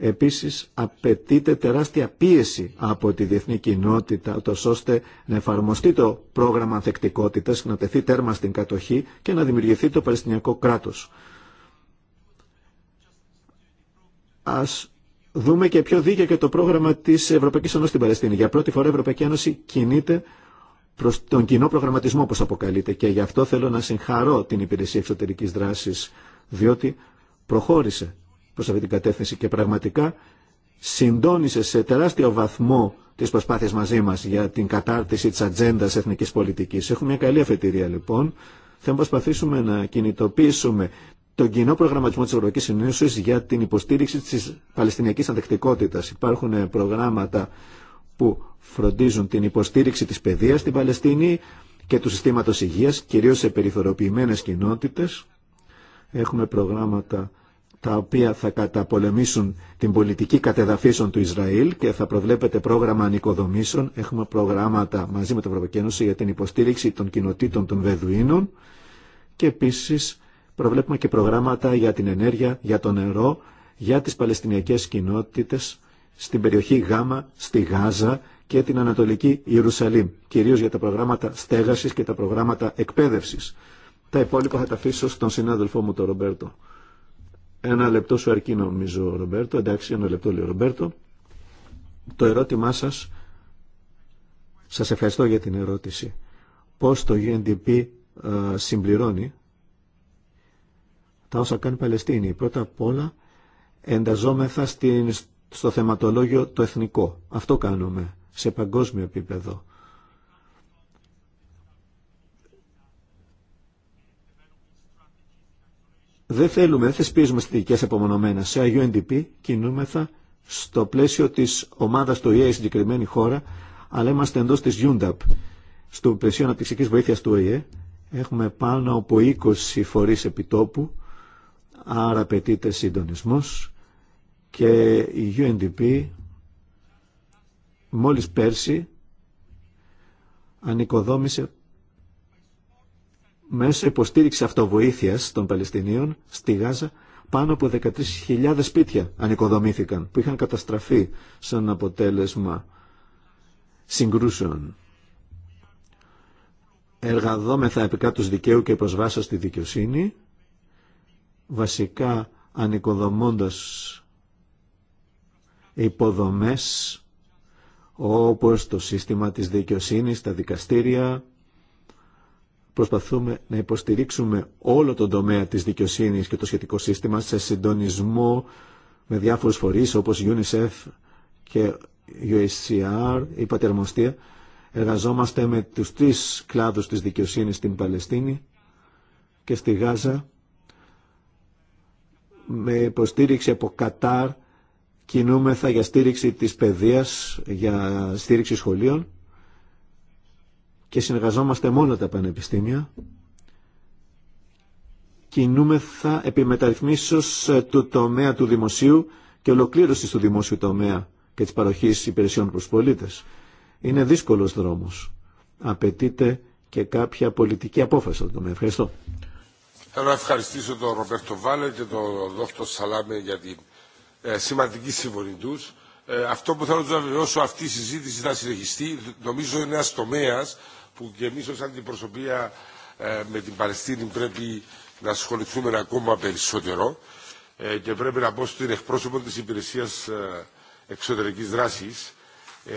Επίσης απαιτείται τεράστια πίεση από τη διεθνή κοινότητα ώστε να εφαρμοστεί το πρόγραμμα ανθεκτικότητας, να τεθεί τέρμα στην κατοχή και να δημιουργηθεί το Παλαιστινιακό κράτος. Ας δούμε και πιο δίκαιο και το πρόγραμμα της Ευρωπαϊκής Ένωσης στην Παλαιστίνη. Για πρώτη φορά η Ευρωπαϊκή Ένωση κινείται προς τον κοινό προγραμματισμό όπως αποκαλείται και γι' αυτό θέλω να συγχαρώ την Υπηρεσία Εξωτερικής Δράσης διότι προχώρησε προς αυτή την κατεύθυνση και πραγματικά συντόνισε σε τεράστιο βαθμό τις προσπάθειες μαζί μας για την κατάρτιση της ατζέντα εθνικής πολιτικής. Έχουμε μια καλή αφετηρία λοιπόν. Θα προσπαθήσουμε να κινητοποιήσουμε τον κοινό προγραμματισμό της Ευρωπαϊκής Ενώση για την υποστήριξη της Παλαιστινιακής αντεκτικότητας. Υπάρχουν προγράμματα που φροντίζουν την υποστήριξη της παιδείας στην Παλαιστίνη και του συστήματος υγείας, κυρίως σε περιθωριοποιημένες κοινότητες. Έχουμε προγράμματα τα οποία θα καταπολεμήσουν την πολιτική κατεδαφίσεων του Ισραήλ και θα προβλέπεται πρόγραμμα ανοικοδομήσεων. Έχουμε προγράμματα μαζί με την Ευρωπαϊκή Ένωση για την υποστήριξη των κοινοτήτων των Βεδουίνων και επίσης προβλέπουμε και προγράμματα για την ενέργεια, για το νερό, για τις Παλαιστινιακές κοινότητες στην περιοχή Γάμα, στη Γάζα και την Ανατολική Ιερουσαλήμ, κυρίως για τα προγράμματα στέγασης και τα προγράμματα εκπαίδευση Τα υπόλοιπα θα τα αφήσω στον συνάδελφό μου τον Ρομπέρτο. Ένα λεπτό σου αρκεί νομίζω, Ρομπέρτο. Εντάξει, ένα λεπτό λέει ο Ρομπέρτο. Το ερώτημά σας, σας ευχαριστώ για την ερώτηση. Πώς το UNDP ε, συμπληρώνει τα όσα κάνει η Παλαιστίνη. Πρώτα απ' όλα ενταζόμεθα στο θεματολόγιο το εθνικό. Αυτό κάνουμε σε παγκόσμιο επίπεδο. δεν θέλουμε, δεν θεσπίζουμε στρατηγικές απομονωμένα. Σε UNDP κινούμεθα στο πλαίσιο της ομάδας του ΟΗΕ, η συγκεκριμένη χώρα, αλλά είμαστε εντός της UNDAP. Στο πλαίσιο αναπτυξικής βοήθειας του ΟΗΕ. έχουμε πάνω από 20 φορείς επιτόπου, άρα απαιτείται συντονισμό και η UNDP μόλις πέρσι ανοικοδόμησε μέσω υποστήριξη αυτοβοήθειας των Παλαιστινίων στη Γάζα πάνω από 13.000 σπίτια ανοικοδομήθηκαν που είχαν καταστραφεί σαν αποτέλεσμα συγκρούσεων. Εργαδόμεθα επικά του δικαίου και προσβάσα στη δικαιοσύνη, βασικά ανοικοδομώντας υποδομές όπως το σύστημα της δικαιοσύνης, τα δικαστήρια, Προσπαθούμε να υποστηρίξουμε όλο τον τομέα της δικαιοσύνης και το σχετικό σύστημα σε συντονισμό με διάφορους φορείς όπως UNICEF και USCR, η Πατερμοστία. Εργαζόμαστε με τους τρεις κλάδους της δικαιοσύνης στην Παλαιστίνη και στη Γάζα με υποστήριξη από Κατάρ κινούμεθα για στήριξη της παιδείας, για στήριξη σχολείων και συνεργαζόμαστε μόνο τα πανεπιστήμια. Κινούμεθα επί μεταρρυθμίσεως ε, του τομέα του δημοσίου και ολοκλήρωση του δημόσιου τομέα και της παροχής υπηρεσιών προς πολίτες. Είναι δύσκολος δρόμος. Απαιτείται και κάποια πολιτική απόφαση στον τομέα. Ευχαριστώ. Θέλω να ευχαριστήσω τον Ρομπέρτο Βάλε και τον Δόκτωρ Σαλάμε για την ε, σημαντική συμβολή του. Ε, αυτό που θέλω να βεβαιώσω, αυτή η συζήτηση θα συνεχιστεί. Νομίζω είναι ένα τομέα που και εμείς ως αντιπροσωπεία ε, με την Παλαιστίνη πρέπει να ασχοληθούμε ακόμα περισσότερο ε, και πρέπει να πω στην εκπρόσωπο της υπηρεσίας ε, εξωτερικής δράσης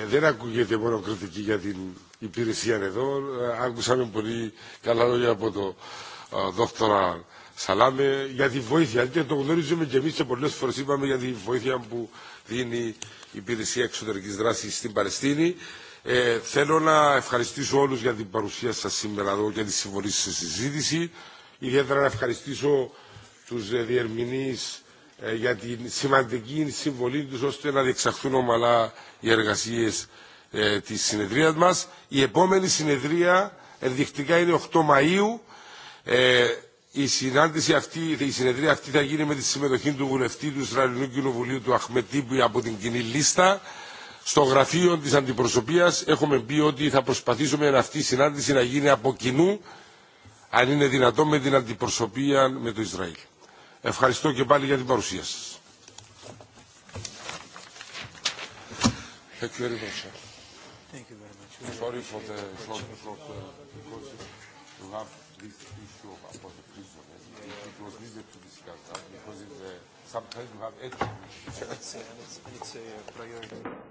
δεν ακούγεται μόνο κριτική για την υπηρεσία εδώ. Άκουσαμε πολύ καλά λόγια από τον δόκτωρα Σαλάμε για τη βοήθεια και το γνωρίζουμε και εμείς και πολλές φορές είπαμε για τη βοήθεια που δίνει η υπηρεσία εξωτερικής δράσης στην Παλαιστίνη. Ε, θέλω να ευχαριστήσω όλους για την παρουσία σας σήμερα εδώ και τη συμβολή σας στη συζήτηση. Ιδιαίτερα να ευχαριστήσω τους ε, διερμηνείς ε, για την σημαντική συμβολή τους ώστε να διεξαχθούν ομαλά οι εργασίες ε, της συνεδρίας μας. Η επόμενη συνεδρία ενδεικτικά είναι 8 Μαΐου. Ε, η συνάντηση αυτή, η συνεδρία αυτή θα γίνει με τη συμμετοχή του βουλευτή του Ισραηλινού Κοινοβουλίου του Αχμετίπου από την κοινή λίστα στο γραφείο της αντιπροσωπείας έχουμε πει ότι θα προσπαθήσουμε αυτή η συνάντηση να γίνει από κοινού αν είναι δυνατόν με την αντιπροσωπεία με το Ισραήλ. Ευχαριστώ και πάλι για την παρουσία σας. Thank you very much. Thank you very much. Sorry for the short because you have this issue about the prisoners. It was needed to discuss that because it's, uh, sometimes you have ethics. it's, it's, it's a priority.